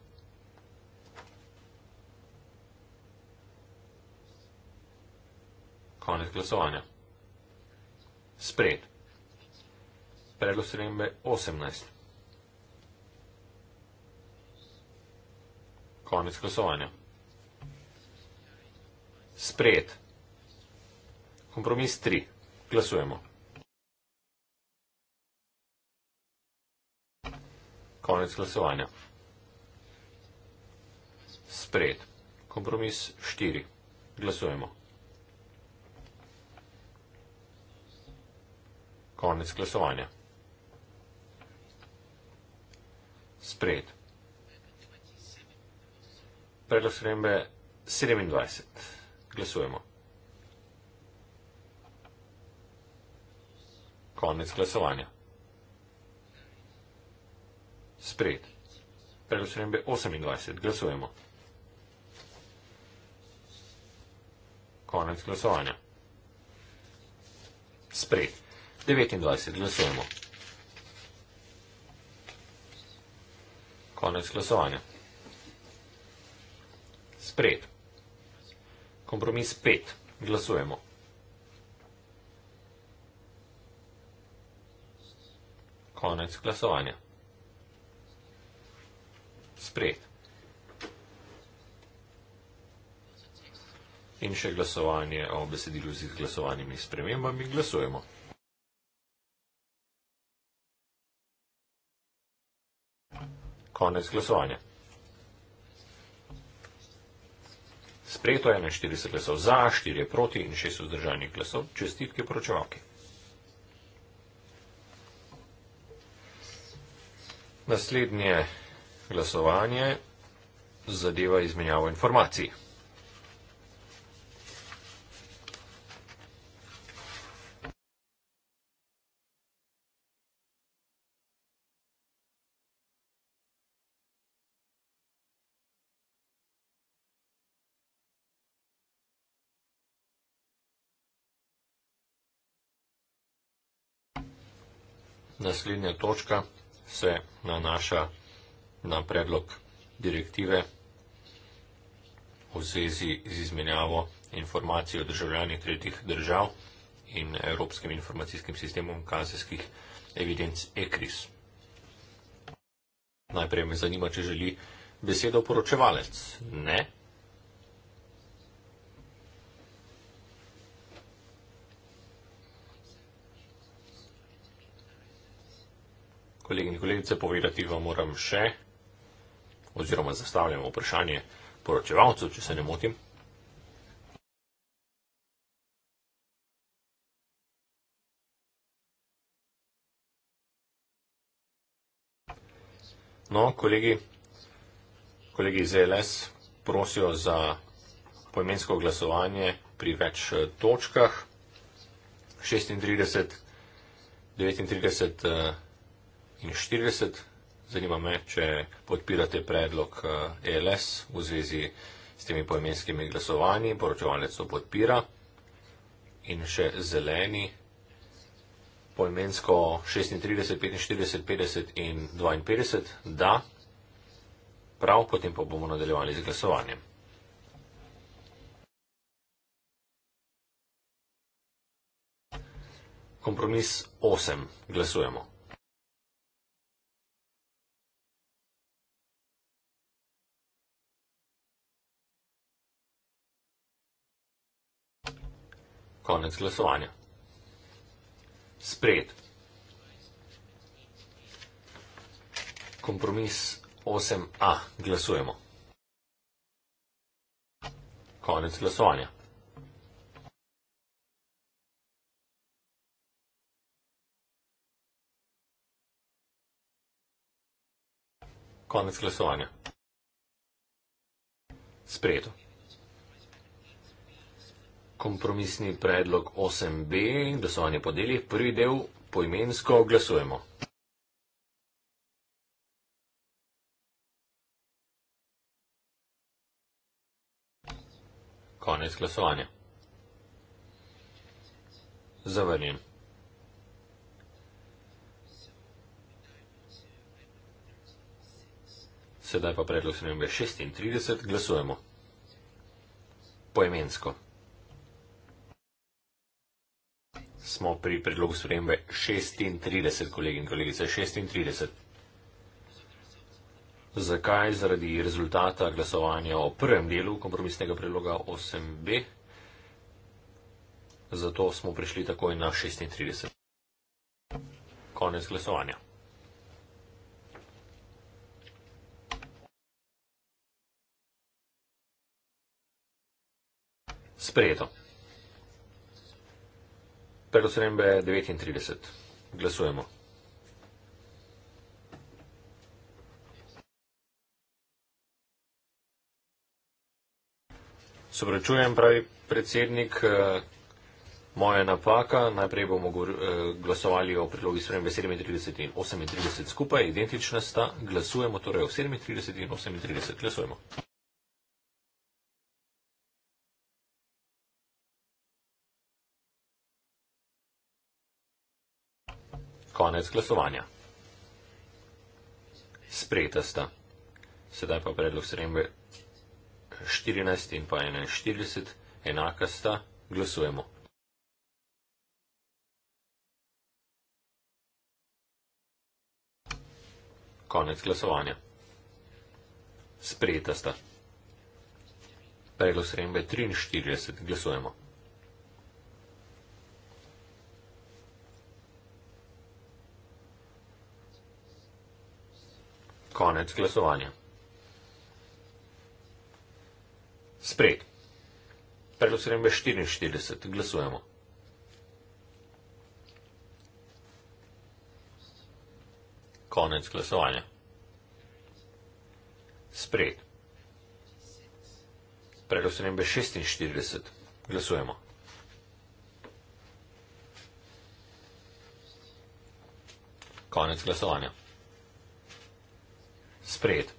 Konec glasovanja. Sprejet. Predlog srembe 18. Konec glasovanja. Sprejet. Kompromis 3. Glasujemo. Konec glasovanja. Spred. Kompromis 4. Glasujemo. Konec glasovanja. Spred. Predlog spremembe 27. Glasujemo. Konec glasovanja. Sprejet. Predlog spremembe 28. Glasujemo. Konec glasovanja. Sprejet. 29. Glasujemo. Konec glasovanja. Sprejet. Kompromis 5. Glasujemo. Konec glasovanja sprejet. In še glasovanje o besedilu z izglasovanimi spremembami. Glasujemo. Konec glasovanja. Sprejeto je 41 glasov za, 4 proti in 6 vzdržanih glasov. Čestitke poročevalke. Naslednje glasovanje zadeva izmenjavo informacij. Naslednja točka se nanaša na predlog direktive v zvezi z izmenjavo informacij o državljanih tretjih držav in Evropskim informacijskim sistemom kazenskih evidenc ECRIS. Najprej me zanima, če želi besedo poročevalec. Ne. Kolegi in kolegice, povedati vam moram še, oziroma zastavljamo vprašanje poročevalcu, če se ne motim. No, kolegi, kolegi iz e LS prosijo za poimensko glasovanje pri več eh, točkah. 36, 39 eh, in 40. Zanima me, če podpirate predlog ELS eh, e v zvezi s temi poimenskimi glasovanji. Poročevalec to podpira. In še zeleni. Poimensko 36, 45, 50 in 52. Da. Prav, potem pa bomo nadaljevali z glasovanjem. Kompromis 8. Glasujemo. Konec glasovanja. Spred. Kompromis 8a. Glasujemo. Konec glasovanja. Konec glasovanja. Sprejeto kompromisni predlog 8b, glasovanje po delih, prvi del poimensko glasujemo. Konec glasovanja. Zavrnjen. Sedaj pa predlog 36, glasujemo. Poimensko. smo pri predlogu spremembe 36, kolegi in kolegice, 36. Zakaj? Zaradi rezultata glasovanja o prvem delu kompromisnega predloga 8b. Zato smo prišli takoj na 36. Konec glasovanja. Sprejeto. Predlog spremembe 39. Glasujemo. Sobračujem, pravi predsednik, eh, moja napaka. Najprej bomo eh, glasovali o predlogi spremembe 37 in 38 skupaj, identična sta. Glasujemo torej o 37 in 38. Glasujemo. konec glasovanja. Sprejeta sta. Sedaj pa predlog srembe 14 in pa 41 enaka sta. Glasujemo. Konec glasovanja. Sprejeta sta. Predlog srembe 43. Glasujemo. Konec glasovanja. Sprejet. Predlog sprejembe 44. Glasujemo. Konec glasovanja. Sprejet. Predlog sprejembe 46. Glasujemo. Konec glasovanja sprejet.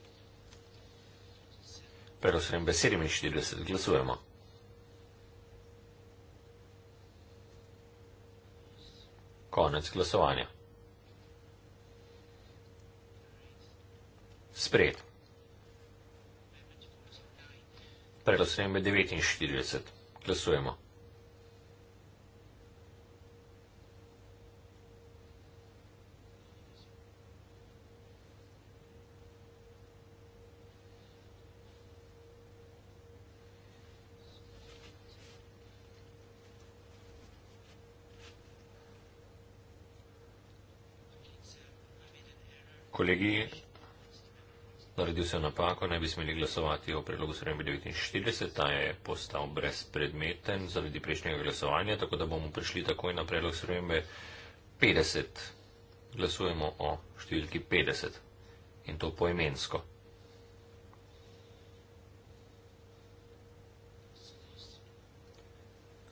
Pero se nam besedim in 40 glasujemo. Konec glasovanja. Sprejet. Predostanem med 49. Glasujemo. kolegi, naredil sem napako, ne bi smeli glasovati o predlogu sprejembe 49, ta je postal brezpredmeten zaradi prejšnjega glasovanja, tako da bomo prišli takoj na predlog sprejembe 50. Glasujemo o številki 50 in to poimensko.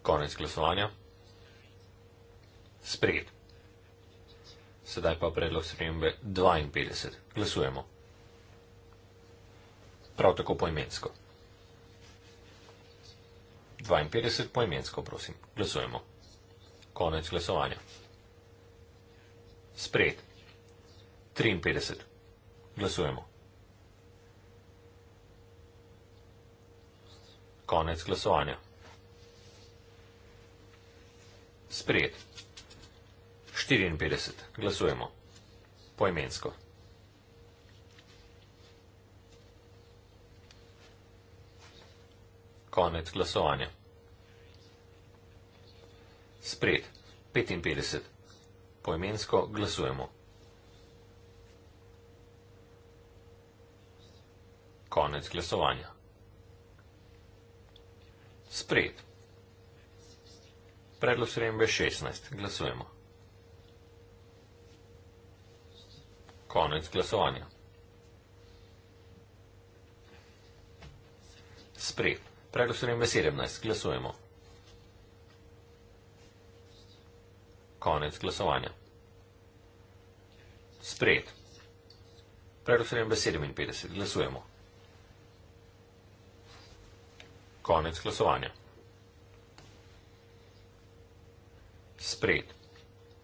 Konec glasovanja. Sprejet. Sedaj pa predlog spremembe 52. Glasujemo. Prav tako poimensko. 52 poimensko, prosim. Glasujemo. Konec glasovanja. Spred. 53. Glasujemo. Konec glasovanja. Spred. 54. Glasujemo. Poimensko. Konec glasovanja. Spred 55. Poimensko glasujemo. Konec glasovanja. Spred. Predlog sprejembe 16. Glasujemo. Konec glasovanja. Sprejet. Preglasujemo 17. Glasujemo. Konec glasovanja. Sprejet. Preglasujemo 57. Glasujemo. Konec glasovanja. Sprejet.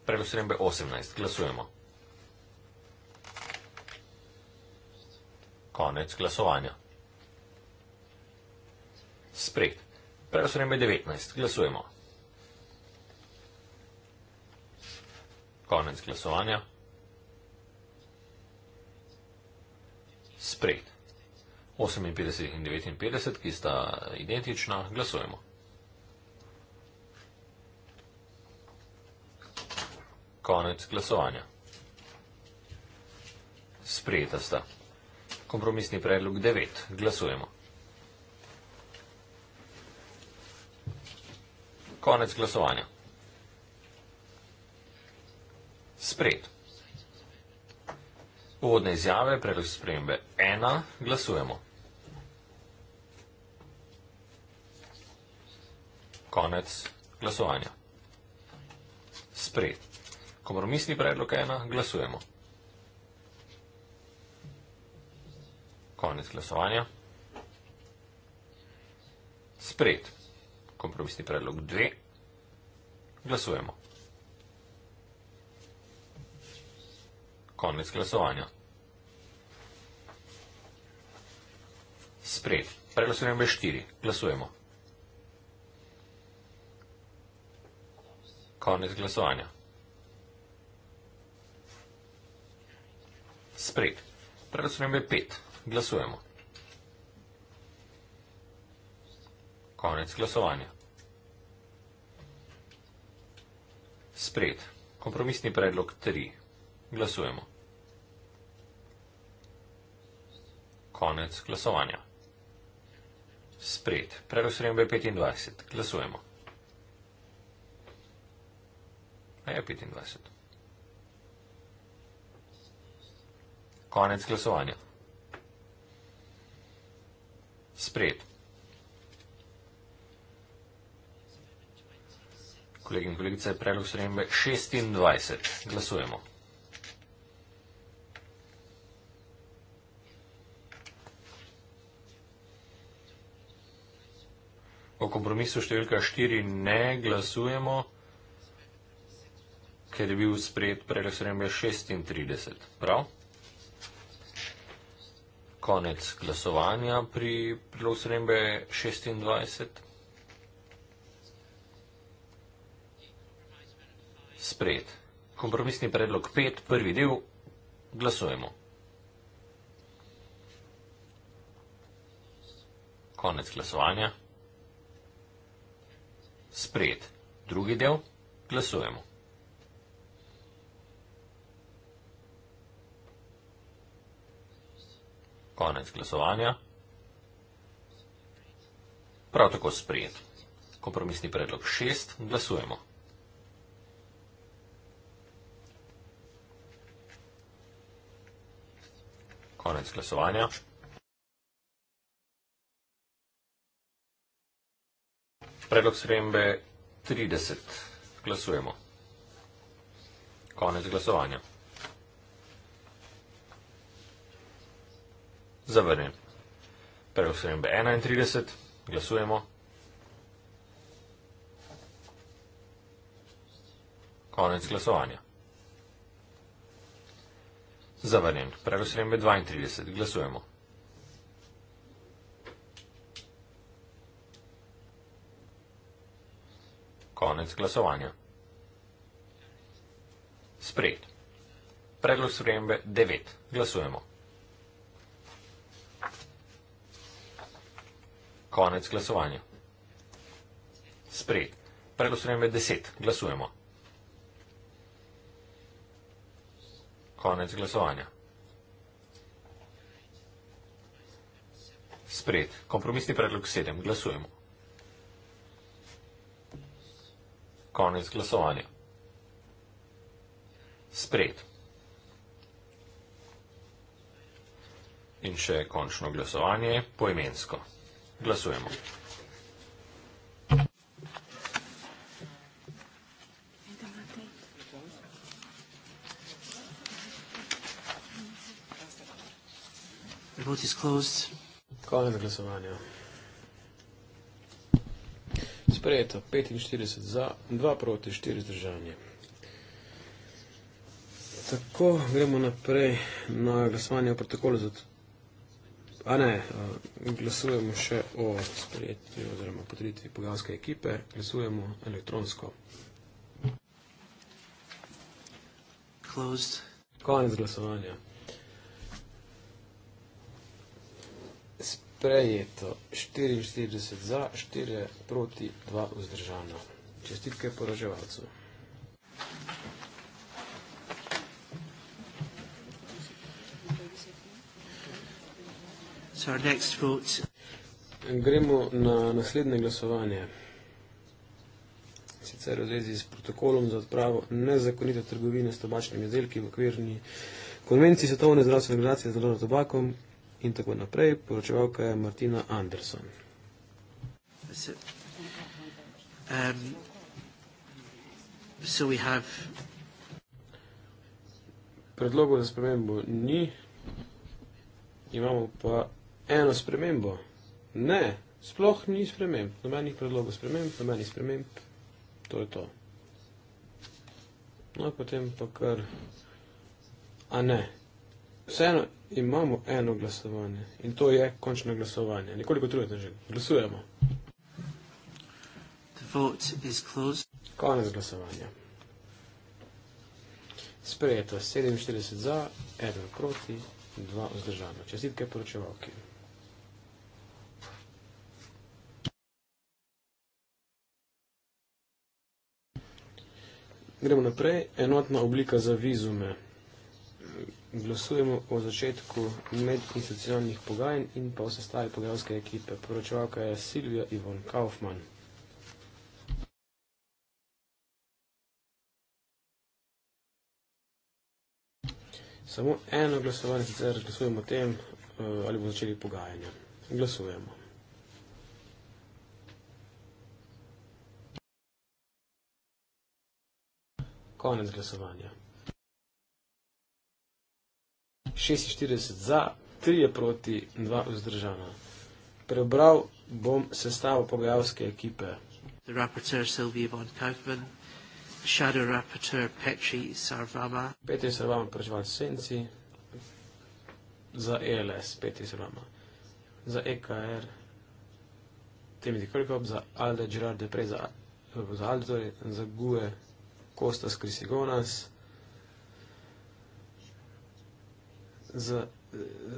Preglasujemo 18. Glasujemo. Sprejet. konec glasovanja. Spred. Presrembe 19. Glasujemo. Konec glasovanja. Spred. 58 in 59, ki sta identična, glasujemo. Konec glasovanja. Sprejeta sta. Kompromisni predlog 9. Glasujemo. Konec glasovanja. Spred. Uvodne izjave, predlog spremembe 1. Glasujemo. Konec glasovanja. Spred. Kompromisni predlog 1. Glasujemo. konec glasovanja. Spred. Kompromisni predlog 2. Glasujemo. Konec glasovanja. Spred. Predlog spremembe 4. Glasujemo. Konec glasovanja. Spred. Predlog spremembe 5. Glasujemo. Konec glasovanja. Spred. Kompromisni predlog 3. Glasujemo. Konec glasovanja. Spred. Predlog 25. Glasujemo. A je 25. Konec glasovanja sprejet. Kolegi in kolegice, predlog sprejembe 26. Glasujemo. O kompromisu številka 4 ne glasujemo, ker je bil sprejet predlog sprejembe 36. Prav? konec glasovanja pri predlogu srembe 26. Sprejet. Kompromisni predlog 5, prvi del. Glasujemo. Konec glasovanja. Sprejet. Drugi del. Glasujemo. Konec glasovanja. Prav tako sprejet. Kompromisni predlog 6. Glasujemo. Konec glasovanja. Predlog spremembe 30. Glasujemo. Konec glasovanja. Zavrnjen. Predlog spremembe 31. Glasujemo. Konec glasovanja. Zavrnjen. Predlog spremembe 32. Glasujemo. Konec glasovanja. Sprejet. Predlog spremembe 9. Glasujemo. konec glasovanja. Sprejet. Predostrojem je 10. Glasujemo. Konec glasovanja. Sprejet. Kompromisni predlog 7. Glasujemo. Konec glasovanja. Sprejet. In še končno glasovanje poimensko. Glasujemo. Konec glasovanja. Sprejeto 45 za, 2 proti 4 zdržanje. Tako gremo naprej na glasovanje o protokolu za a ne, eh, glasujemo še o sprejetju oziroma potritvi pogajalske ekipe, glasujemo elektronsko. Closed. Konec glasovanja. Sprejeto 44 za, 4 proti, 2 vzdržano. Čestitke poraževalcu. So our next vote. Gremo na naslednje glasovanje. Sicer v zvezi s protokolom za odpravo nezakonite trgovine s tobačnimi izdelki v okvirni konvenciji Svetovne zdravstvene organizacije za nadzor tobakom in tako naprej, poročevalka je Martina Anderson. So, um, so Predlogov za spremembo ni, imamo pa eno spremembo. Ne, sploh ni sprememb, nobenih predlogov sprememb, nobenih sprememb, to je to. No, potem pa kar, a ne. Vseeno imamo eno glasovanje in to je končno glasovanje. Nekoliko trudite že, glasujemo. The vote is closed. Konec glasovanja. Sprejeto 47 za, 1 proti, 2 vzdržano. Čestitke poročevalki. Okay. Gremo naprej. Enotna oblika za vizume. Glasujemo o začetku medinstitucionalnih pogajanj in pa o sestavi pogajalske ekipe. Poročevalka je Silvija Ivon Kaufmann. Samo eno glasovanje, sicer glasujemo o tem, eh, ali bomo začeli pogajanja. Glasujemo. Konec glasovanja. 46 za, 3 je proti, 2 je vzdržana. Prebral bom sestavo pogajalske ekipe. Shadow Rapporteur Petri Sarvama. Petri Sarvama, Prežval Senci. Za ELS, Petri Sarvama. Za EKR, Timothy Kirkhope, za Alde Gerard Depre, za, za Alde, torej, za GUE, Kostas Krisigonas, za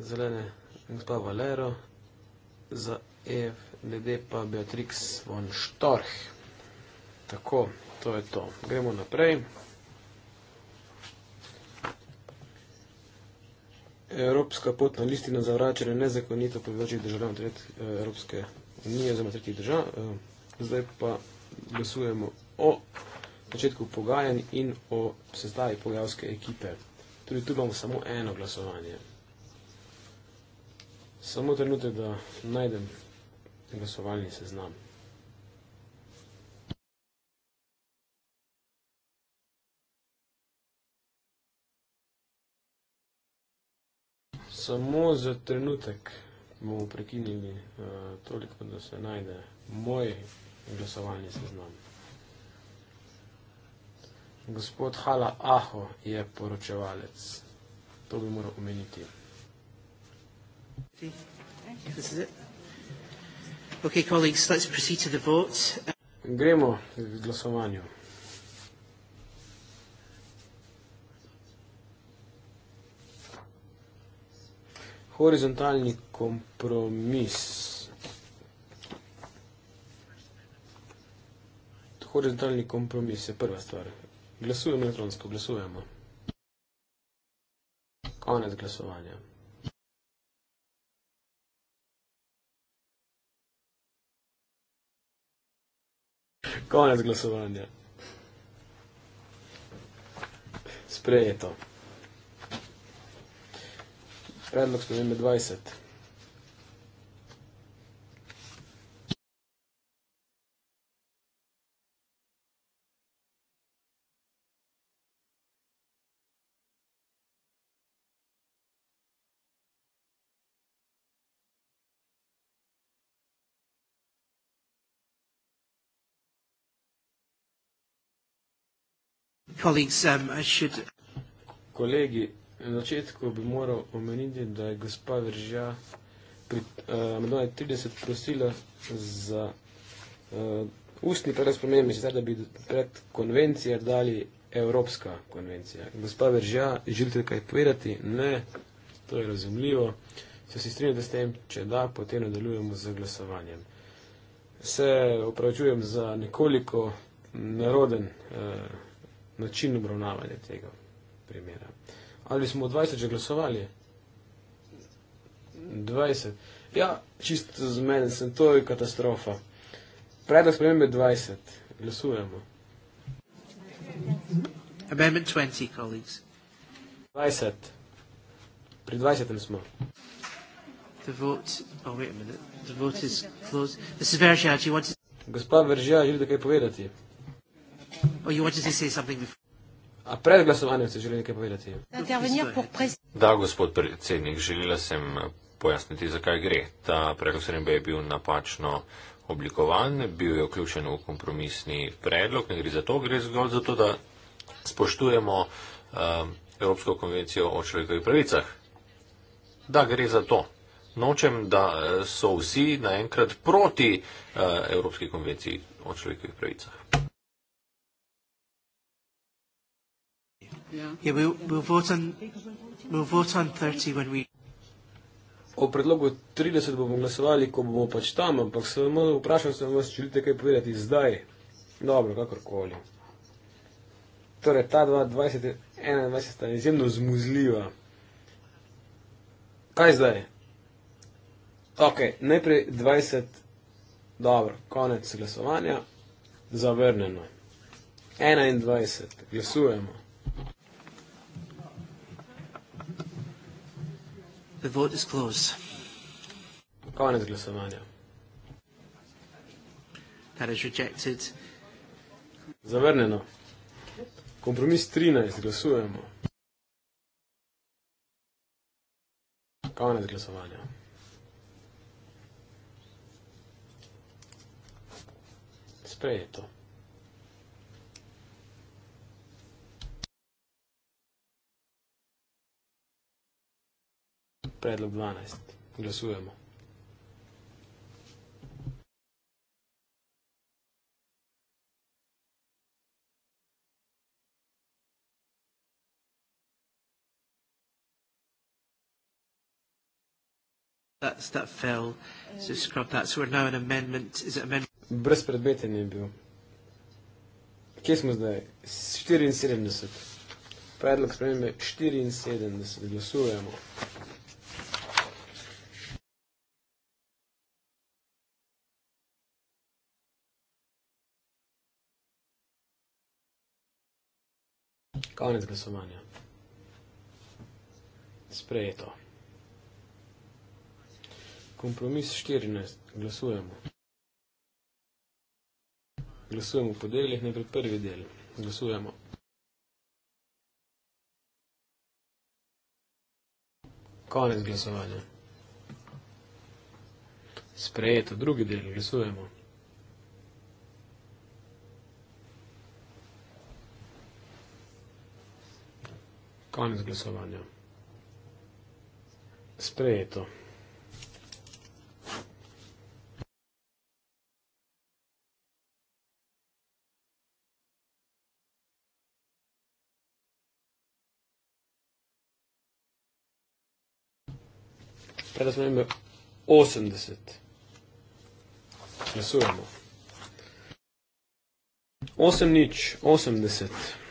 zelene gospa Valero, za F, DD pa Beatrix von Storch. Tako, to je to. Gremo naprej. Evropska potna listina zavračanja nezakonito prebivalčih držav eh, Evropske unije oziroma tretjih držav. Eh, zdaj pa glasujemo o začetku pogajanj in o sestavi pogajalske ekipe. Tudi tu imamo samo eno glasovanje. Samo trenutek, da najdem glasovalni seznam. Samo za trenutek bomo prekinili uh, toliko, da se najde moj glasovalni seznam. Gospod Hala Aho je poročevalec. To bi moral omeniti. Okay, colleagues, let's proceed to the vote. Gremo v glasovanju. Horizontalni kompromis. Horizontalni kompromis je prva stvar. Glasujemo elektronsko, glasujemo. Konec glasovanja. Konec glasovanja. Sprejeto. Predlog spremembe 20. Um, Kolegi, na začetku bi moral omeniti, da je gospa Veržja eh, med 30 prosila za eh, ustni predlog spremembe, sicer da bi pred konvencijo dali Evropska konvencija. Gospa Veržja, želite kaj povedati? Ne, to je razumljivo. Se si strinjate s tem, če da, potem nadaljujemo z glasovanjem. Se opravičujem za nekoliko naroden. Eh, način obravnavanja tega primera. Ali smo 20 že glasovali? 20. Ja, čisto zmeden sem, to je katastrofa. Predlog spremembe 20. Glasujemo. Amendment 20, colleagues. 20. Pri 20 smo. The vote, oh wait a minute, the vote is closed. This is Veržija, do you want to... Gospa Veržija, želite kaj povedati? Oh, you wanted to say something before. A pred glasovanjem se želi nekaj povedati. Da, gospod predsednik, želela sem pojasniti, zakaj gre. Ta predlog srembe je bil napačno oblikovan, bil je vključen v kompromisni predlog, ne gre za to, gre zgolj za to, da spoštujemo uh, Evropsko konvencijo o človekovih pravicah. Da, gre za to. Nočem, da eh, so vsi naenkrat proti uh, Evropski konvenciji o človekovih pravicah. Yeah, we'll, we'll, vote on, we'll vote on 30 when we. O predlogu 30 bomo glasovali, ko bomo pač tam, ampak samo vprašal sem vas, če želite kaj povedati zdaj. Dobro, kakorkoli. Torej, ta 22 in 21 sta izjemno zmuzljiva. Kaj zdaj? Ok, najprej 20, dobro, konec glasovanja, zavrnjeno. 21, glasujemo. The vote is closed. Konec glasovanja. That is rejected. Zavrneno. Kompromis 13. Glasujemo. Konec glasovanja. Sprejeto. predlog 12. Glasujemo. Um, Brez predmeten je bil. Kje smo zdaj? 74. Predlog spremembe 74. Glasujemo. Konec glasovanja. Sprejeto. Kompromis 14. Glasujemo. Glasujemo po delih, najprej prvi del. Glasujemo. Konec glasovanja. Sprejeto. Drugi del. Glasujemo. Konec glasovanja. Sprejeto. Preda smo imeli 80. Glasujemo. 8 nič, 80. 80.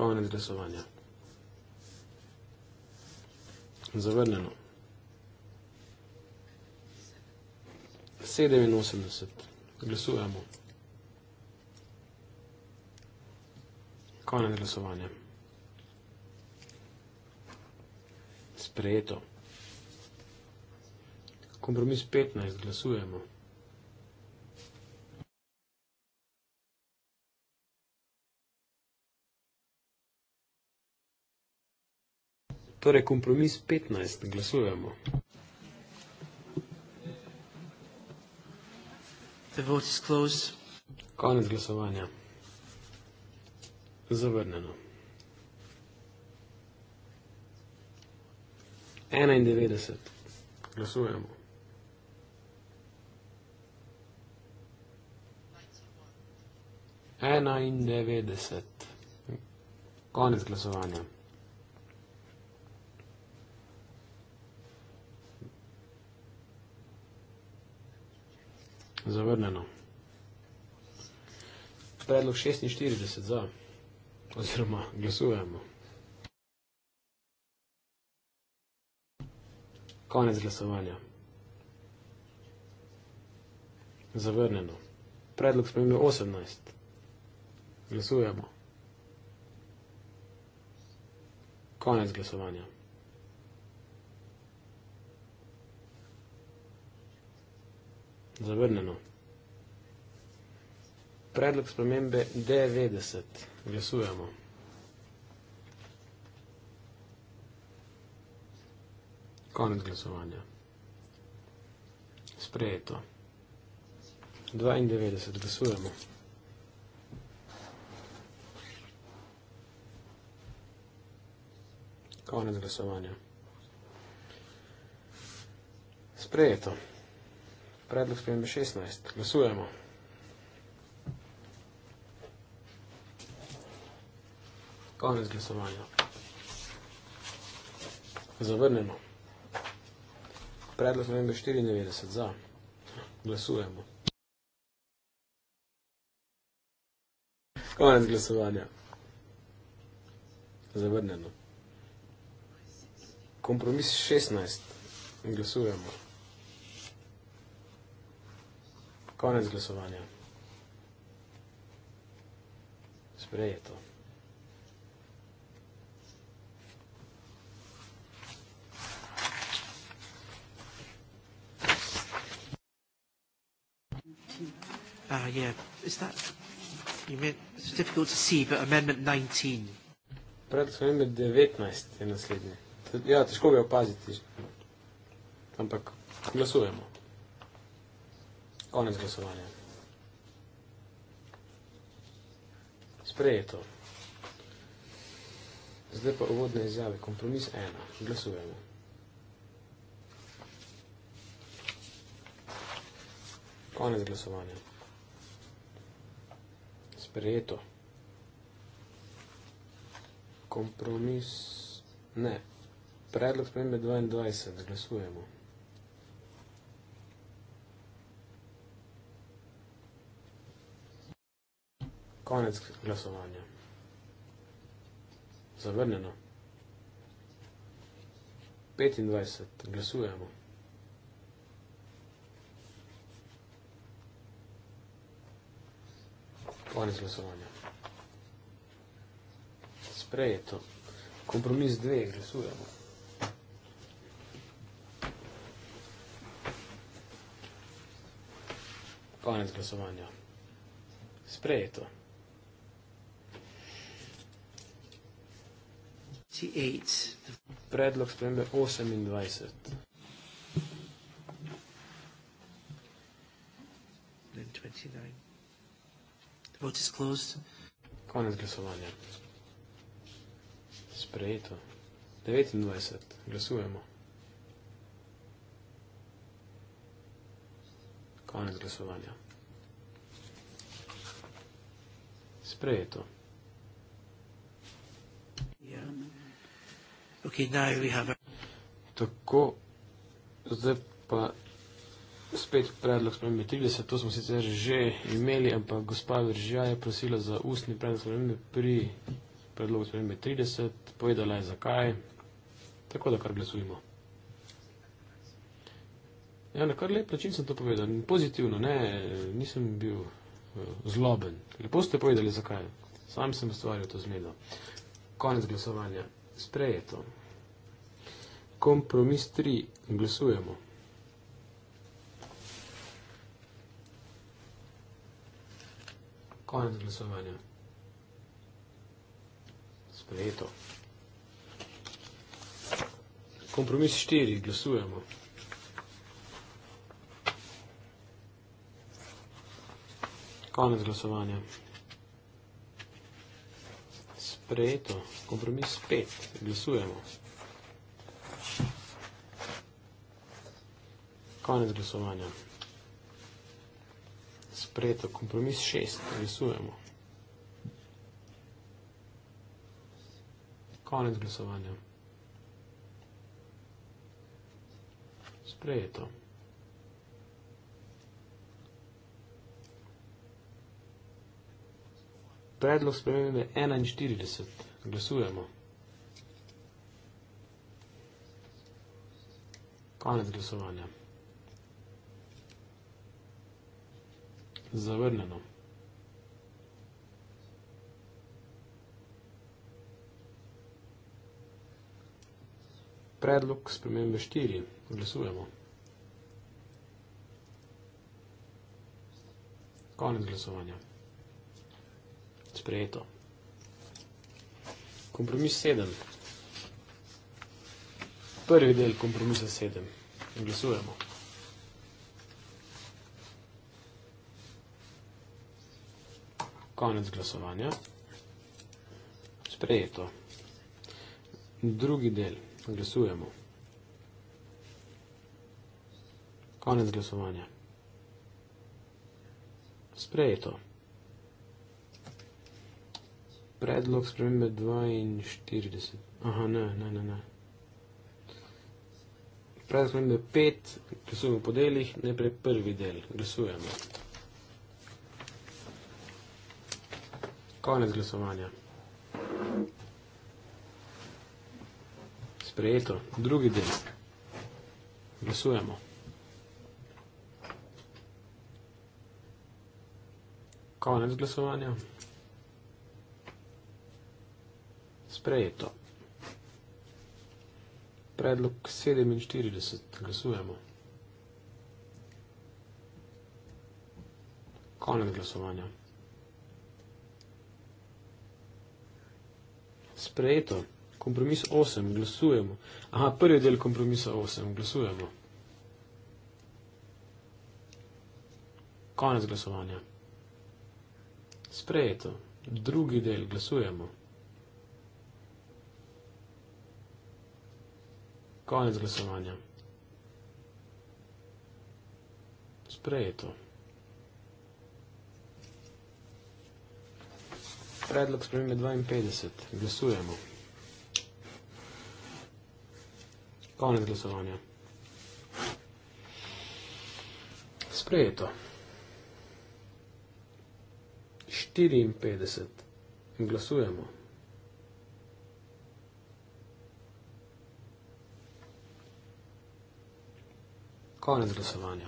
Konec glasovanja. Zavrnjeno. 87. Glasujemo. Konec glasovanja. Sprejeto. Kompromis 15. Glasujemo. Glasujemo. Torej, kompromis 15, glasujemo. Konec glasovanja. Zavrnjeno. 91. Glasujemo. 91. Konec glasovanja. Zavrnjeno. Predlog 46 za, oziroma glasujemo. Konec glasovanja. Zavrnjeno. Predlog spremljeno 18. Glasujemo. Konec glasovanja. Zavrnjeno. Predlog spremembe 90. Glasujemo. Konec glasovanja. Sprejeto. 92. Glasujemo. Konec glasovanja. Sprejeto predlog spremembe 16. Glasujemo. Konec glasovanja. Zavrnemo. Predlog spremembe 94. Za. Glasujemo. Konec glasovanja. Zavrnemo. Kompromis 16. Glasujemo. Konec glasovanja. Sprejeto. Uh, yeah, is that you mean it's difficult to see, but amendment 19. Pred 19 je naslednje. Ja, težko ga opaziti. Ampak glasujemo. Konec glasovanja. Sprejeto. Zdaj pa uvodne izjave. Kompromis ena. Glasujemo. Konec glasovanja. Sprejeto. Kompromis ne. Predlog spremembe 22. Glasujemo. Konec glasovanja. Zavrnjeno. 25. Glasujemo. Konec glasovanja. Sprejeto. Kompromis 2. Glasujemo. Konec glasovanja. Sprejeto. Predlog spremembe 28. The vote is closed. Konec glasovanja. Sprejeto. 29. Glasujemo. Konec glasovanja. Sprejeto. Okay, now we have a... Tako, zdaj pa spet predlog spremembe 30, to smo sicer že imeli, ampak gospa Viržija je prosila za ustni predlog spremembe pri predlogu spremembe 30, povedala je zakaj, tako da kar glasujemo. Ja, na kar lep način sem to povedal, pozitivno, ne, nisem bil eh, zloben. Lepo ste povedali zakaj, sam sem ustvaril to zmedo. Konec glasovanja sprejeto. Kompromis 3. Glasujemo. Konec glasovanja. Sprejeto. Kompromis 4. Glasujemo. Konec glasovanja sprejeto. Kompromis 5. Glasujemo. Konec glasovanja. Sprejeto. Kompromis 6. Glasujemo. Konec glasovanja. Sprejeto. predlog spremembe 41. Glasujemo. Konec glasovanja. Zavrnjeno. Predlog spremembe 4. Glasujemo. Konec glasovanja sprejeto. Kompromis 7. Prvi del kompromisa 7. Glasujemo. Konec glasovanja. Sprejeto. Drugi del. Glasujemo. Konec glasovanja. Sprejeto predlog spremembe 42. Aha, ne, ne, ne, ne. Predlog spremembe 5, glasujemo po delih, najprej prvi del, glasujemo. Konec glasovanja. Sprejeto. Drugi del. Glasujemo. Konec glasovanja. sprejeto. Predlog 47. Glasujemo. Konec glasovanja. Sprejeto. Kompromis 8. Glasujemo. Aha, prvi del kompromisa 8. Glasujemo. Konec glasovanja. Sprejeto. Drugi del. Glasujemo. Konec glasovanja. Sprejeto. Predlog spremembe 52. Glasujemo. Konec glasovanja. Sprejeto. 54. Glasujemo. Konec glasovanja.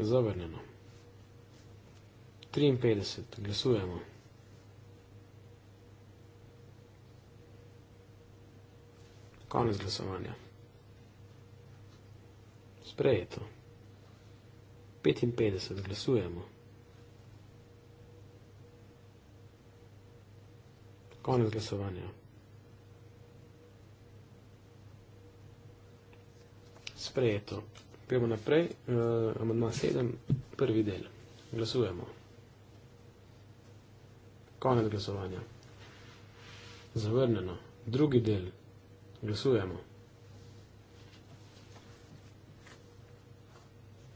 Zavrnjeno. 53. Glasujemo. Konec glasovanja. Sprejeto. 55. Glasujemo. Konec glasovanja. sprejeto. Gremo naprej, uh, amandma 7, prvi del. Glasujemo. Konec glasovanja. Zavrnjeno. Drugi del. Glasujemo.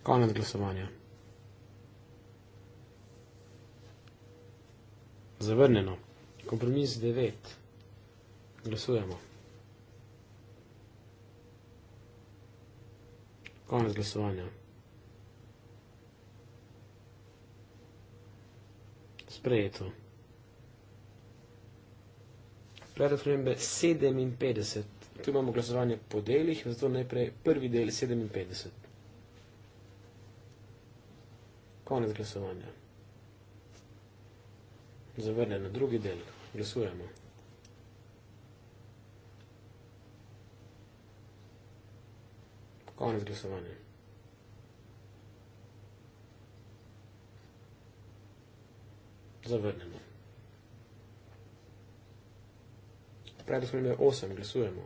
Konec glasovanja. Zavrnjeno. Kompromis 9. Glasujemo. Konec glasovanja. Sprejeto. Predlog spremembe 57. Tu imamo glasovanje po delih, zato najprej prvi del 57. Konec glasovanja. Zavrnjeno drugi del. Glasujemo. Konec glasovanja. Zavrnemo. Predlog smo imeli 8, glasujemo.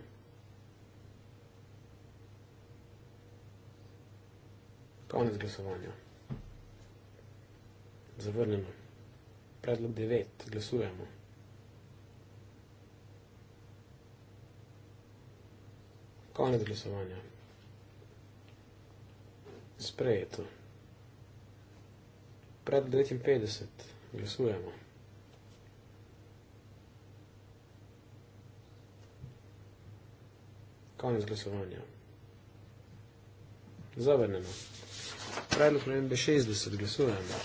Konec glasovanja. Zavrnemo. Predlog 9, glasujemo. Konec glasovanja sprejeto. Pred 59 glasujemo. Konec glasovanja. Zavrnemo. Predlog MB60 glasujemo.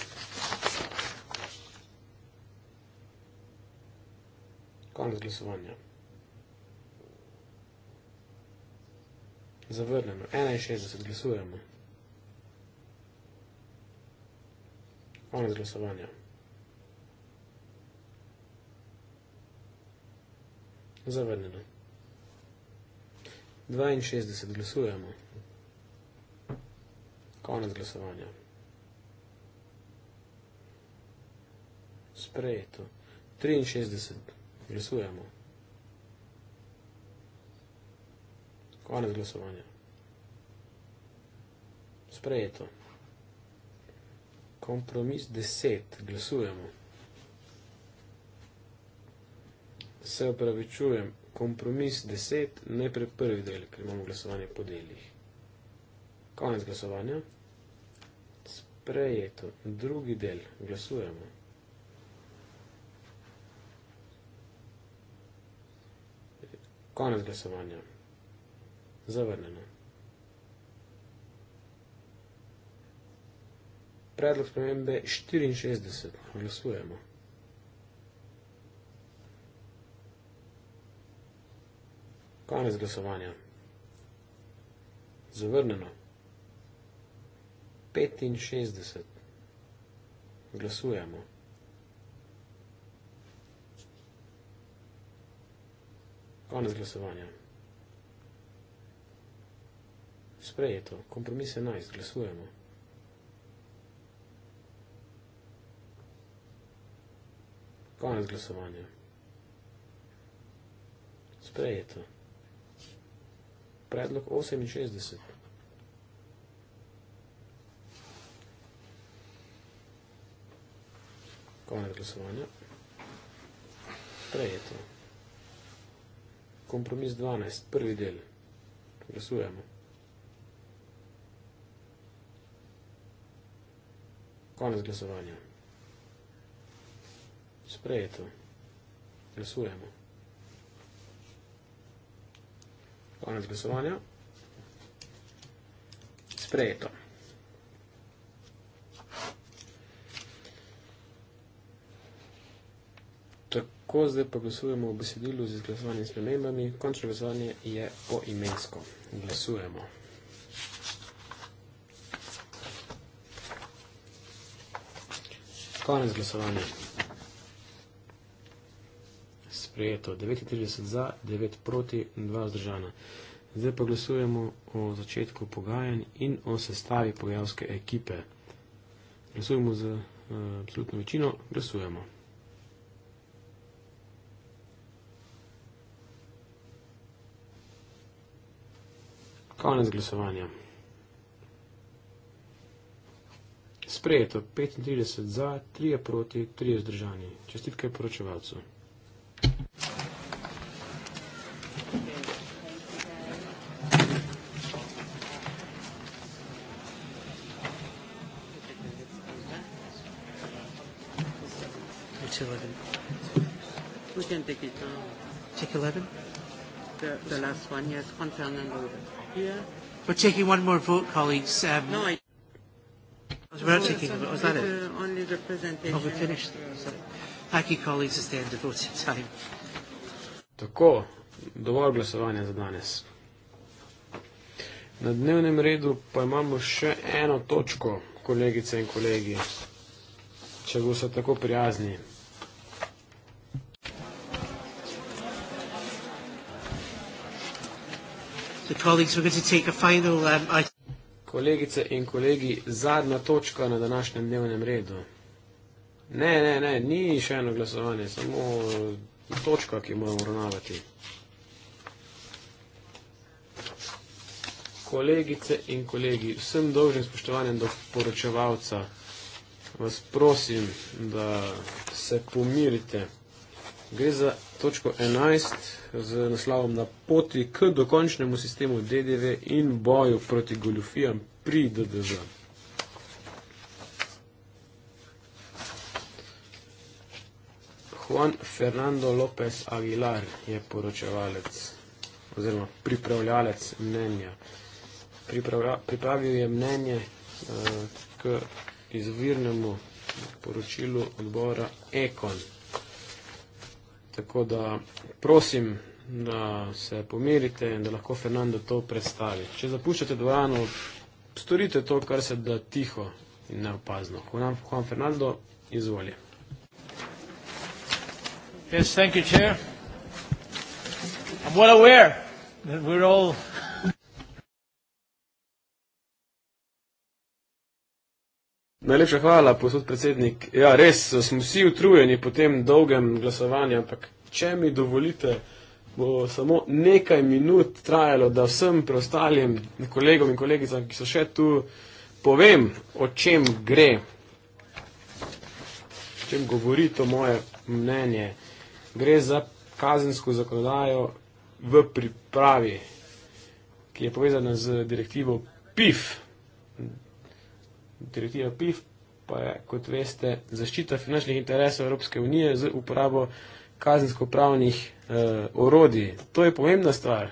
Konec glasovanja. Zavrnemo. 61 glasujemo. Konec glasovanja. Zavrnjeno. 62 glasujemo. Konec glasovanja. Sprejeto. 63 glasujemo. Konec glasovanja. Sprejeto kompromis 10, glasujemo. Se opravičujem, kompromis 10, najprej prvi del, ker imamo glasovanje po delih. Konec glasovanja. Sprejeto, drugi del, glasujemo. Konec glasovanja. Zavrneno. predlog spremembe 64. Glasujemo. Konec glasovanja. Zavrnjeno. 65. Glasujemo. Konec glasovanja. Sprejeto. Kompromis je najst. Glasujemo. Konec glasovanja. Sprejeto. Predlog 68. Konec glasovanja. Sprejeto. Kompromis 12. Prvi del. Glasujemo. Konec glasovanja. Konec glasovanja sprejeto, glasujemo. Konec glasovanja. Sprejeto. Tako zdaj pa glasujemo v besedilu z izglasovanjem s premembami. Končno glasovanje je poimensko. Glasujemo. Konec glasovanja sprejeto. 39 za, 9 proti, 2 vzdržana. Zdaj pa glasujemo o začetku pogajanj in o sestavi pogajalske ekipe. Glasujemo z uh, absolutno večino. Glasujemo. Konec glasovanja. Sprejeto 35 za, 3 proti, 3 vzdržani. Čestitke poročevalcu. 11? The, the last one, yes, concern number 11. Yeah. We're taking one more vote, colleagues. Um, no, I... We're not oh, taking a vote. Was that the, it? Uh, only the presentation. Oh, we finished. So, thank you, colleagues. It's the end of voting time. Tako, dovolj glasovanja za danes. Na dnevnem redu pa imamo še eno točko, kolegice in kolegi, če boste tako prijazni. Um, Kolegice in kolegi, zadnja točka na današnjem dnevnem redu. Ne, ne, ne, ni še eno glasovanje, samo točka, ki moramo uravnavati. Kolegice in kolegi, vsem dolžnim spoštovanjem do poročevalca, vas prosim, da se pomirite. Gre za točko 11 z naslovom na poti k dokončnemu sistemu DDV in boju proti goljufijam pri DDV. Juan Fernando López Aguilar je poročevalec oziroma pripravljalec mnenja. Pripravra, pripravil je mnenje uh, k izvirnemu poročilu odbora Ekon. Tako da prosim, da se pomirite in da lahko Fernando to predstavi. Če zapuščate dvorano, storite to, kar se da tiho in neopazno. Hvala, Juan Fernando, izvolite. Yes, thank you, Chair. I'm well aware that we're all Najlepša hvala, posod predsednik. Ja, res smo vsi utrujeni po tem dolgem glasovanju, ampak če mi dovolite, bo samo nekaj minut trajalo, da vsem preostalim kolegom in kolegicam, ki so še tu, povem, o čem gre, o čem govori to moje mnenje. Gre za kazensko zakonodajo v pripravi, ki je povezana z direktivo PIF direktiva PIF pa je, kot veste, zaščita finančnih interesov Evropske unije z uporabo kazensko-pravnih eh, orodij. To je pomembna stvar.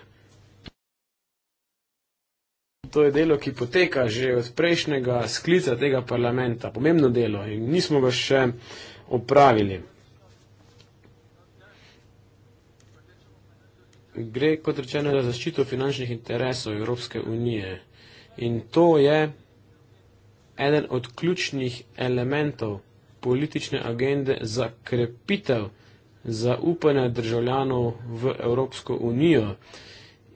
To je delo, ki poteka že od prejšnjega sklica tega parlamenta. Pomembno delo in nismo ga še opravili. Gre, kot rečeno, za zaščito finančnih interesov Evropske unije. In to je eden od ključnih elementov politične agende za krepitev zaupanja državljanov v Evropsko unijo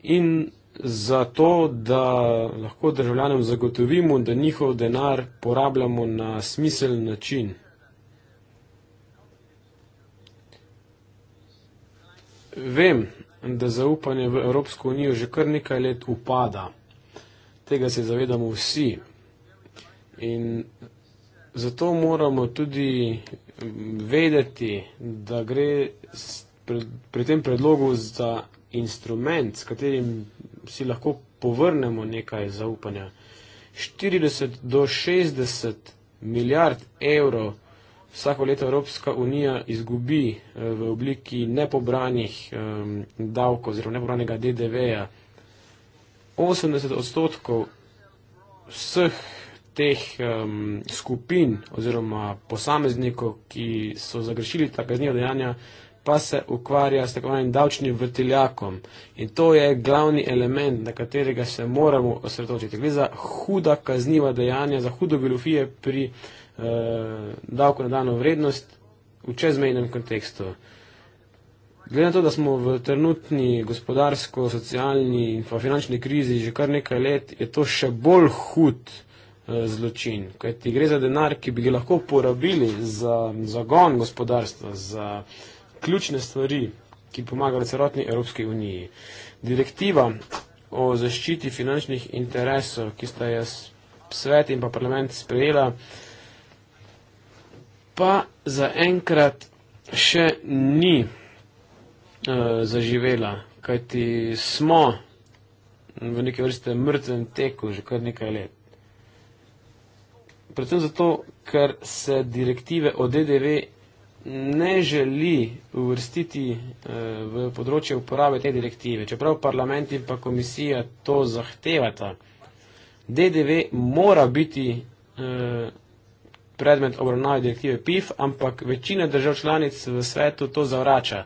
in za to, da lahko državljanom zagotovimo, da njihov denar porabljamo na smiseln način. Vem, da zaupanje v Evropsko unijo že kar nekaj let upada. Tega se zavedamo vsi. In zato moramo tudi mm, vedeti, da gre pri tem predlogu za instrument, s katerim si lahko povrnemo nekaj zaupanja. 40 do 60 milijard evrov vsako leto Evropska unija izgubi eh, v obliki nepobranih davkov oziroma nepobranega DDV-ja. 80 odstotkov vseh teh um, skupin oziroma posameznikov, ki so zagrešili ta kaznivo dejanja, pa se ukvarja s tako imenim davčnim vrtiljakom. In to je glavni element, na katerega se moramo osredotočiti. Gre za huda kazniva dejanja, za hudo goljofije pri uh, davku na dano vrednost v čezmejnem kontekstu. Glede na to, da smo v trenutni gospodarsko, socialni in finančni krizi že kar nekaj let, je to še bolj hud. Eh, zločin. Kaj ti gre za denar, ki bi ga lahko uporabili za zagon gospodarstva, za ključne stvari, ki pomagajo celotni Evropski uniji. Direktiva o zaščiti finančnih interesov, ki sta jo svet in pa parlament sprejela, pa zaenkrat še ni e, zaživela, kajti smo v neki vrste mrtvem teku že kar nekaj let predvsem zato, ker se direktive o DDV ne želi uvrstiti eh, v področje uporabe te direktive. Čeprav parlament in pa komisija to zahtevata, DDV mora biti eh, predmet obravnave direktive PIF, ampak večina držav članic v svetu to zavrača.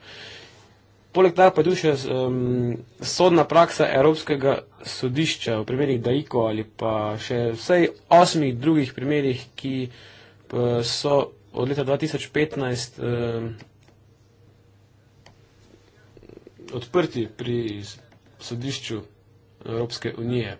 Poleg tega pa je tudi še um, sodna praksa Evropskega sodišča v primerih Daiko ali pa še vsej osmih drugih primerih, ki eh, so od leta 2015 um, odprti pri sodišču Evropske unije.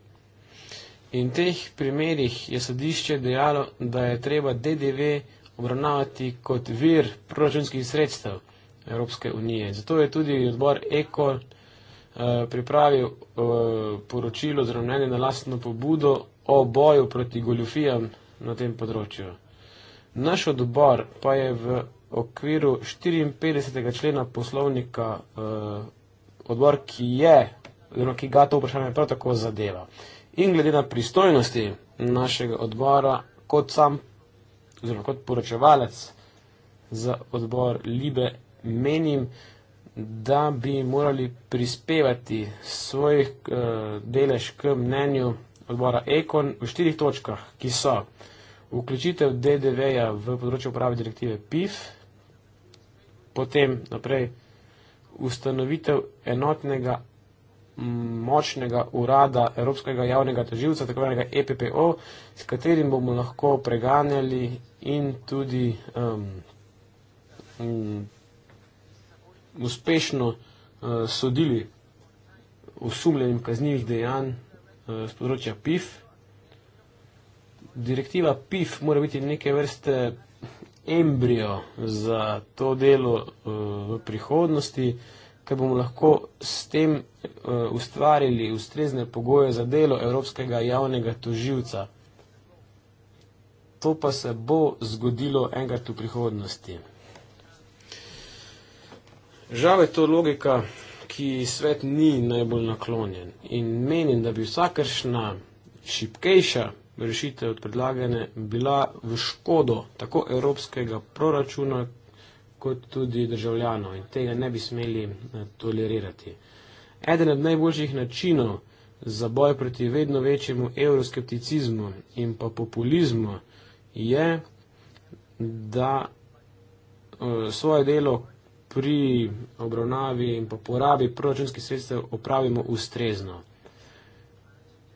In v teh primerih je sodišče dejalo, da je treba DDV obravnavati kot vir proračunskih sredstev. Evropske unije. Zato je tudi odbor Eko eh, pripravil eh, poročilo oziroma mnenje na lastno pobudo o boju proti goljufijam na tem področju. Naš odbor pa je v okviru 54. člena poslovnika eh, odbor, ki je, oziroma ki ga to vprašanje prav tako zadeva. In glede na pristojnosti našega odbora, kot sam, oziroma kot poročevalec za odbor Libe menim, da bi morali prispevati svoj uh, delež k mnenju odbora Ekon v štirih točkah, ki so vključitev DDV-ja v področje uporabe direktive PIF, potem naprej ustanovitev enotnega močnega urada Evropskega javnega toživca, tako enega EPPO, s katerim bomo lahko preganjali in tudi um, uspešno uh, sodili osumljenim kaznjivih dejanj uh, eh, z področja PIF. Direktiva PIF mora biti neke vrste embrio za to delo uh, v prihodnosti, ker bomo lahko s tem uh, ustvarili ustrezne pogoje za delo Evropskega javnega toživca. To pa se bo zgodilo enkrat v prihodnosti. Žal je to logika, ki svet ni najbolj naklonjen in menim, da bi vsakršna šipkejša rešitev od predlagane bila v škodo tako evropskega proračuna, kot tudi državljanov in tega ne bi smeli eh, tolerirati. Eden od najboljših načinov za boj proti vedno večjemu euroskepticizmu in pa populizmu je, da eh, svoje delo pri obravnavi in pa porabi proračunskih sredstev opravimo ustrezno.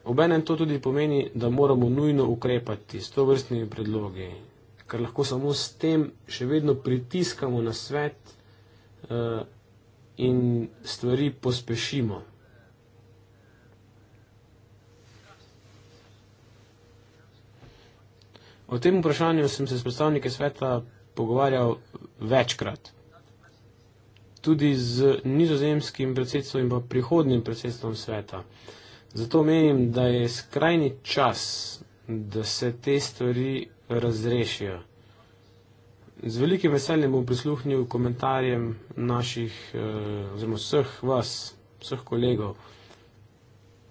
Obenem to tudi pomeni, da moramo nujno ukrepati s to vrstnimi predlogi, ker lahko samo s tem še vedno pritiskamo na svet uh, in stvari pospešimo. O tem vprašanju sem se s predstavniki sveta pogovarjal večkrat tudi z nizozemskim predsedstvom in pa prihodnim predsedstvom sveta. Zato menim, da je skrajni čas, da se te stvari razrešijo. Z velikim veseljem bom prisluhnil komentarjem naših, eh, oziroma vseh vas, vseh kolegov,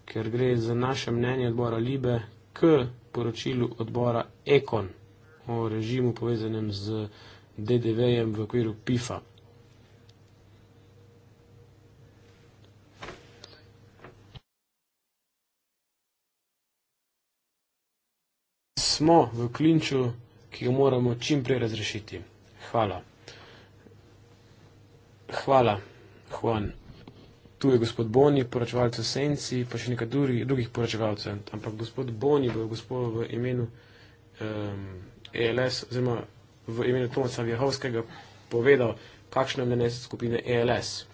ker gre za naše mnenje odbora Libe k poročilu odbora Ekon o režimu povezanem z DDV-jem v okviru PIFA. smo v klinču, ki ga moramo čim prej razrešiti. Hvala. Hvala, Juan. Tu je gospod Boni, poročevalec v Senci, pa še nekaj drugih poročevalcev, ampak gospod Boni bo gospod v imenu um, ELS, oziroma v imenu Tomasa Vjehovskega, povedal, kakšno je mnenje skupine ELS.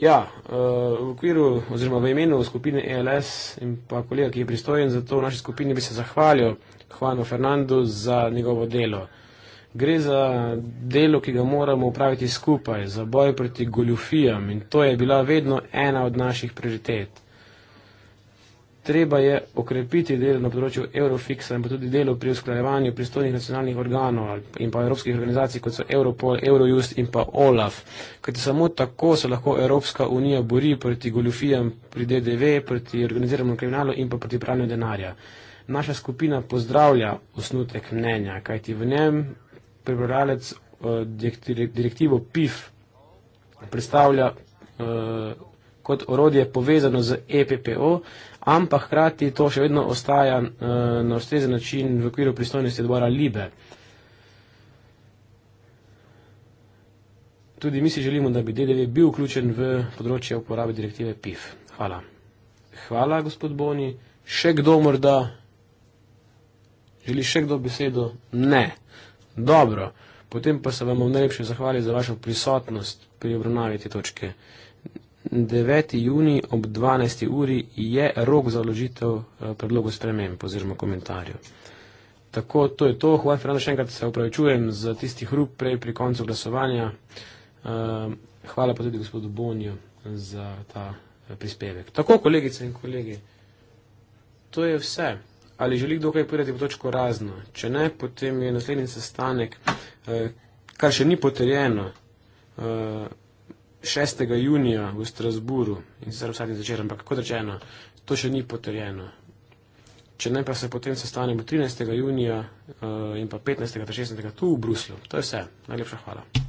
Ja, eh, v okviru oziroma v imenu skupine ELS in pa kolega, ki je pristojen za to v naši skupini, bi se zahvalil Juanu Fernandu za njegovo delo. Gre za delo, ki ga moramo upraviti skupaj, za boj proti goljufijam in to je bila vedno ena od naših prioritet. Treba je okrepiti delo na področju Eurofixa in pa tudi delo pri usklajevanju pristojnih nacionalnih organov in pa evropskih organizacij, kot so Europol, Eurojust in pa OLAF. Ker samo tako se lahko Evropska unija bori proti goljufijam, pri DDV, proti organiziranemu kriminalu in pa proti pranju denarja naša skupina pozdravlja osnutek mnenja, kajti v njem prebralec eh, direktivo PIF predstavlja eh, kot orodje povezano z EPPO, ampak hkrati to še vedno ostaja eh, na ustrezen način v okviru pristojnosti odbora Libe. Tudi mi si želimo, da bi DDV bil vključen v področje uporabe direktive PIF. Hvala. Hvala, gospod Boni. Še kdo morda? Želi še kdo besedo? Ne. Dobro. Potem pa se vam v najlepši zahvali za vašo prisotnost pri obravnavi te točke. 9. juni ob 12. uri je rok za vložitev eh, predlogov sprememb oziroma komentarjev. Tako, to je to. Hvala, Fernando, še enkrat se upravičujem za tisti hrup prej pri koncu glasovanja. Ehm, hvala pa tudi gospodu Bonju za ta eh, prispevek. Tako, kolegice in kolegi, to je vse ali želi kdo kaj povedati v točko razno. Če ne, potem je naslednji sestanek, eh, kar še ni potrjeno, 6. Eh, junija v Strasburu in sicer vsak začer, ampak kot rečeno, to še ni potrjeno. Če ne, pa se potem sestanemo 13. junija eh, in pa 15. ter 16. tu v Bruslju. To je vse. Najlepša hvala.